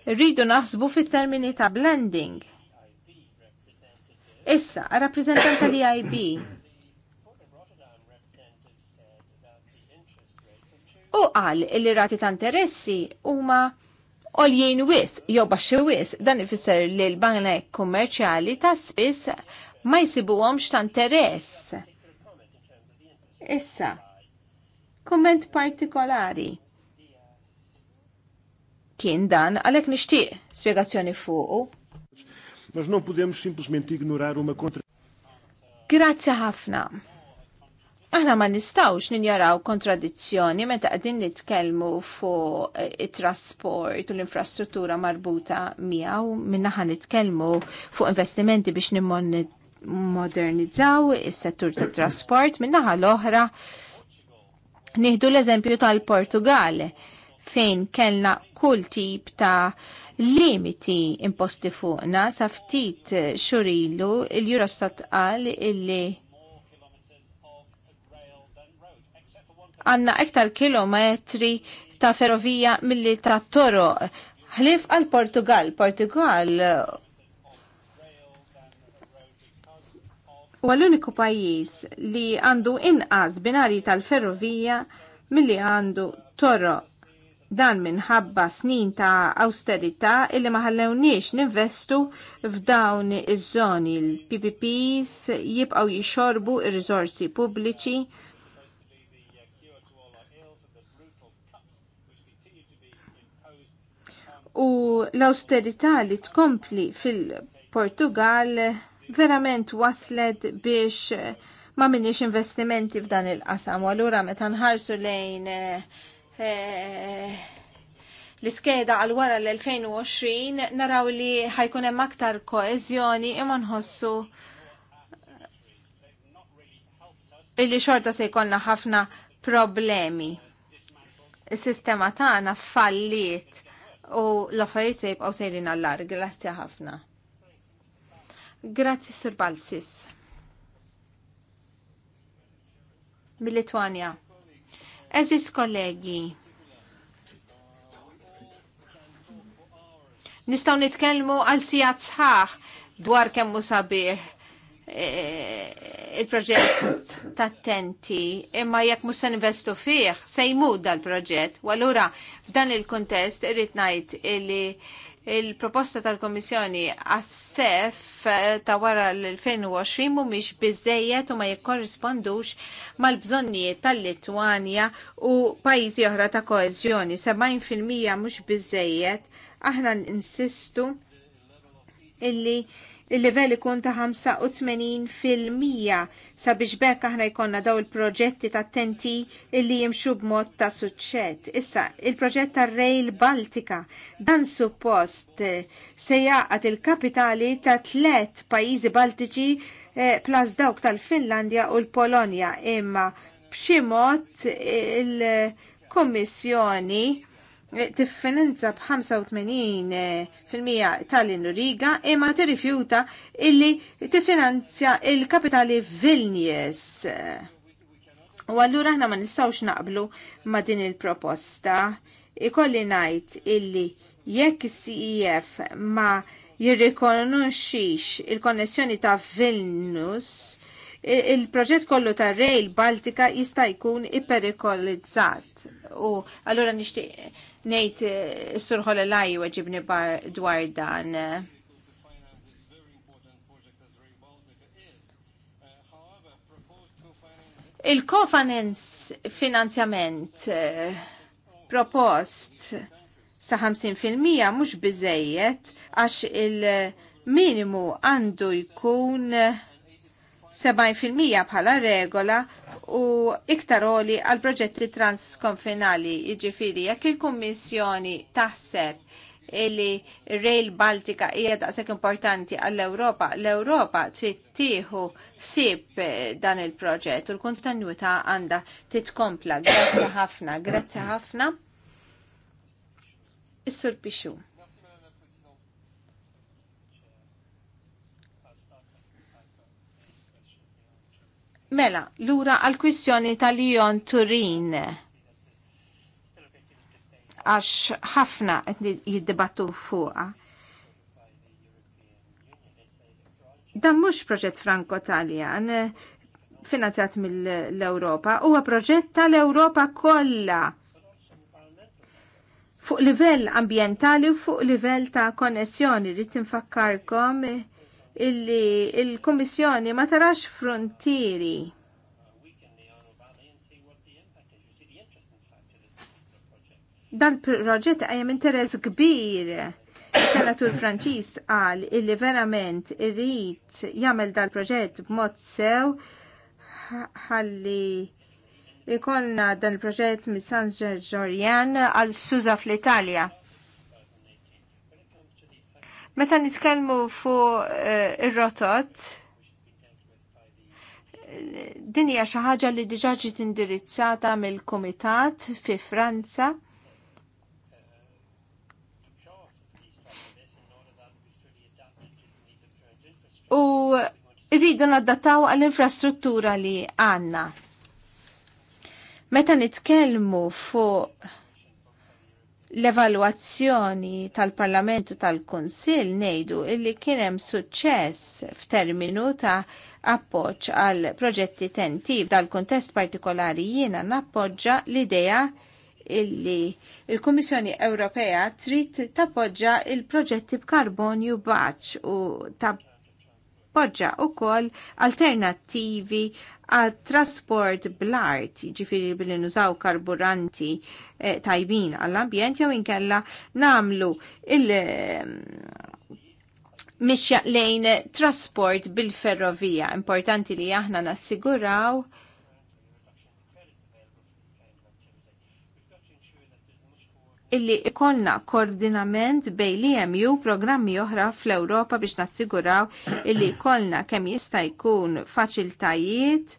Rridu naħsbu fit-termini ta' blending. Issa, rappresentant tal ib u qal li rati ta' interessi huma oljien wis jew baxxi wis dan ifisser li l-banek kummerċjali ta' spiss ma jsibuhomx ta' interess. Issa, komment partikolari kien dan għalhekk nixtieq spjegazzjoni fuq. Maġ non podemos simplesmente ignorar uma contra. Grazzi ħafna. Aħna ma nistawx ninjaraw kontradizzjoni meta qegħdin nitkellmu fuq it-trasport u l-infrastruttura marbuta miegħu minnaħa nitkellmu fuq investimenti biex nimmodernizzaw is-settur tat-trasport min-naħa l-oħra nieħdu l-eżempju tal-Portugal fejn kellna kull tip ta' limiti imposti fuqna sa ftit xurilu il-Eurostat qal illi għanna iktar kilometri ta' ferrovija milli ta' toro. Ħlif għal Portugal. Portugal u għall-uniku pajjiż li għandu inqas binari tal-ferrovija milli għandu toro dan minħabba snin ta' austerità illi maħallewniex ninvestu f'dawn iż-żoni. L-PPPs jibqaw jixorbu ir-riżorsi pubbliċi u l-austerità li tkompli fil-Portugal verament waslet biex ma minniex investimenti f'dan il-qasam. U allura meta nħarsu lejn eh, eh, l-iskeda għal wara l-2020 naraw li ħajkun hemm aktar koeżjoni imma nħossu illi xorta se jkollna ħafna problemi. Is-sistema tagħna falliet u l-affarijiet se jibqgħu sejrin għall-lar. Grazzi ħafna. Grazzi Sur Balsis. Mill-Litwanja. Eżis kollegi. Nistaw nitkellmu għal sijat sħaħ dwar kemmu sabiħ Eh, il-proġett ta' tenti, imma jekk mhux se investu fih, se jmud dal-proġett. U allura f'dan il-kuntest irrid ngħid li il-proposta tal-Komissjoni għas-sef eh, ta' wara l-2020 mhumiex biżejjed u ma jikkorrispondux mal-bżonnijiet tal-Litwanja u pajjiżi oħra ta' koeżjoni. 70% mhux biżejjed aħna insistu illi il-level ikun ta' 85% sabiex bekk aħna jkonna daw il-proġetti ta' tenti illi jimxu b'mod ta' suċċett. Issa, il-proġett ta' Rail Baltica dan suppost eh, se jaqat il-kapitali ta' tlet pajizi Baltiċi eh, plas dawk tal-Finlandja u l-Polonja imma b'xi mod il-Kommissjoni tiffinanza b'85% eh, tal-Inuriga imma tirrifjuta illi tiffinanzja il-kapitali Vilnius. U allura aħna ma nistawx naqblu ma din il-proposta. Ikolli najt illi jekk is-CEF ma jirrikonoxxix il-konnessjoni ta' Vilnius, il-proġett kollu ta' Rail Baltica jista' jkun iperikolizzat. U għallura nixtieq Nejt eh, surħol l-laj ġibni dwar dan. Eh. Il-kofinance finanzjament eh, propost sa' 50% mhux biżejjed għax il-minimu għandu jkun 70% bħala regola u iktar oli għal proġetti transkonfinali. Iġifiri, jekk il-Kummissjoni taħseb illi Rail Baltica hija daqshekk importanti għall-Ewropa, l-Ewropa trid tieħu sib eh, dan il-proġett u l-kontinuità għandha titkompla. Grazzi ħafna, grazzi ħafna. Is-sur Pixu. Mela, lura għal-kwistjoni tal-Ion Turin għax ħafna jiddibattu fuqa. Dan mhux proġett Franko-Taljan eh, finanzjat mill-Europa, huwa proġett tal-Europa kollha fuq livell ambientali u fuq livell ta' konnessjoni rrid infakkarkom eh, illi il kummissjoni ma tarax frontieri. Dal-proġett għajem interess kbir. Il-senatur Franċis għal illi verament irrit jagħmel dal-proġett b'mod sew ħalli ikolna dan il-proġett mis San Ġorjan għal Suza fl-Italja. Meta nitkellmu fuq eh, ir-rotot, din hija xi ħaġa li diġà ġiet indirizzata mill-Kumitat fi Franza. U rridu nadattaw għall-infrastruttura li għandna. Meta nitkellmu fuq l-evalwazzjoni tal-Parlamentu tal-Kunsill ngħidu illi kien hemm suċċess f'terminu ta' appoġġ għal proġetti tentiv dal-kuntest partikolari jiena nappoġġa l-idea illi il-Kummissjoni Ewropea trid tappoġġa il-proġetti b'karbonju baċ u tappoġġa wkoll alternattivi għad trasport bl-art, ġifiri billi nużaw karburanti eh, tajbin għall-ambjent, jew inkella namlu il- ehm, mixja lejn trasport bil-ferrovija. Importanti li aħna nassiguraw illi ikonna koordinament bej li jemju programmi oħra fl-Europa biex nassiguraw illi ikonna kemm jista' jkun faċiltajiet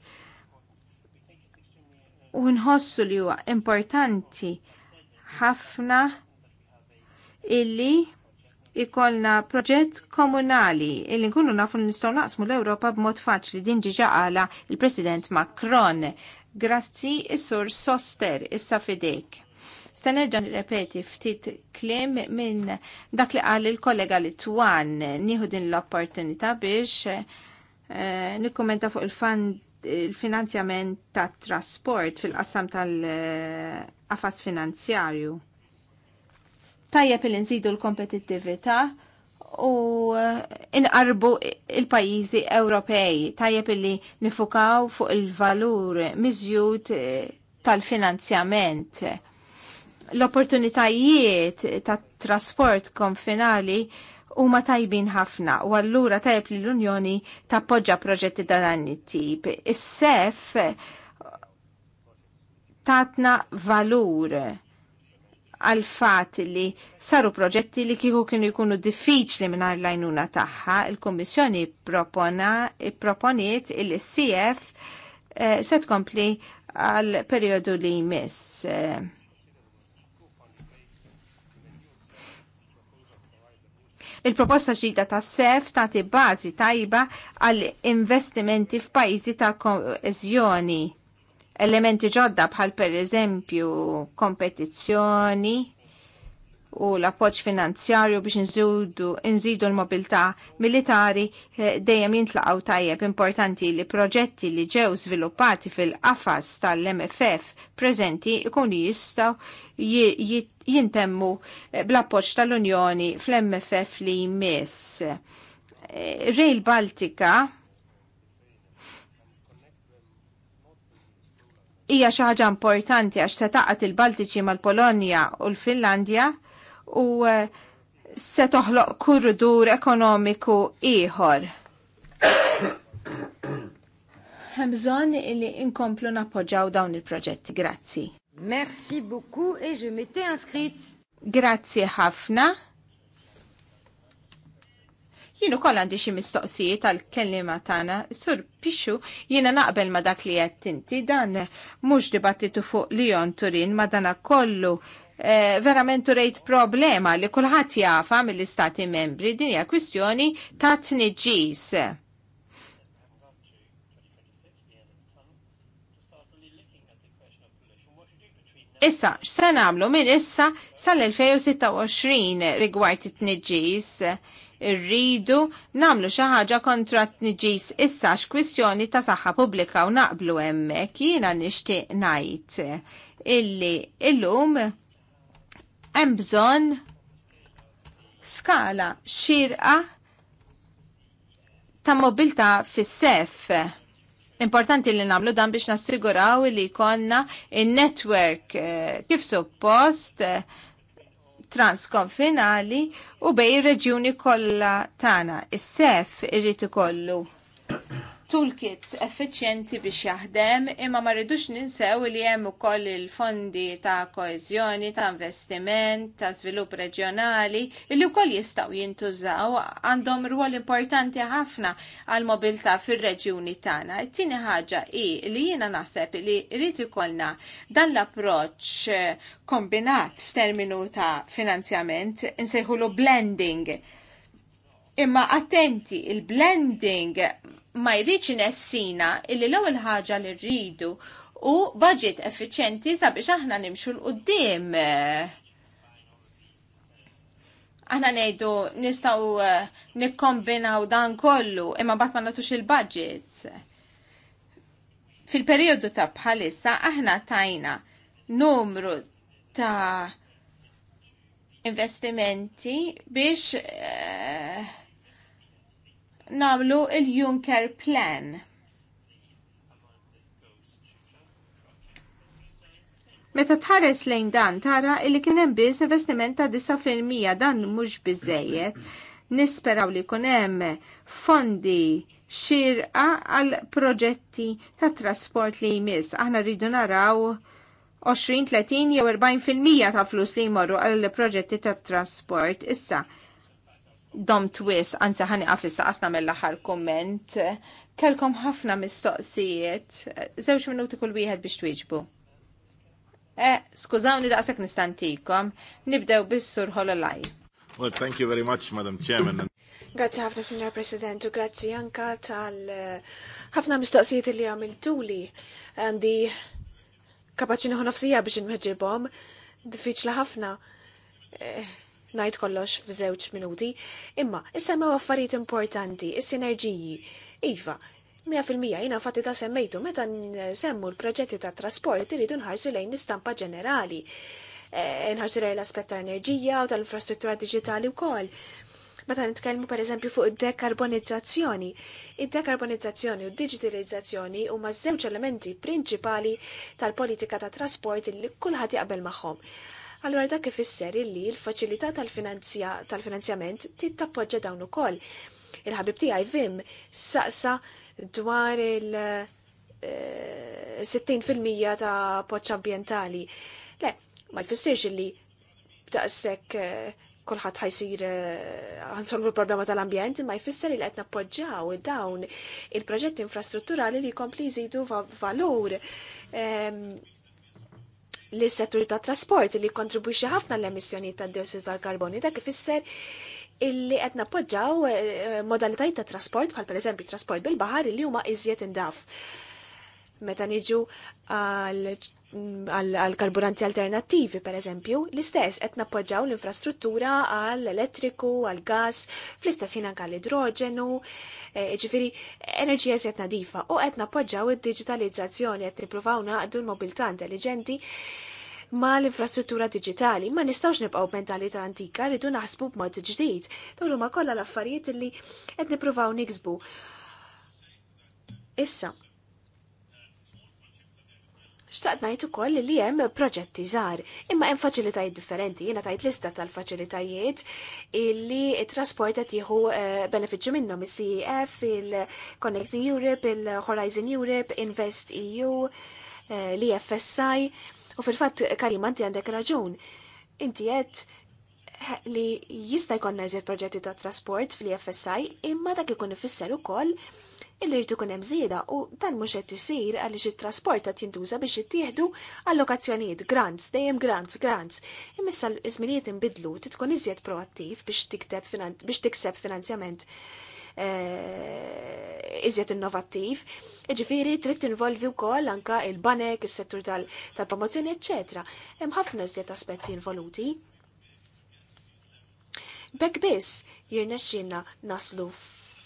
u nħossu li huwa importanti ħafna illi ikollna proġett komunali illi nkunu nafu nistgħu naqsmu l-Ewropa b'mod faċli din ġiġa għala il-President Macron. Grazzi is-sur Soster issa fidejk. Se nerġa' nirrepeti ftit kliem minn dak li qal il-kollega li twan nieħu din l-opportunità biex eh, nikkumenta fuq il-fund il-finanzjament tat trasport fil-qassam tal-qafas finanzjarju. Tajjeb li nżidu l-kompetittività u eh, inqarbu il-pajjiżi Ewropej. Tajjeb li nifukaw fuq il-valur miżjud eh, tal-finanzjament l-opportunitajiet ta' trasport konfinali huma tajbin ħafna u allura tajb li l-Unjoni tappoġġa proġetti ta' dan it-tip. Is-sef tatna valur għal fat li saru proġetti li kieku kienu jkunu diffiċli minn l-għajnuna tagħha, il kummissjoni propona, proponiet il-CF eh, se tkompli għal periodu li jmiss. Eh Il-proposta ġdida ta' sef tagħti bażi tajba għal investimenti f'pajjiżi ta' koeżjoni. Elementi ġodda bħal pereżempju kompetizzjoni, u l-appoġġ finanzjarju biex nżidu nżidu l-mobilità militari eh, dejjem jintlaqgħu tajjeb importanti li proġetti li ġew sviluppati fil-qafas tal-MFF preżenti ikunu jistgħu jintemmu eh, bl-appoġġ tal-Unjoni fl-MFF li jmiss. Eh, Rail Baltica hija xi ħaġa importanti għax se taqgħet il-Baltiċi mal-Polonja u l-Finlandja u eh, se toħloq kurdur ekonomiku ieħor. Hemm bżonn li inkomplu nappoġġaw dawn il-proġetti. Grazzi. Merci beaucoup et je m'étais inscrite. Grazzi ħafna. Jienu koll għandi xi mistoqsijiet għal kellima tagħna, sur pixu jiena naqbel ma dak li qed inti dan mhux dibattitu fuq Lion Turin ma dana kollu Eh, verament rejt problema li kulħadd jafa mill-istati membri din hija kwistjoni ta' tniġis. Issa, x'se nagħmlu minn issa sal-2026 rigward it tniġis irridu namlu xi ħaġa kontra t tniġis issa x'kwistjoni ta' saħħa pubblika u naqblu hemmhekk jiena nixtieq ngħid illi illum hemm bżonn skala xirqa ta' mobilta fis-sef. Importanti li namlu dan biex nassiguraw li konna il-network eh, kif suppost eh, transkonfinali u bej reġjuni kollha tagħna. Is-sef irrid ikollu toolkits effiċjenti biex jaħdem imma ma rridux ninsew li hemm ukoll il-fondi ta' koeżjoni, ta' investiment, ta' żvilupp reġjonali li wkoll jistgħu jintużaw għandhom rwol importanti ħafna għal mobilità fir-reġjuni tagħna. It-tieni ħaġa hi li jiena naħseb li rrid ikollna dan l-approċċ kombinat f'terminu ta' finanzjament insejħulu blending. Imma attenti, il-blending ma jridx nessina illi l-ewwel ħaġa li rridu u budget effiċjenti sabiex aħna nimxu l qudiem Aħna ngħidu nistgħu eh, nikkombinaw dan kollu imma bad ma nagħtux il-budgets. Fil-perjodu ta' bħalissa aħna tajna numru ta' investimenti biex uh, namlu il junker Plan. Meta tħares lejn dan tara illi kien hemm biss investiment ta' 9% dan mhux biżejjed. Nisperaw li jkun hemm fondi xirqa għal proġetti ta' trasport li jmiss. Aħna rridu naraw 20, 30 jew 40% ta' flus li jmorru għal proġetti ta' trasport. Issa, dom twis, anzi ħani għafissa għasna mill ħar komment, kelkom ħafna mistoqsijiet, zewx minuti kull wieħed biex twieġbu. Eh, skużawni daqsek nistantikom, nibdew bis-sur Hololaj. Well, thank you very much, Madam Chairman. Grazie ħafna, Signor President, u grazzi anka tal eh, ħafna mistoqsijiet li għamiltuli. Għandi kapaċi nħu nafsija biex nħeġibom, diffiċla ħafna. Eh, najt kollox f'żewġ minuti, imma issemmew affarijiet importanti, is-sinerġiji. Iva, 100% jina fatti ta' semmejtu meta semmu l-proġetti ta' trasport iridu nħarsu lejn l-istampa ġenerali. E, nħarsu lejn l-aspett ta' enerġija u tal-infrastruttura digitali wkoll. Meta nitkellmu pereżempju fuq id-dekarbonizzazzjoni. Id-dekarbonizzazzjoni u d-digitalizzazzjoni huma żewġ elementi prinċipali tal-politika ta' trasport li kulħadd jaqbel magħhom. Allura dak ifisser illi l-faċilità tal-finanzjament tittappoġġa dawn ukoll. Il-ħabib tiegħi Vim saqsa dwar il- 60% eh, ta' poċċ ambientali. Le, ma jfissirx illi daqshekk eh, kulħadd ħajsir eh, ħansolvu l-problema tal-ambjent, ma jfisser li qed nappoġġaw dawn il-proġetti infrastrutturali li jkompli jżidu valur ehm, li settur ta' trasport li kontribuixi ħafna l-emissjoni ta' diossidu tal-karbonju dak ifisser illi qed nappoġġaw eh, eh, modalitajiet ta' trasport bħal pereżempju trasport bil-baħar li huma iżjed indaf. Meta niġu għal għal karburanti alternativi, per eżempju, l-istess qed nappoġġaw l-infrastruttura għal elettriku, għal gas, fl-istess jina għal idroġenu, e, ġifiri, enerġija qed nadifa u qed nappoġġaw id-digitalizzazzjoni qed nippruvaw naqdu l-mobilità intelligenti ma l-infrastruttura digitali, ma nistawx nibqaw mentalità antika, rridu naħsbu b'mod ġdid, dawru ma kollha l-affarijiet li qed nippruvaw niksbu. Issa, Xtaqt ngħid ukoll li hemm proġetti żgħar, imma hemm faċilitajiet differenti, jiena tajt lista tal-faċilitajiet illi trasport qed jieħu eh, benefiċċju minnhom is-CEF, il-Connecting Europe, il-Horizon Europe, Invest EU, eh, l-EFSI, u fil-fatt Karim għandek raġun. Inti jett li jista' jkollna eżiet proġetti ta' trasport fl ifsi imma dak ikun ifisser ukoll illi rridu kunem hemm żieda u dan mhux qed isir għaliex it trasporta qed biex jittieħdu allokazzjonijiet grants, dejjem grants, grants. Immissa l izminiet inbidlu titkun iżjed proattiv biex tikseb finanzjament eh, iżjed innovattiv. tritt trid tinvolvi wkoll anka il-banek, is-settur tal-promozzjoni, etc. Hemm ħafna iżjed aspetti involuti. Bekk biss jirnexxina naslu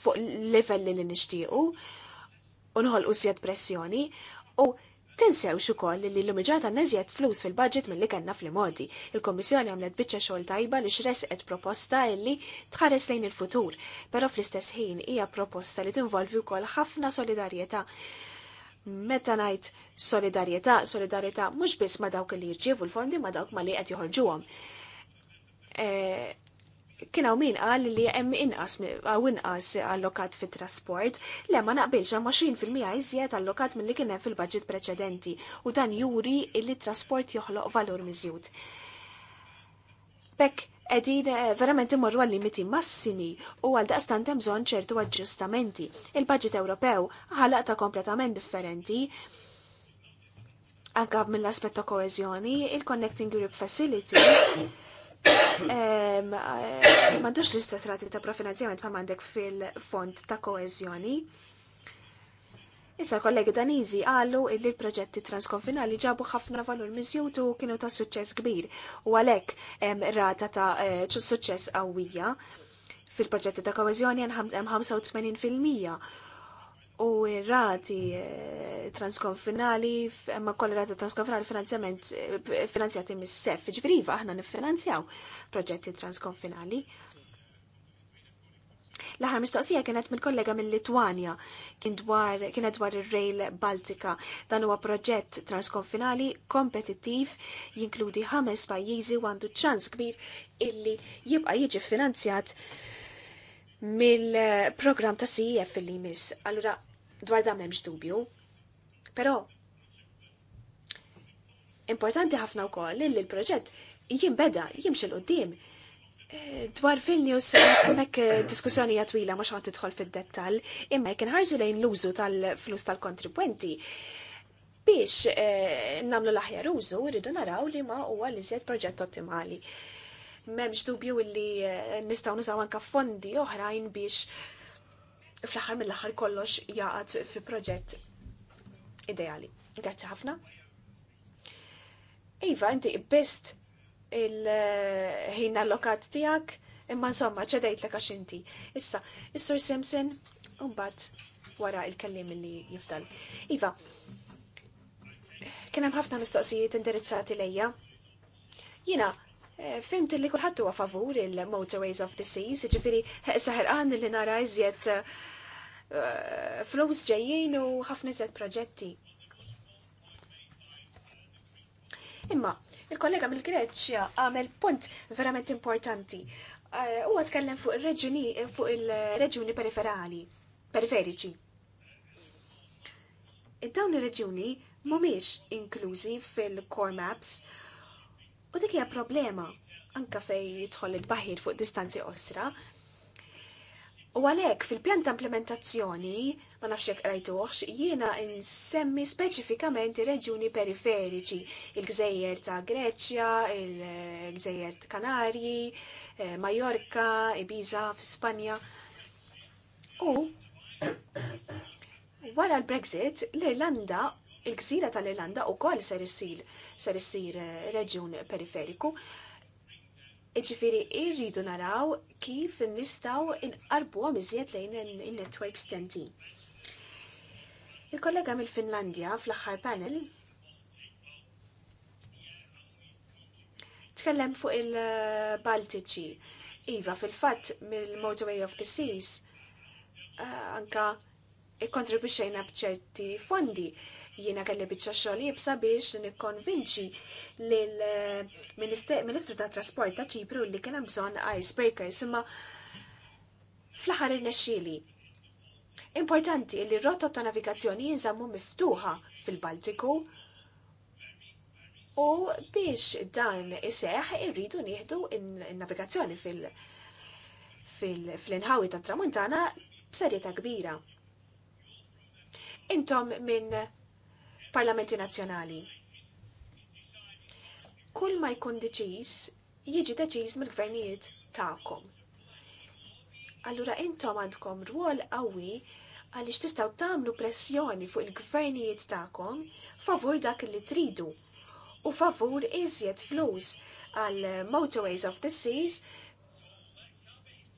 fuq livelli li nixtiequ u nħolqu żjed pressjoni u tinsew ukoll li l-lumiġata neżjed flus fil-budget mill-li kellna fil modi il komissjoni għamlet biċċa xogħol tajba li xresqet proposta illi tħares lejn il-futur, però fl-istess ħin hija proposta li tinvolvi wkoll ħafna solidarjetà. Meta ngħid solidarjetà, solidarjetà mhux biss ma dawk li jirċievu l-fondi ma dawk ma li qed joħorġuhom eh, kien hawn min qal li hemm inqas għaw inqas allokat fit-trasport, le ma naqbilx fil 20% iżjed allokat milli kien hemm fil budget preċedenti u dan juri li trasport joħloq valur miżjud. Bekk qegħdin eh, verament imorru għal limiti massimi u għal daqstan hemm bżonn ċertu aġġustamenti. il budget Ewropew ħalaq ta' kompletament differenti anka mill-aspett ta' koeżjoni, il-Connecting Europe Facility Mandux eh, l-istess rati ta' profinanzjament ma' mandek fil-fond ta' koezjoni. Issa kollegi Danizi għallu illi l-proġetti transkonfinali ġabu ħafna valur mizjutu kienu ta' suċċess kbir u għalek rata ta' eh, suċċess qawwija fil-proġetti ta' koezjoni hemm 85% u rati eh, transkonfinali, ma kolli rati transkonfinali finanzjament eh, finanzjati mis-sef, ġviriva aħna nifinanzjaw proġetti transkonfinali. L-aħħar mistoqsija kienet minn kollega mill litwanja kienet dwar ir-Rail Baltica. Dan huwa proġett transkonfinali kompetittiv jinkludi ħames pajjiżi u għandu ċans kbir illi jibqa' jiġi finanzjat mill-programm ta' CEF fil-limis. Allura dwar da memx dubju. Pero, importanti ħafna u koll li l-proġett jimbeda, jimx l-qoddim. Eh, dwar Vilnius, emmek eh, diskussjoni jatwila ma xaħat tħol fil-dettal, imma jek nħarġu lejn l-użu tal-flus tal-kontribwenti biex eh, namlu l-aħjar użu, rridu naraw li ma huwa li zjed proġett ottimali. Memx dubju li nistaw nużaw anka fondi oħrajn biex fl-aħħar mill-aħħar kollox jaqat fi proġett ideali. Grazzi ħafna. Iva, inti best il-ħin allokat tiegħek, imma insomma ċedajt l għax inti. Issa, Sir Simpson, mbagħad wara il-kellim li jifdal. Iva, kien hemm ħafna mistoqsijiet indirizzati lejja. Jiena Eh, Fimt li kullħat huwa favur il-Motorways of the Seas, ġifiri eh, saħerqan li nara iżjed eh, flows ġejjin u ħafna iżjed proġetti. Imma, il-kollega mill-Greċja għamel punt verament importanti. U għatkellem fuq il-reġuni, fuq il-reġuni periferali, periferiċi. Id-dawn il-reġuni mumiex inklużi fil-core maps, U dik hija problema anka fej jidħol id-baħir fuq distanzi qosra. U għalhekk fil-pjan ta' implementazzjoni, ma nafx hekk rajtuhx, jiena insemmi speċifikament ir-reġjuni periferiċi, il-Gżejjer ta' Greċja, il-Gżejjer ta' Kanarji, eh, Majorka, Ibiza f'Spanja. U wara l-Brexit, l-Irlanda il-gżira tal-Irlanda u koll ser issir ser issir eh, reġjun periferiku. Iġifiri, irridu naraw kif nistaw inqarbu għom iżjed lejn il netwerk stenti. Il-kollega mill-Finlandja fl-axħar panel tkellem fuq il-Baltiċi. Iva, fil-fat, mill-Motorway of the Seas, eh, anka ikkontribuxejna bċerti fondi Jiena kelli biċċa xogħol jibsa biex nikkonvinċi lill-Ministru eh, tat Trasport ta' Ċipru li kien hemm bżonn icebreakers imma fl-aħħar irnexxieli. Importanti li r-rotot ta' navigazzjoni jinżammu miftuħa fil-Baltiku u biex dan iseħ irridu nieħdu in-navigazzjoni fil-inħawi tat tramuntana b'serjetà kbira. Intom minn parlamenti nazzjonali. Kull ma jkun deċiż, jiġi deċiż mill-gvernijiet tagħkom. Allura intom għandkom rwol qawwi għaliex tistgħu tagħmlu pressjoni fuq il-gvernijiet tagħkom favur dak li tridu u favur iżjed flus għal Motorways of the Seas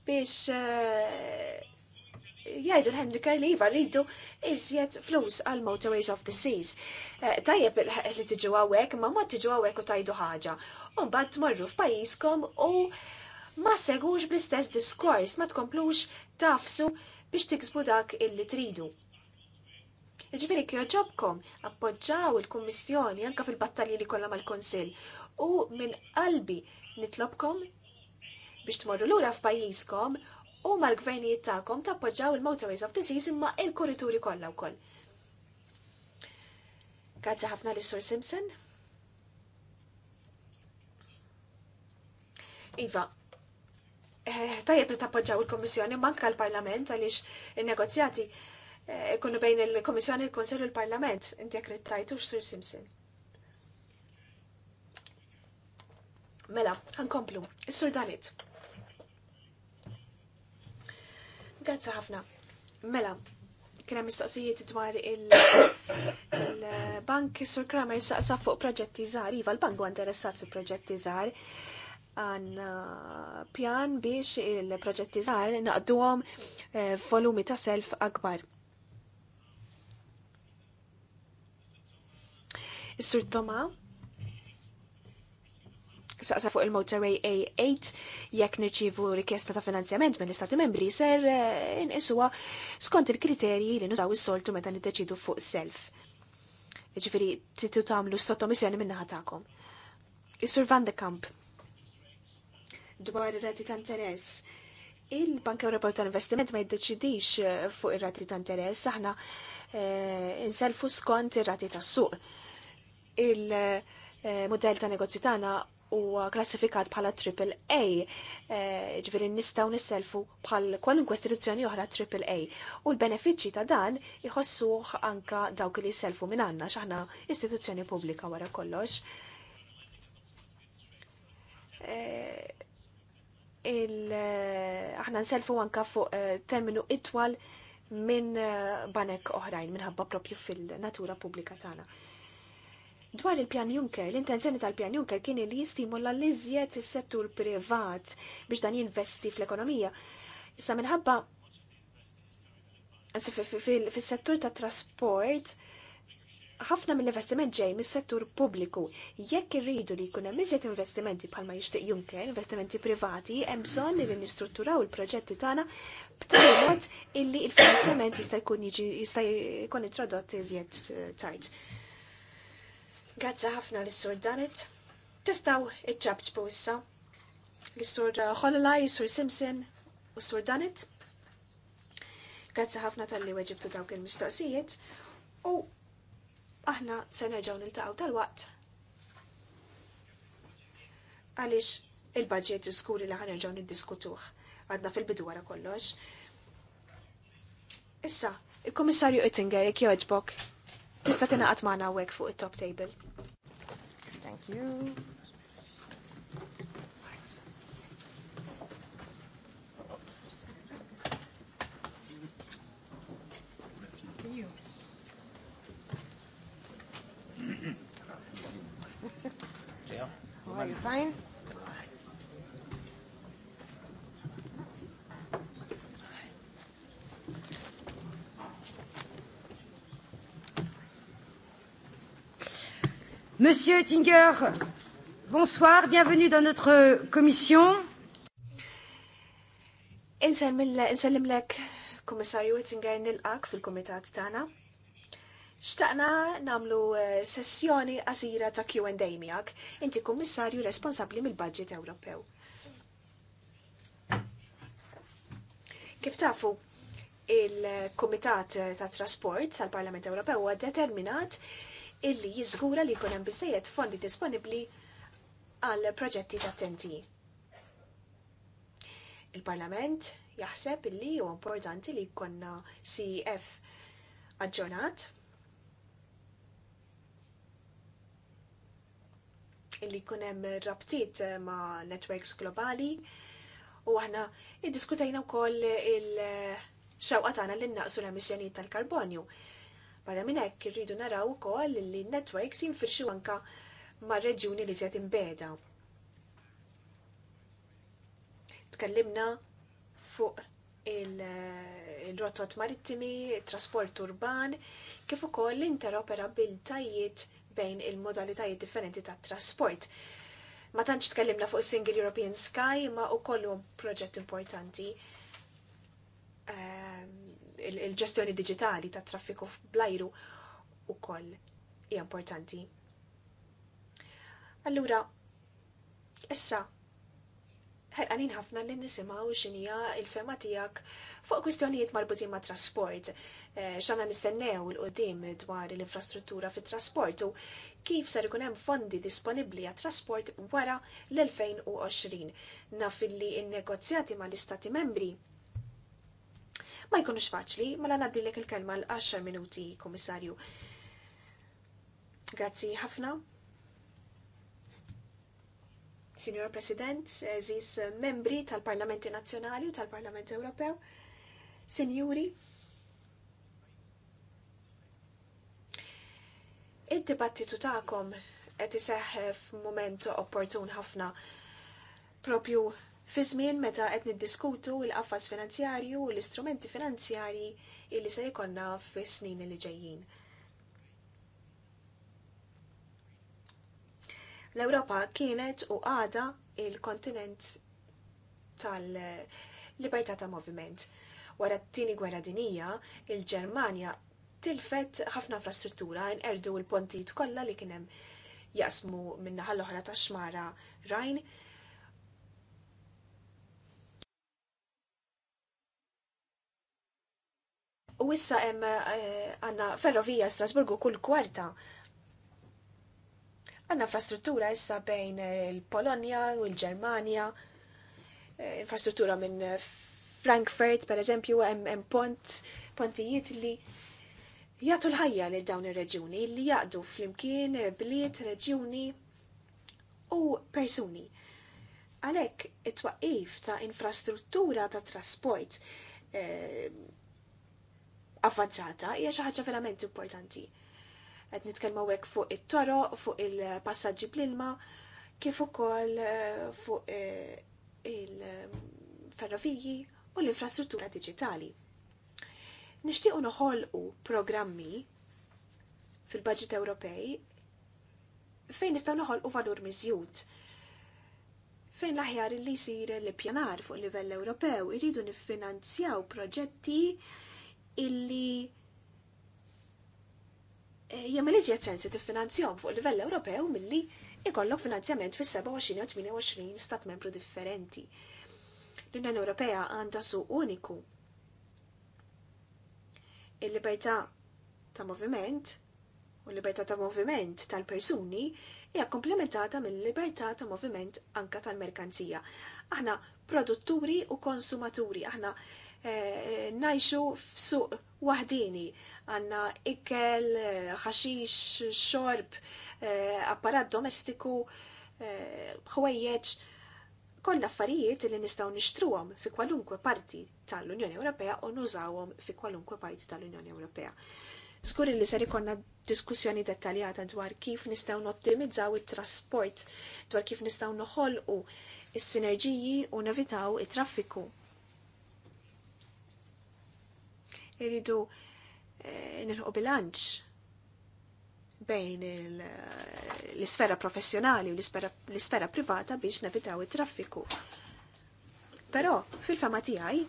biex eh, jgħidu l-Henrika li jiva rridu iżjed flus għal Motorways of the Seas. Eh, tajjeb li tiġu għawek, ma ma tiġu għawek u tajdu ħaġa. Umbad tmorru f'pajjiżkom u ma segwux bl-istess diskors, ma tkomplux tafsu biex tiksbu dak illi tridu. Ġifiri ġobkom, appoġġaw il-Kommissjoni anka fil-battalji li kollha mal-Konsil u minn qalbi nitlobkom biex tmorru lura f'pajjiżkom u mal gvernijiet tagħkom tappoġġaw il-Motorways of the Seas imma il-kurituri kollha wkoll. Grazzi ħafna li sur Simpson. Iva, eh, tajjeb li tappoġġaw il-Kommissjoni manka l-Parlament għaliex in-negozjati eh, ikunu bejn il-Kommissjoni, il-Konsell u l-Parlament. Inti jekk rittajtu sur Simpson. Mela, għankomplu, Is-Sur Danit. Grazzi ħafna. Mela, kien hemm mistoqsijiet dwar il-bank Sur Kramer saqsa fuq proġetti żgħar, iva l-bank huwa interessat fi proġetti żgħar Għan pjan biex il-proġetti żgħar naqduhom eh, volumi ta' self akbar. Is-Sur Toma saqsa fuq il-motorway A8 jekk nirċivu rikjesta ta' finanzjament minn istati membri ser eh, inqisuha skont il-kriterji li nużaw is-soltu meta niddeċidu fuq self. Ġifieri titu tagħmlu sottomissjoni naħa tagħkom. Is-Sur Van de Kamp dwar ir-rati ta' interess. Il-Bank Ewropew tal-Investiment ma jiddeċidix eh, fuq ir-rati ta' interess, aħna eh, inselfu skont ir-rati tas-suq il-modell ta' negozju tagħna huwa klassifikat bħala triple A, eh, ġveri nistaw nisselfu bħal kwalunkwe istituzzjoni oħra triple A. U l-benefiċċji ta' dan iħossuh anka dawk li jisselfu minn għandna x'aħna istituzzjoni pubblika wara kollox. Eh, eh, aħna nselfu anka fuq terminu itwal minn banek oħrajn minħabba propju fil-natura pubblika tagħna. Dwar il-pjan Juncker, l-intenzjoni tal-pjan Juncker kien li jistimula l iżjed is-settur privat biex dan jinvesti fl-ekonomija. Issa minħabba anzi fil-settur ta' trasport, ħafna mill-investiment ġej mis-settur pubbliku. Jekk irridu li jkun hemm iżjed investimenti bħalma jixtieq Juncker, investimenti privati, hemm bżonn li nistrutturaw il-proġetti tagħna b'tali mod illi il-finanzjament jista' jkun jiġi jista' jkun introdott iżjed eh, tard. Grazzi ħafna l-Sur Danet. Tistaw iċċabċbu issa. L-Sur uh, l Sur Simpson u Sur Danet. Grazzi ħafna tal-li weġibtu dawk il-mistoqsijiet. U aħna se nerġgħu niltaqgħu tal-waqt. Għaliex il-budget skuri li ħanerġgħu niddiskutuh għadna fil-bidu wara kollox. Issa, il-Komissarju Ittinger, jekk jogħġbok, tista' tingħaqad għatmana hawnhekk fuq it-top table. Thank you. Are you fine? Monsieur Oettinger, bonsoir, bienvenue dans notre commission. Insellim lek, komissarju Oettinger, nil-ak fil-komitat tana. Xtaqna namlu eh, sessjoni qasira ta' Q&A miak, Inti kummissarju responsabbli mill-budget Ewropew. Kif tafu, il-Kumitat ta' Trasport tal-Parlament Ewropew huwa determinat illi jiżgura li jkun hemm biżejjed fondi disponibbli għal proġetti ta' tenti. Il-Parlament jaħseb illi huwa importanti li jkollna CEF aġġornat illi jkun hemm rabtiet ma' networks globali u aħna iddiskutejna wkoll il-xewqa tagħna li naqsu l-emissjonijiet tal-karbonju. Barra minn hekk irridu naraw ukoll li n-networks jinfirxu anka mar-reġjuni li sejt imbeda. Tkellimna fuq eh, il-rotot marittimi, trasport urban, kif ukoll l-interoperabiltajiet bejn il-modalitajiet differenti tat trasport. Ma tantx tkellimna fuq Single European Sky, ma u kollu proġett importanti. Uh, il-ġestjoni digitali ta' traffiku blajru u koll hija importanti. Allura, issa, ħerqanin ħafna li nisimaw xinija il-fema tijak fuq kwistjonijiet marbutin ma' trasport, eh, xana nistennew l-qoddim dwar l-infrastruttura fit trasport u kif ser ikun hemm fondi disponibbli għat trasport wara l-2020. Naf li n-negozjati ma' l-istati membri ma jkunux faċli, mela naddilek il-kelma l-10 minuti, komissarju. Grazzi ħafna. Signor President, eżis membri tal-Parlamenti Nazzjonali u tal-Parlament Ewropew, Sinjuri, id-dibattitu ta'kom qed iseħħ f'mument opportun ħafna propju fi żmien meta qed niddiskutu l-qafas finanzjarju u l-istrumenti finanzjarji illi se jkollna fis-snin li ġejjin. L-Ewropa kienet u għada il-kontinent tal-libertà ta' moviment. Wara t-tieni gwerra dinija, il-Ġermanja tilfet ħafna infrastruttura nqerdu l-pontijiet kollha li kien hemm jaqsmu min-naħa l oħra tax xmara Rajn U issa hemm eh, għandna ferrovija Strasburgu kull kwarta. Għandna infrastruttura issa bejn il-Polonja u l-Ġermanja, eh, infrastruttura minn Frankfurt, per eżempju, hemm pont, pontijiet li jagħtu l-ħajja lil dawn ir-reġjuni li jaqdu flimkien bliet, reġjuni u persuni. Għalhekk it-twaqqif ta' infrastruttura ta' trasport eh, affazzata, hija xi ħaġa verament importanti. Qed nitkellmu hekk fuq it-toro, fuq il-passaġġi bl-ilma, kif ukoll eh, fuq eh, il-ferroviji u l-infrastruttura diġitali. Nixtiequ noħolqu programmi fil-budget Ewropej fejn nistgħu noħolqu valur miżjud fejn l-aħjar li jsir l-pjanar fuq livell Ewropew iridu niffinanzjaw proġetti illi eh, jemmel iżjed sensi tiffinanzjom fuq livell Ewropew milli ikollok finanzjament fis-27 u 28 stat membru differenti. L-Unjoni Ewropea għandha suq uniku. Il-libertà ta' moviment u l-libertà ta' moviment tal-persuni hija komplementata mill-libertà ta' moviment anka tal-merkanzija. Aħna produtturi u konsumaturi, aħna Eh, najxu f'suq wahdini għanna ikkel, eh, ħaxix, xorb, eh, apparat domestiku, ħwejjeġ, koll affarijiet li nistaw nixtruhom fi kwalunkwe parti tal-Unjoni Ewropea u nużawhom fi kwalunkwe parti tal-Unjoni Ewropea. Skur li ser ikonna diskussjoni dettaljata dwar kif nistaw nottimizzaw it-trasport, dwar kif nistaw noħolqu is-sinerġiji u nevitaw it-traffiku. Iridu eh, nilħu bilanċ bejn eh, l-isfera professjonali u l-isfera privata biex nevitaw it-traffiku. Però, fil-fema tiegħi,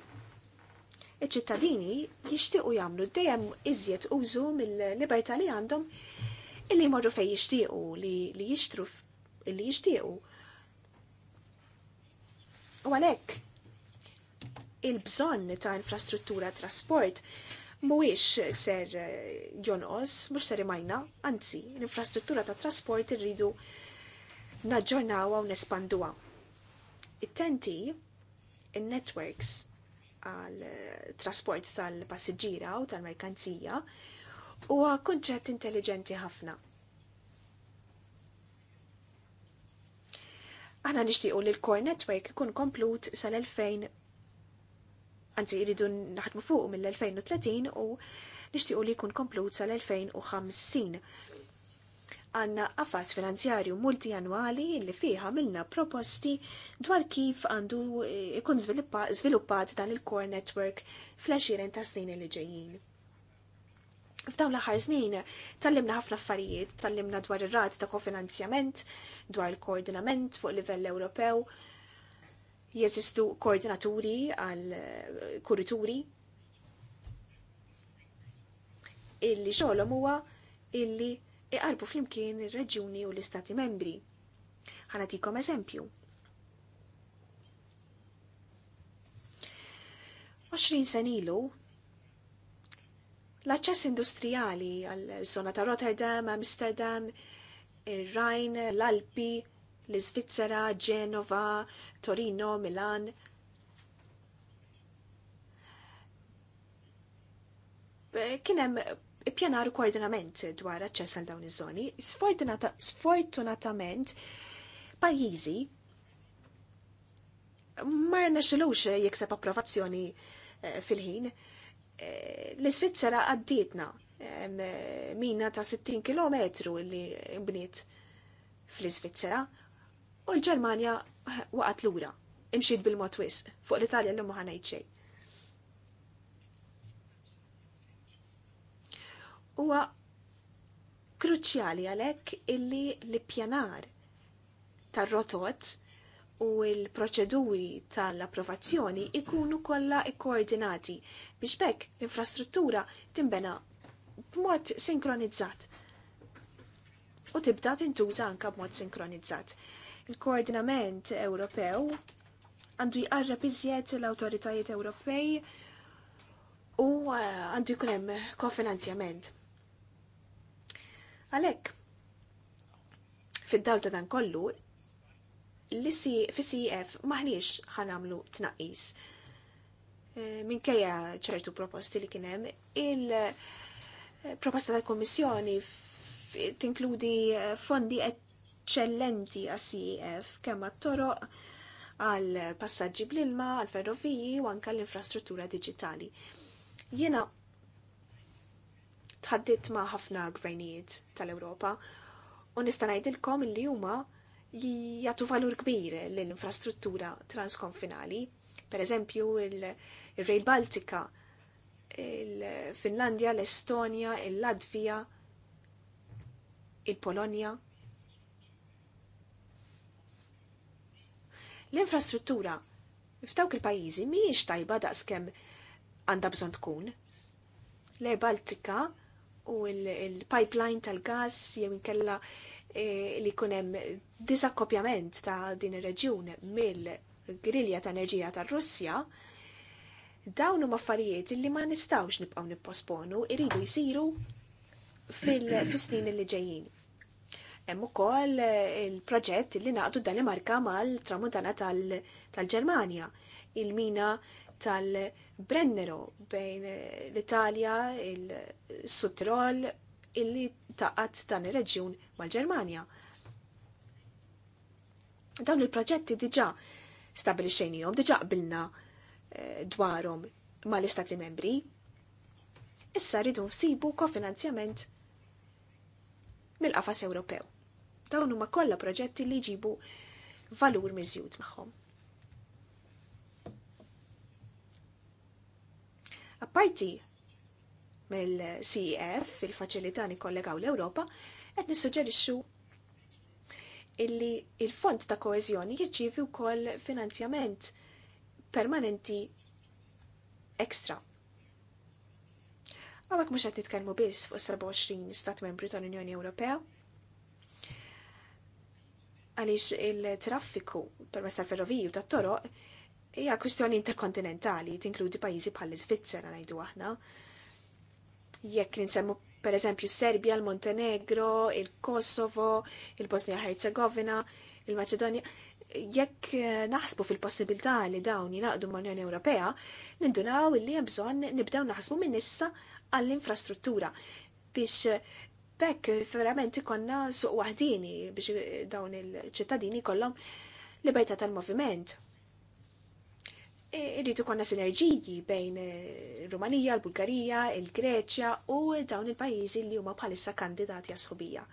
iċ-ċittadini jixtiequ jagħmlu dejjem iżjed użu mill-libertà li għandhom illi jmorru fejn jixtiequ li jixtru li jixtiequ. U għalhekk il-bżonn ta' infrastruttura trasport mhuwiex ser eh, jonqos, mhux ser imajna, anzi, l-infrastruttura ta' trasport irridu naġġornawha u nespanduha. It-tenti, in-networks għal eh, trasport tal-passiġġiera u tal-merkanzija huwa kunċett intelligenti ħafna. Aħna nixtiequ li l-core network ikun komplut sal-2020 anzi jridu naħdmu fuq mill-2030 u nixtiequ li jkun komplut sal-2050. Għanna għafas finanzjarju multijanwali li fiħa milna proposti dwar kif għandu eh, ikun żviluppat dan il-core network fl-20 ta' snin li ġejjin. F'dawn l-aħħar snin tallimna ħafna affarijiet, tallimna dwar ir-rat ta' kofinanzjament, dwar il-koordinament fuq livell Ewropew, jeżistu koordinaturi għal eh, kurituri illi xogħolhom huwa illi iqarbu flimkien ir-reġjuni u l-istati membri. Ħanatikom eżempju. 20 sen ilu l-aċċess industrijali għal zona ta' Rotterdam, Amsterdam, eh, ir l-Alpi, l-Svizzera, Genova, Torino, Milan. Kienem pjanar koordinament dwar aċċess għal dawn iż-żoni. Sfortunatament, pajjiżi ma rnexxilux jekseb approvazzjoni eh, fil-ħin. Eh, L-Svizzera għaddietna eh, mina ta' 60 km li mbniet fl-Svizzera U l-Ġermanja eh, waqgħet lura, imxiet bil-mod wisq fuq l-Italja l lumma ma ngħid xejn. Huwa kruċjali għalhekk illi l-ippjanar tar-rotot u l-proċeduri tal-approvazzjoni ikunu kollha koordinati biex bekk l-infrastruttura timbena b'mod sinkronizzat u tibda tintuża anka b'mod sinkronizzat. Il-koordinament Ewropew għandu jqarrab iżjed l-autoritajiet Ewropej u eh, għandu jkun hemm kofinanzjament. Għalhekk, fid-dawl ta' dan kollu, l isi fi CF maħniex ħanamlu tnaqis. Eh, minkejja ċertu proposti li kienem, il-proposta eh, tal kummissjoni tinkludi fondi eccellenti għas CEF kemm għat-toroq għal passaġġi bl-ilma, għal ferroviji u anke l-infrastruttura digitali. Jiena tħaddit ma' ħafna gvernijiet tal-Ewropa u nista' ngħidilkom li huma jagħtu valur kbir l-infrastruttura transkonfinali. Per eżempju, il-Rail Baltica, il-Finlandja, l-Estonja, il-Latvija, il-Polonja, il l il latvija il il finlandja l estonja il latvija il polonja L-infrastruttura f'dawk il-pajjiżi mhijiex tajba daqskemm għandha bżonn tkun. l Baltika u l-pipeline tal-gas jew inkella eh, li jkun hemm disakkopjament ta' din ir-reġjun mill-grilja ta' enerġija tar-Russja, dawn huma affarijiet li ma nistgħux nibqgħu nipposponu, iridu jsiru fil-snin li ġejjin. Hemm ukoll eh, il-proġett li naqdu Danimarka mal-tramuntana tal-Ġermanja, il-mina tal-Brennero bejn eh, l-Italja, il-Sutrol, illi taqat dan ir-reġjun mal-Ġermanja. Dawn il-proġetti diġà stabilixejnijom, diġà qbilna eh, dwarhom mal-Istati Membri. Issa rridu nsibu kofinanzjament mill-qafas Ewropew. Dawn huma kollha proġetti li jġibu valur miżjud magħhom. Apparti mill-CEF, il-faċilità kollegaw l-Ewropa, qed nissuġġerixxu illi il-fond ta' koeżjoni jirċievi wkoll finanzjament permanenti ekstra. Għawek mhux qed nitkellmu biss fuq 27 stat membri tal-Unjoni Ewropea, għaliex il-traffiku permess tal-ferroviju ta' tat-toroq hija kwistjoni interkontinentali tinkludi pajjiżi bħal iżvizzera ngħidu aħna. Jekk ninsemmu per eżempju Serbia, il-Montenegro, il-Kosovo, il-Bosnia Herzegovina, il-Maċedonja, jekk eh, naħsbu fil-possibilità li dawn jinaqdu mal-Unjoni Ewropea, nindunaw li hemm bżonn nibdew naħsbu minn issa għall-infrastruttura biex eh, bekk verament ikonna suq wahdini biex dawn il-ċittadini kollhom libertà tal-moviment. E, Irrid ikonna sinerġiji bejn e, Rumanija, l-Bulgarija, il-Greċja u dawn il-pajjiżi li huma bħalissa kandidati għas-ħubija.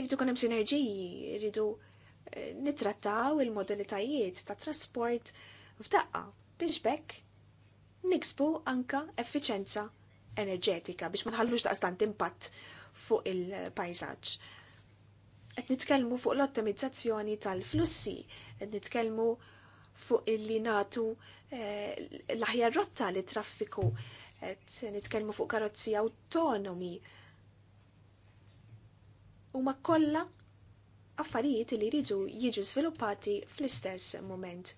Irridu konem sinerġiji, irridu e, nitrattaw il-modalitajiet ta' trasport f'daqqa biex bekk niksbu anka effiċenza enerġetika biex ma nħallux daqstant impatt fuq il-pajzaġġ. Qed nitkellmu fuq l-ottimizzazzjoni tal-flussi, qed nitkellmu fuq illi natu eh, l-aħjar rotta li traffiku, qed nitkellmu fuq karozzi autonomi. ma kollha affarijiet li jridu jiġu sviluppati fl-istess moment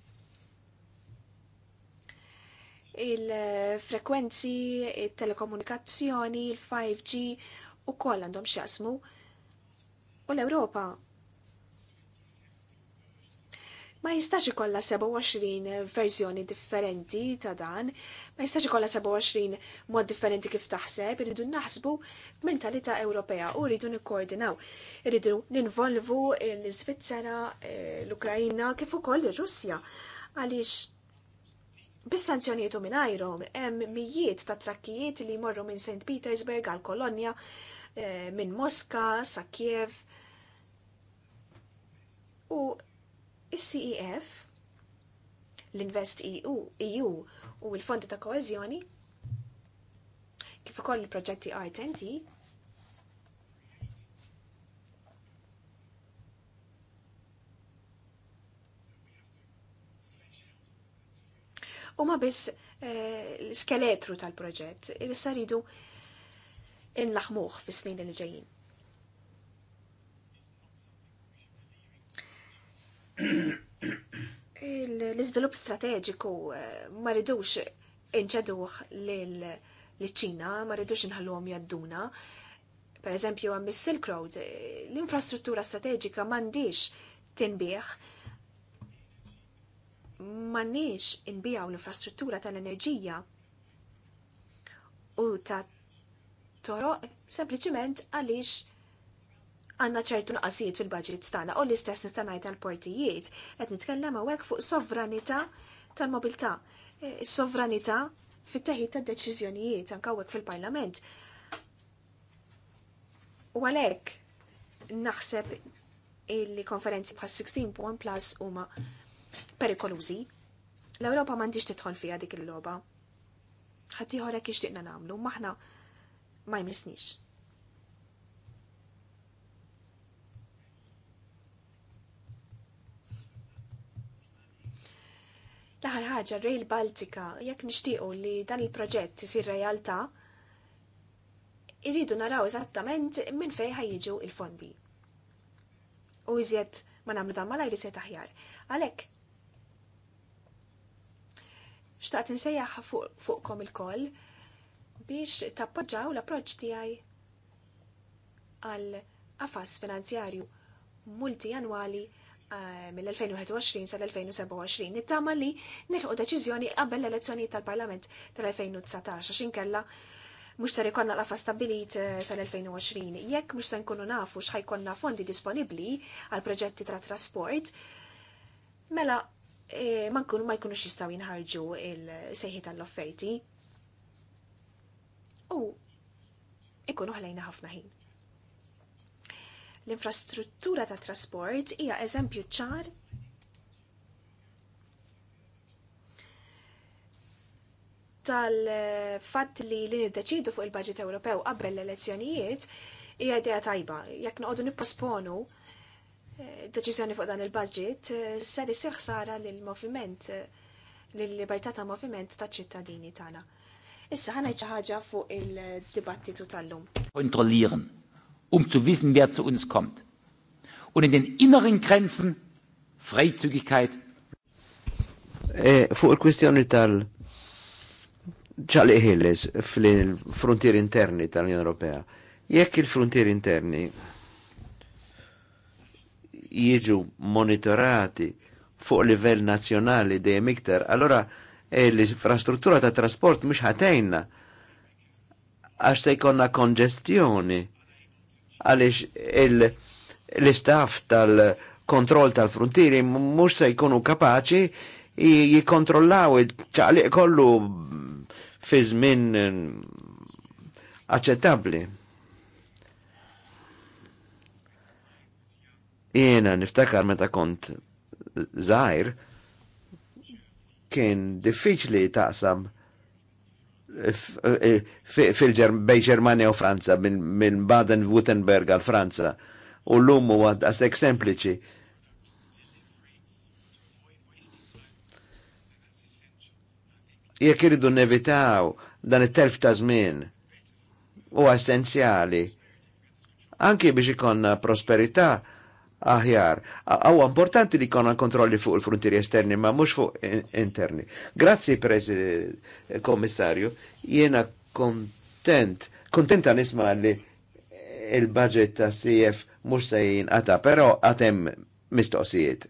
il-frekwenzi, il-telekomunikazzjoni, il-5G u koll għandhom xasmu, U l-Ewropa ma jistax ikolla 27 verżjoni differenti ta' dan, ma jistax ikolla 27 mod differenti kif taħseb, rridu naħsbu mentalità Ewropea u rridu nikkoordinaw. rridu ninvolvu l-Svizzera, eh, l-Ukrajina, kif ukoll ir-Russja għaliex bis-sanzjonijiet u mingħajrhom hemm mijiet ta' trakkijiet li jmorru minn St. Petersburg għal Kolonja eh, minn Moska sa Kiev. U is-CEF l-Invest EU, EU u l-Fondi ta' Koezjoni kif ukoll il-proġetti Art u ma biss eh, l-skeletru tal-proġett, issa rridu inlaħmuħ fis-snin li ġejjin. L-iżvilupp strateġiku eh, ma rridux inċeduħ l-ċina, ma rridux inħallhom jadduna. Per eżempju, għam Silk Road, l-infrastruttura strateġika mandiġ tinbieħ m'għandniex inbijaw l-infrastruttura tal-enerġija u ta' toroq sempliciment għaliex għanna ċertu naqasijiet fil-budget tagħna u l-istess nistanaj ngħid tal-portijiet qed nitkellem hawnhekk fuq sovranità tal-mobilità, e, sovranità fit-teħid tad-deċiżjonijiet anke hawnhekk fil-Parlament. U għalhekk naħseb il-konferenzi bħal 16.1 plus huma perikolużi. L-Ewropa m'għandix tidħol fiha dik il-logħba. Ħaddieħor hekk ixtieqna nagħmlu, maħna ma jmisnix. L-aħħar ħaġa Rail Baltica, jekk nixtiequ li dan il-proġett isir realtà, irridu naraw eżattament minn fejn ħajjiġu il-fondi. U iżjed ma nagħmlu dan malajr iżjed aħjar. Għalhekk xtaqt insejjaħ fuqkom il-koll biex tappoġġaw l-approċ tiegħi għal qafas finanzjarju multi annwali eh, mill-2021 sal-2027 nittama li nilħu deċiżjoni qabel l-elezzjoni tal-Parlament tal-2019 għax inkella mux ser ikonna affas stabilit eh, sal-2020. Jekk mux se nkunu nafu xħajkonna fondi disponibli għal proġetti ta' trasport, mela E, ma nkunu ma jkunux jistaw jinħarġu il-sejħi tal-offerti. U ikunu ħlejna ħafna ħin. L-infrastruttura ta' trasport hija eżempju ċar tal-fatt li li niddeċidu fuq il-budget Ewropew qabel l-elezzjonijiet hija idea tajba. Jekk noqogħdu nipposponu deċiżjoni fuq dan il-budget eh, se isir ħsara lil moviment eh, lil libertà ta' moviment ta' ċittadini tagħna. Issa ħana xi ħaġa fuq il-dibattitu tal-lum. Kontrollieren, um zu wissen, wer zu uns kommt. Und in den inneren Grenzen Freizügigkeit. Eh, fuq il-kwistjoni tal- ċali ħilles fil-frontier interni tal-Unjoni Ewropea. Jekk il-frontier interni jiġu monitorati fuq livell nazzjonali dejjem iktar, allora e l-infrastruttura ta' trasport mhux ħatejna għax se jkollna konġestjoni għaliex l-istaff tal-kontroll tal fruntieri mhux se jkunu kapaċi jikkontrollaw ċaqliq kollu fi żmien aċċettabbli. Jena niftakar meta kont zaħir kien diffiċli taqsam bej Ġermania u Franza, minn Baden-Württemberg għal Franza. U l lummu għad għastek sempliċi. Jek iridu nevitaw dan it-telf ta' zmin u essenzjali. Anki biex ikonna prosperita' aħjar. Għaw importanti li konna kontrolli fuq il-frontieri esterni, ma mux fuq interni. Grazie, komissarju, jena kontent, kontenta nisma li il-budget ta' CF mux se jinqata, pero għatem mistoqsijiet.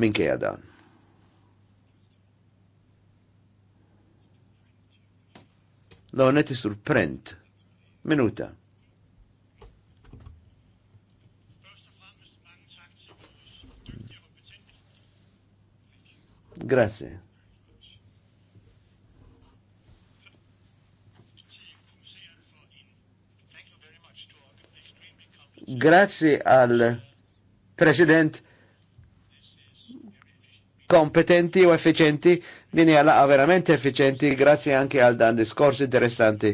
Min kija dan? No net no, sur Minuta. Grazie. Grazzi għal President kompetenti u efficienti, din hija laqa verament efficienti, grazie anche al dan diskors interessanti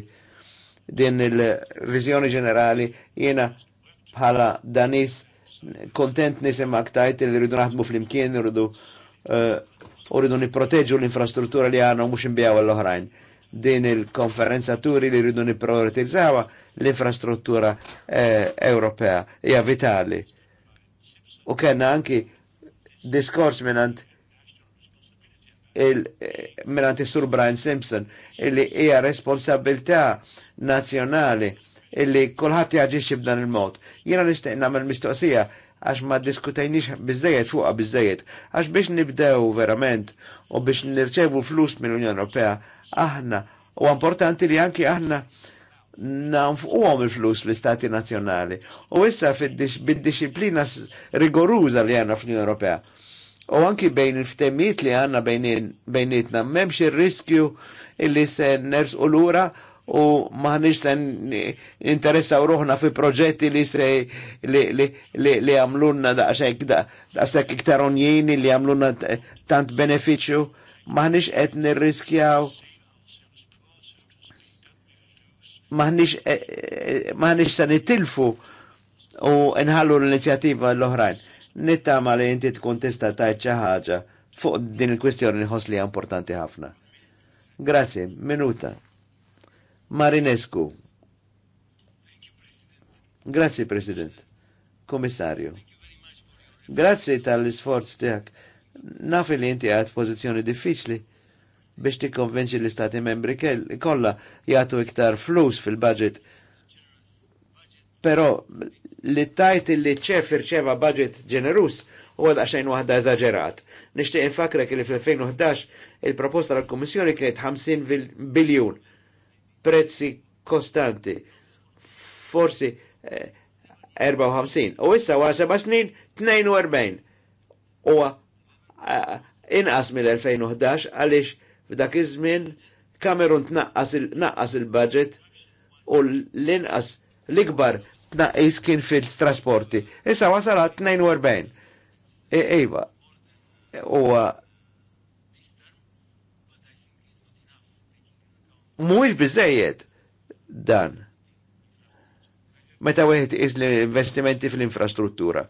din il-vizjoni ġenerali jiena bħala danis kontent nisimma ktajt li rridu naħdmu fl-imkien, rridu uh, u rridu niproteġu l-infrastruttura li għanna u mux imbijaw l-oħrajn. Din il-konferenza turi li rridu niprioritizzawa l-infrastruttura eh, Ewropea hija vitali. U kena anki diskors minant il-minant eh, il-Sur Brian Simpson illi hija responsabilità nazzjonali illi kulħadd jaġixxi b'dan il-mod. Jiena nixtieq nagħmel mistoqsija għax ma diskutajniex bizzejiet fuqa bizzejiet, għax biex nibdew verament u biex nirċevu flus minn Unjoni Ewropea, aħna u importanti li anki aħna nanfqu għom il-flus fl-istati nazjonali. U issa bid-disciplina rigoruza li għanna fl-Unjoni Ewropea. U anki bejn il-ftemiet li għanna bejnietna memx il-riskju illi se ners u l-ura u maħniġ sen interessaw ruħna fi proġetti li se li għamlunna da daqsek iktar onjini li għamlunna tant beneficju maħniġ et nirriskjaw maħniġ e, e, sen itilfu u nħallu l inizjativa l-oħrajn. Nittama li inti tkun tista tajċa xi ħaġa fuq din il-kwistjoni li importanti ħafna. Grazie, minuta. Marinescu. Grazzi, President. Komissarju. Grazzi tal-isforz tijak. Naf li inti għad pozizjoni diffiċli biex tikkonvinċi l-istati membri kollha jagħtu iktar flus fil-budget. Però li tajt li ċef irċeva budget ġenerus u għad għaxajn wahda eżagerat. Nishtiq infakrek li fil-2011 il-proposta tal komissjoni kienet 50 biljun prezzi kostanti. Forsi 54. Eh, u issa wa seba' snin 42. U eh, inqas mill-2011 għalix f'dak iż-żmien Kamerun tnaqqas il-budget u l-inqas l-ikbar tnaqqis kien fil-trasporti. Issa wasal 42. E-, iva, u mhuwiex biżejjed dan. Meta weħet iż l-investimenti fl-infrastruttura.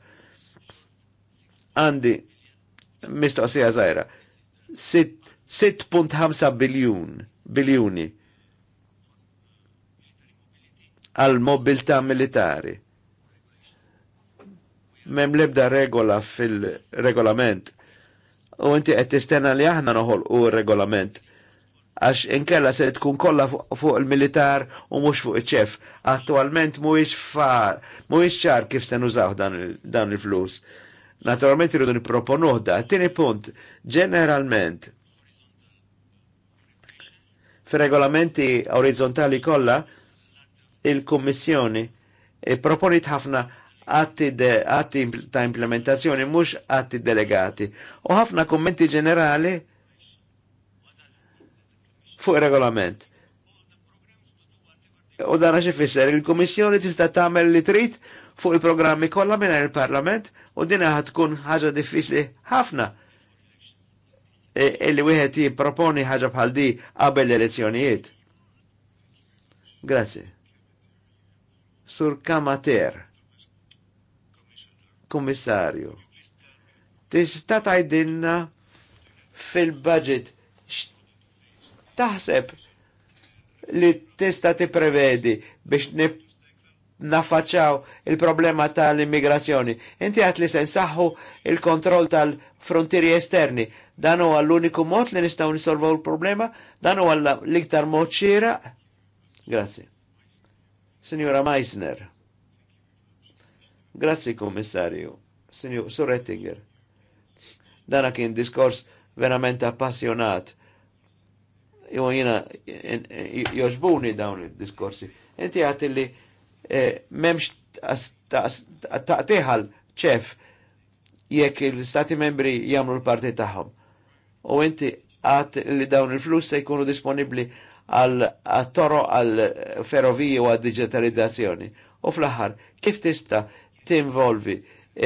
Għandi mistoqsija żgħira. 6.5 biljun biljuni għal mobilta militari. Mem lebda regola fil-regolament. U inti qed tistenna li aħna noħol u regolament għax inkella se tkun kollha fuq il-militar u mhux fuq il ċef Attualment mhuwiex far, mhuwiex ċar kif se nużaw dan il-flus. Naturalment irridu niproponuħ da. Tini punt, ġeneralment fir-regolamenti orizzontali kollha il-Kummissjoni e proponit ħafna atti, atti ta' implementazzjoni mhux atti delegati. U ħafna kummenti ġenerali fuq regolament. U dan għax ifisser il komissjoni tista' tagħmel li trid fuq il-programmi kollha minn il-Parlament u din tkun ħaġa diffiċli ħafna e, illi wieħed jipproponi ħaġa bħal di qabel l-elezzjonijiet. Grazie. Sur Kamater, Kummissarju, tista' tgħidilna fil-budget taħseb li tista tipprevedi biex nafaċaw il-problema tal-immigrazzjoni. Inti għat li sensaħħu il-kontroll tal-frontieri esterni. Dan huwa l-uniku mod li nistgħu nisolvaw il-problema, dan huwa l-iktar mod xira. Grazzi. Signora Meisner. Grazzi, Kommissarju. Signor Surettinger. Danak kien diskors verament appassjonat jow jina joġbuni dawn il-diskorsi. Inti għat li eh, memx taqtiħal ċef jekk il-stati membri jamlu l-parti tagħhom. U inti għat li dawn il-flus se jkunu disponibli għal toro għal ferroviji u għal digitalizzazzjoni. U fl-aħħar, kif tista' tinvolvi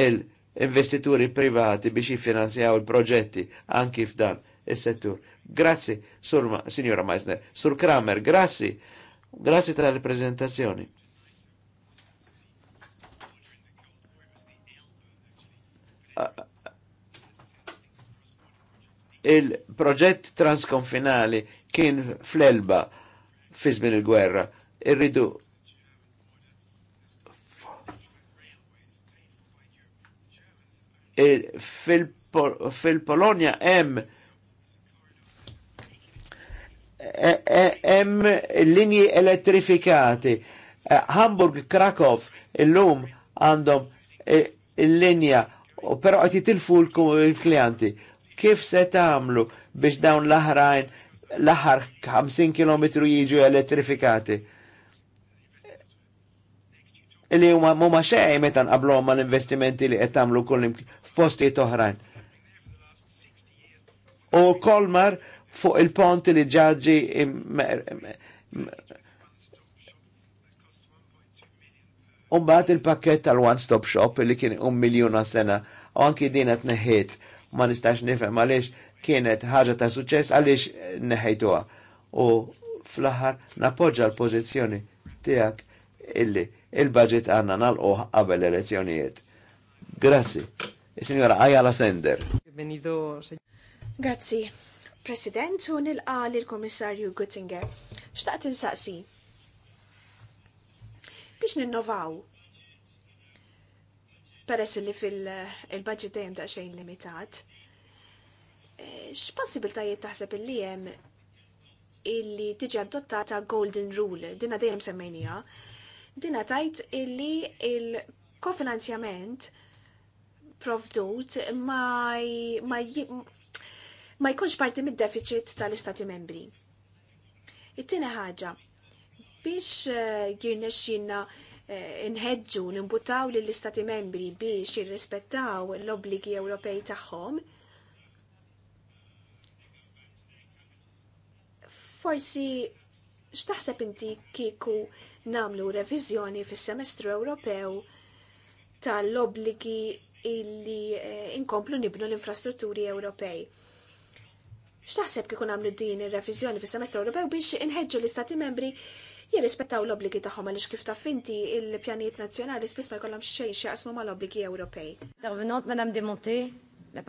l investituri privati biex jiffinanzjaw il-proġetti anki f'dan? is-settur. Grazzi, sur Signora Meisner, Sur Kramer, grazzi. Grazzi le presentazioni. Il-proġett transkonfinali kien fl-elba fi żmien il-gwerra. Irridu il fil-Polonja fil hemm hemm e, e, linji elettrifikati. E, Hamburg, Krakow, illum għandhom il-linja, però qed jitilfu l-klijenti. Kif se tagħmlu biex dawn l-aħrajn l-aħħar 50 km jiġu elettrifikati? Illi huma mhuma xejn meta nqablhom mal-investimenti li qed tagħmlu kull f'postijiet oħrajn. U Kolmar fuq il-pont li ġaġi Umbat il-pakket tal-One Stop Shop li kien un miljon sena u anki din qed neħħit ma nistax nifhem għaliex kienet ħaġa ta' suċċess għaliex neħħejtuha. U fl ħar napoġġa l pozizjoni tijak illi il-budget għandna nalqoh qabel elezzjonijiet. Grazzi. Signora Ayala Ajala Sender. Grazzi. President u nilqa l-Komissarju Guttinger. Xtaqt insaqsi. Biex ninnovaw. Peress li fil-budget dejjem ta' xejn limitat. Eh, x'possibiltajiet taħseb li jem illi tiġi adottata Golden Rule, dina dejjem semmenija, dina tajt illi il-kofinanzjament provdut ma, ma, ma jkunx parti mid-deficit tal-Istati membri. It-tieni ħaġa, biex eh, jirna eh, nħedġu nimbutaw lill istati membri biex jirrispettaw l-obligi Ewropej tagħhom, forsi x'taħseb inti kieku namlu reviżjoni fis-semestru Ewropew tal-obligi illi eh, inkomplu nibnu l-infrastrutturi Ewropej. X'taħseb kieku nagħmlu din ir-reviżjoni fis-semestru Ewropew biex inħeġġu l-Istati membri jirrispettaw l-obbligi tagħhom għaliex kif taf inti il-pjanijiet nazzjonali spiss ma jkollhomx xejn xi qasmu mal-obbligi Ewropej. Intervenant De Monte, la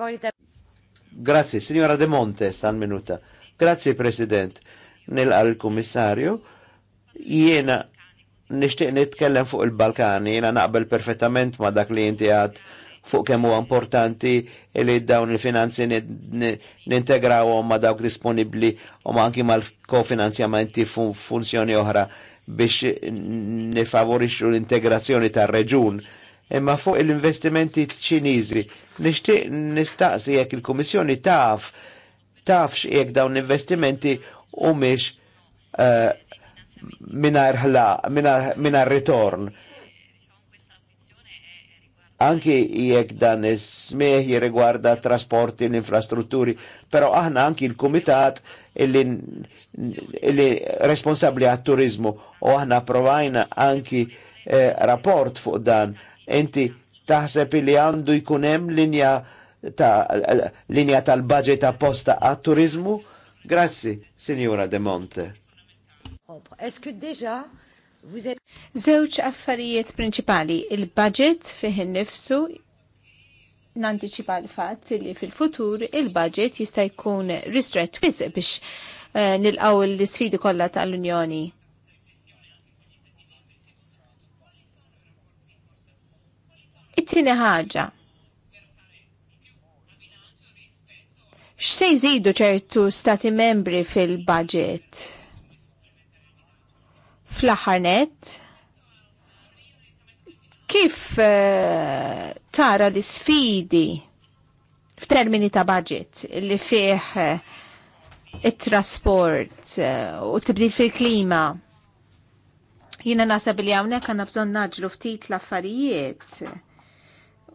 Grazzi, Signora De Monte, stan minuta. Grazzi, President. Nilqa l-Kummissarju. Jiena nixtieq nitkellem fuq il-Balkani, jiena naqbel perfettament ma dak li inti għad fuq kemmu huwa importanti li dawn il-finanzi nintegrawhom ma dawk disponibbli u ma anki mal-kofinanzjamenti funzjoni oħra biex nifavorixxu l-integrazzjoni tar-reġun. Imma fuq l-investimenti ċiniżi, nixtieq nistaqsi jekk il-Kummissjoni taf taf jekk dawn l-investimenti u miex uh, eh, minar ħla, minar ritorn anki jek dan ismieħ jirigwarda trasporti l-infrastrutturi, Pero aħna anki l-kumitat li responsabli għat turizmu u aħna provajna anki eh, rapport fuq dan. Inti taħseb li għandu jkunem linja ta' linja tal-budget apposta għat turizmu? Grazie, Signora De Monte. Est-ce que déjà Żewġ affarijiet prinċipali, il-budget fih innifsu nantiċipa l-fatt li fil-futur il-budget jista' jkun ristret wisq biex uh, nilqaw l-sfidi kollha tal-Unjoni. It-tieni ħaġa. X'se jżidu ċertu stati membri fil-budget? Fl-aħħar nett, kif uh, tara l sfidi f'termini ta' budget li fih eh, it-trasport uh, u tibdil fil-klima? Jina nasab li għawnek għanna bżon naġlu ftit l-affarijiet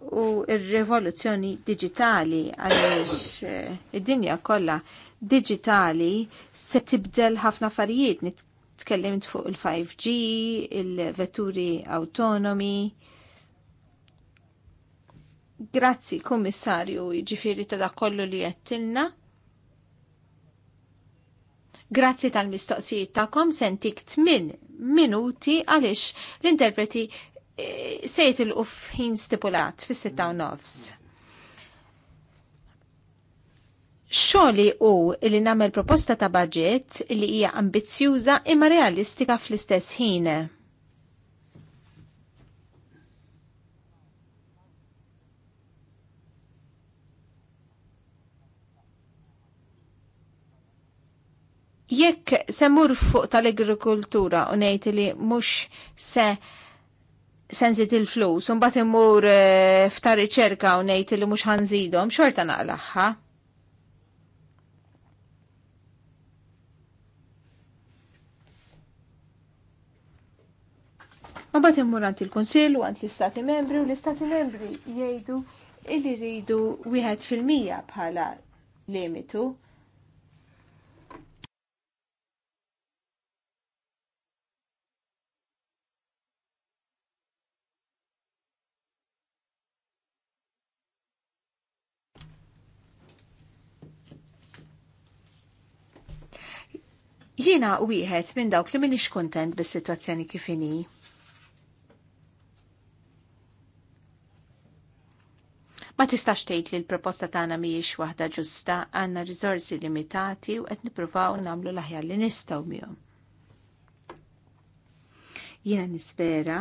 u il-rivoluzzjoni digitali għalix id-dinja kolla digitali se tibdel ħafna affarijiet tkellimt fuq il-5G, il-vetturi autonomi. Grazzi, kummissarju, ġifiri ta' da' kollu li jettilna. Grazzi tal-mistoqsijiet ta'kom sentik tmin minuti għalix l-interpreti eh, sejt il-ufħin stipulat fis-6 nofs. xoli u li namel proposta ta' budget li hija ambizzjuża imma realistika fl-istess ħin. Jekk semmur fuq tal-agrikultura u ngħid li mhux se senzit il-flus, un bat imur eh, f'ta' riċerka u nejt li mux ħanżidom, xorta naqlaħħa. Ma bat immur għant il-Konsil u għant l-Istati membri u l-Istati membri jgħidu illi rridu wieħed fil-mija bħala limitu. Jiena wieħed minn dawk li minix kontent bis-sitwazzjoni kif inhi. Ma tistax tgħid li l-proposta tagħna mhijiex waħda ġusta, għandna riżorsi limitati u qed nippruvaw nagħmlu l-aħjar li nistgħu miegħu. Jiena nispera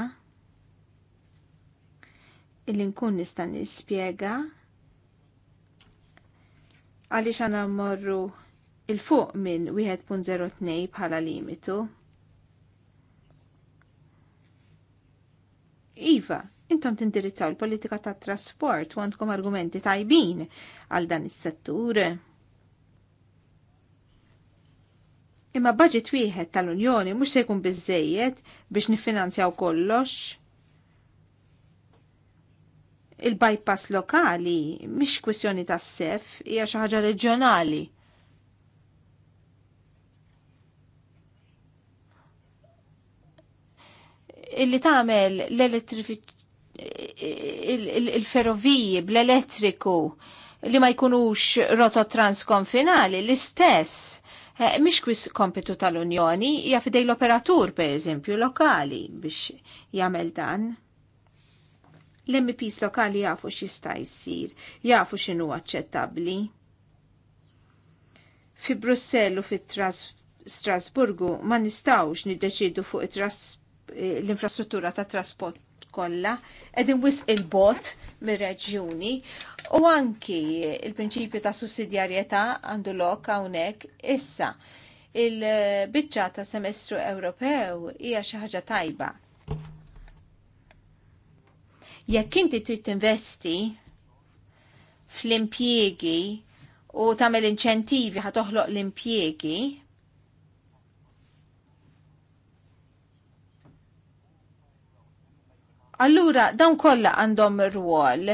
illi nkun nista' nispjega għaliex għana mmorru il-fuq minn 1.02 bħala limitu. Iva, intom tindirizzaw il-politika tat trasport u għandkom argumenti tajbin għal dan is-settur. Imma budget wieħed tal-Unjoni mhux se jkun biżejjed biex niffinanzjaw kollox. Il-bypass lokali mhix kwistjoni tas-sef hija xi ħaġa reġjonali. illi tagħmel l-elettrifiċ il-ferroviji bl-elettriku li ma jkunux roto transkonfinali l-istess. Eh, mish kwis kompetu tal-Unjoni, hija fidej l-operatur, per eżempju, lokali biex jagħmel dan. L-MPs lokali jafu x'jista' jsir, jafu x'inhu aċċettabbli. Fi Brussellu fi Strasburgu ma nistgħux niddeċidu fuq eh, l-infrastruttura ta' trasport kollha qegħdin wisq il-bot mir-reġjuni u anki il-prinċipju ta' sussidjarjetà għandu lok hawnhekk issa il-biċċa ta' semestru Ewropew hija xi ħaġa tajba. Jekk inti trid tinvesti fl-impjiegi u tagħmel inċentivi ħa toħloq l-impjiegi Allura, dawn kollha għandhom rwol.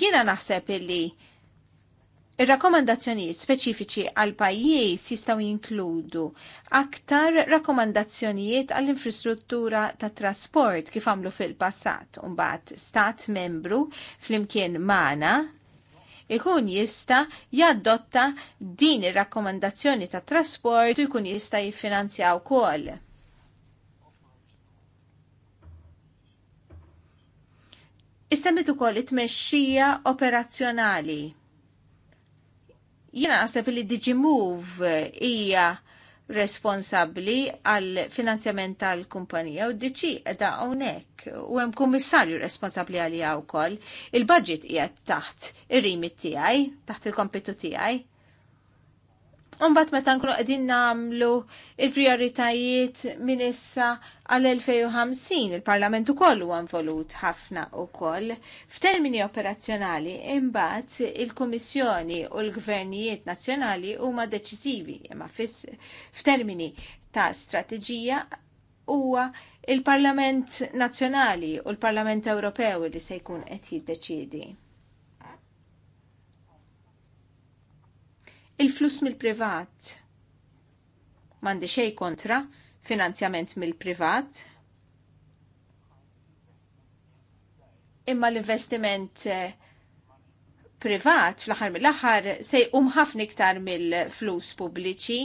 Jiena naħseb illi Ir-rakkomandazzjonijiet speċifiċi għal pajjiż jistgħu jinkludu aktar rakkomandazzjonijiet għall infrastruttura ta' trasport kif għamlu fil-passat mbagħad stat membru flimkien mana ikun jista jaddotta din ir-rakkomandazzjoni ta' trasport u jkun jista jiffinanzjaw wkoll. Issemmit ukoll it-tmexxija operazzjonali. Jiena naħseb li DigiMove hija responsabbli għal finanzjament tal-kumpanija u diċi edha hawnhekk u hemm kummissarju responsabbli għalija wkoll. Il-budget qiegħed taħt ir-rimit tiegħi, taħt il-kompitu tiegħi. Umbat meta nkunu qegħdin nagħmlu il-prioritajiet minn issa għal-2050 il-Parlament ukoll huwa involut ħafna ukoll. F'termini operazzjonali imbagħad il-Kummissjoni u l-Gvernijiet Nazzjonali huma deċisivi imma f'termini ta' strateġija huwa il-Parlament Nazzjonali u l-Parlament Ewropew li se jkun qed jiddeċiedi. il-flus mill-privat. Mandi xej kontra finanzjament mill-privat. Imma l-investiment eh, privat fl-aħħar mill-aħħar se jqum ħafna iktar mill-flus pubbliċi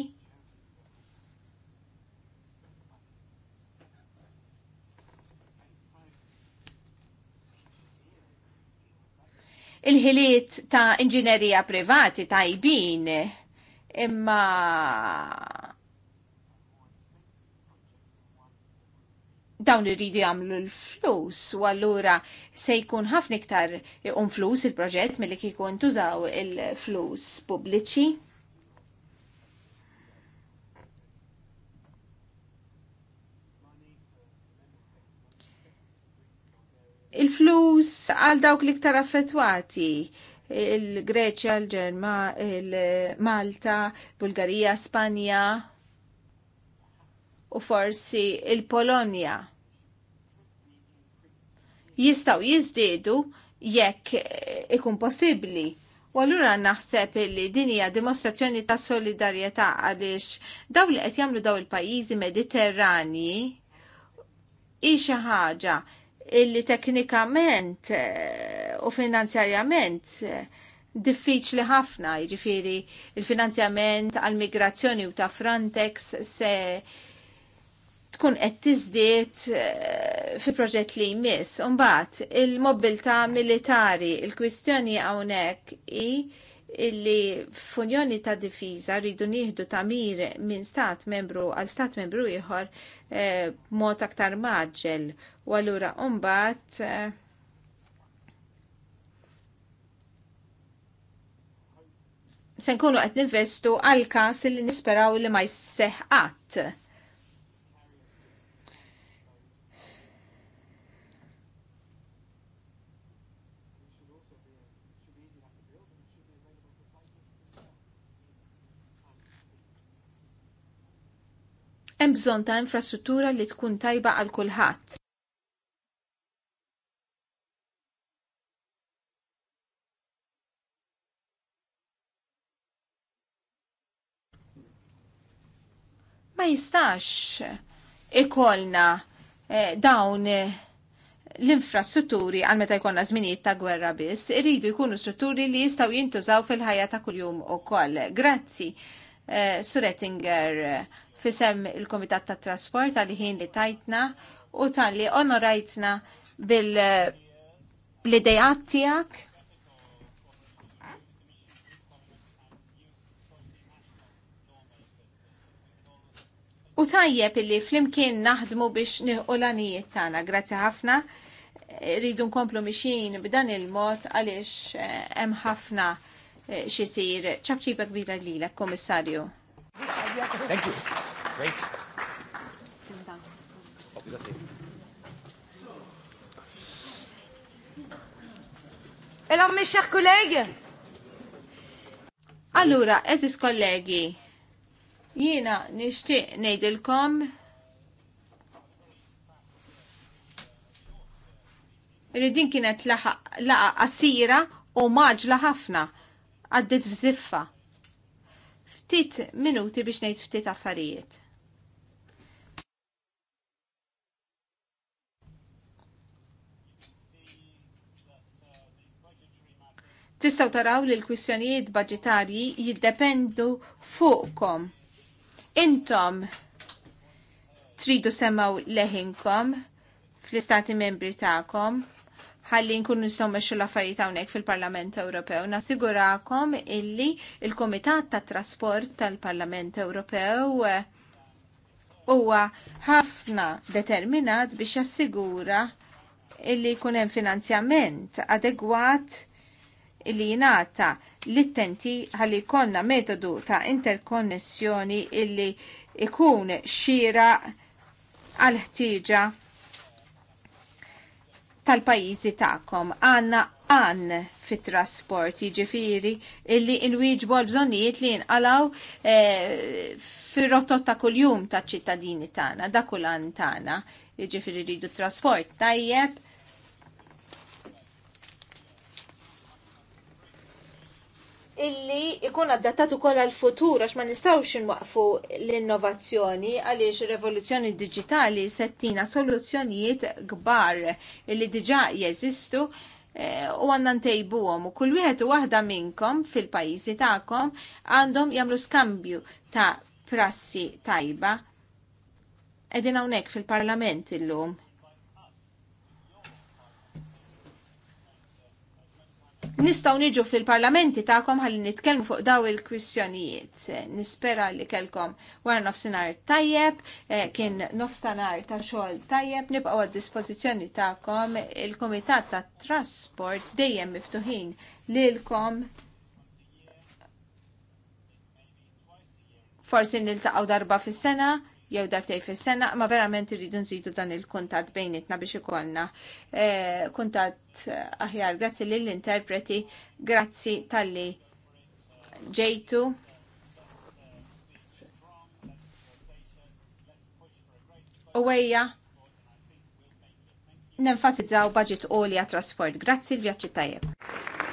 il-ħiliet ta' inġinerija privati tajbin imma dawn irridu jagħmlu l-flus u allura se jkun ħafna iktar un flus il-proġett milli kieku ntużaw il-flus pubbliċi. il-flus għal dawk ktar affettwati il-Greċja, il ġerma il-Malta, Bulgarija, Spanja u forsi il-Polonja. Jistaw jizdidu jekk ikun possibli. U allura naħseb li din hija dimostrazzjoni ta' solidarjetà għaliex dawn li qed jagħmlu daw il-pajjiżi mediterranji hi xi ħaġa illi teknikament eh, u finanzjarjament eh, diffiċli ħafna, jiġifieri il-finanzjament għal-migrazzjoni u ta' Frontex se tkun qed tiżdiet eh, fi proġett li jmiss. Imbagħad il-mobilità militari, il-kwistjoni hawnhekk hi illi f'unjoni ta' difiża rridu nieħdu tamir minn stat membru għal stat membru ieħor b'mod aktar maġġel U allura umbat eh, se nkunu qed ninvestu għal kas li nisperaw li ma jisseħqat. qatt. Hemm bżonn ta' infrastruttura li tkun tajba għal kulħadd. ma jistax ikolna eh, dawn eh, l-infrastrutturi għal meta jkollna żminijiet ta' gwerra biss, iridu jkunu strutturi li jistgħu jintużaw fil-ħajja ta' kuljum ukoll. Grazzi, eh, Surettinger, fisem il-Komitat ta' Trasport għal ħin li tajtna u tal-li onorajtna bil-idejat tiegħek U tajjeb illi flimkien naħdmu biex nħu l-anijiet tagħna. Grazzi ħafna. Rridu nkomplu mixin b'dan il-mod għaliex eh, hemm ħafna eh, xisir ċabċiba kbira lilek, Komissarju. Thank you. Great. Alors, mes chers collègues, eżis kollegi, Jiena nixtieq ngħidilkom li din kienet laqa qasira u maġla ħafna għaddit f'ziffa. Ftit minuti biex ngħid ftit affarijiet. Tistaw taraw li l-kwissjonijiet budgetarji jiddependu fuqkom intom tridu semmaw leħinkom fl-istati membri ta'kom ħalli nkunu nistgħu mexxu l-affarijiet hawnhekk fil-Parlament Ewropew. Nasigurakom illi il-Kumitat tat Trasport tal-Parlament Ewropew eh, huwa ħafna determinat biex jassigura illi jkun hemm finanzjament adegwat illi jingħata l-ittenti għalli konna metodu ta' interkonnessjoni illi ikun xira għal-ħtieġa tal-pajizi ta'kom. Għanna għan fit trasport ġifiri illi inwiġbu għal-bżonijiet li nqalaw e, eh, fir-rotot ta' kuljum ta' ċittadini tagħna, da' kull-għan tana. Ġifiri rridu trasport tajjeb, illi ikun adattat ukoll għal futur għax ma nistgħux inwaqfu l-innovazzjoni għaliex ir-rivoluzzjoni digitali settina soluzzjonijiet kbar illi diġà jeżistu eh, u għanna ntejbuhom u kull wieħed u waħda minnkom fil-pajjiżi tagħkom għandhom jagħmlu skambju ta' prassi tajba. Edin hawnhekk fil-Parlament illum Nistaw niġu fil-parlamenti ta'kom għalli nitkelmu fuq daw il-kwissjonijiet. Nispera li kelkom wara nofsinar tajjeb, eh, kien nofsinar ta' xogħol tajjeb, nibqgħu għad dispozizjoni ta'kom il-Kumitat ta' Trasport dejjem miftuħin lilkom forsi niltaqgħu darba fis-sena jew darbtej fis-sena, ma verament irridu nżidu dan il-kuntat bejnitna biex ikollna e, kuntat aħjar. Grazzi lill-interpreti, grazzi tal-li ġejtu. U nenfasizzaw budget għolja trasport. Grazzi l vjaċi tajjeb.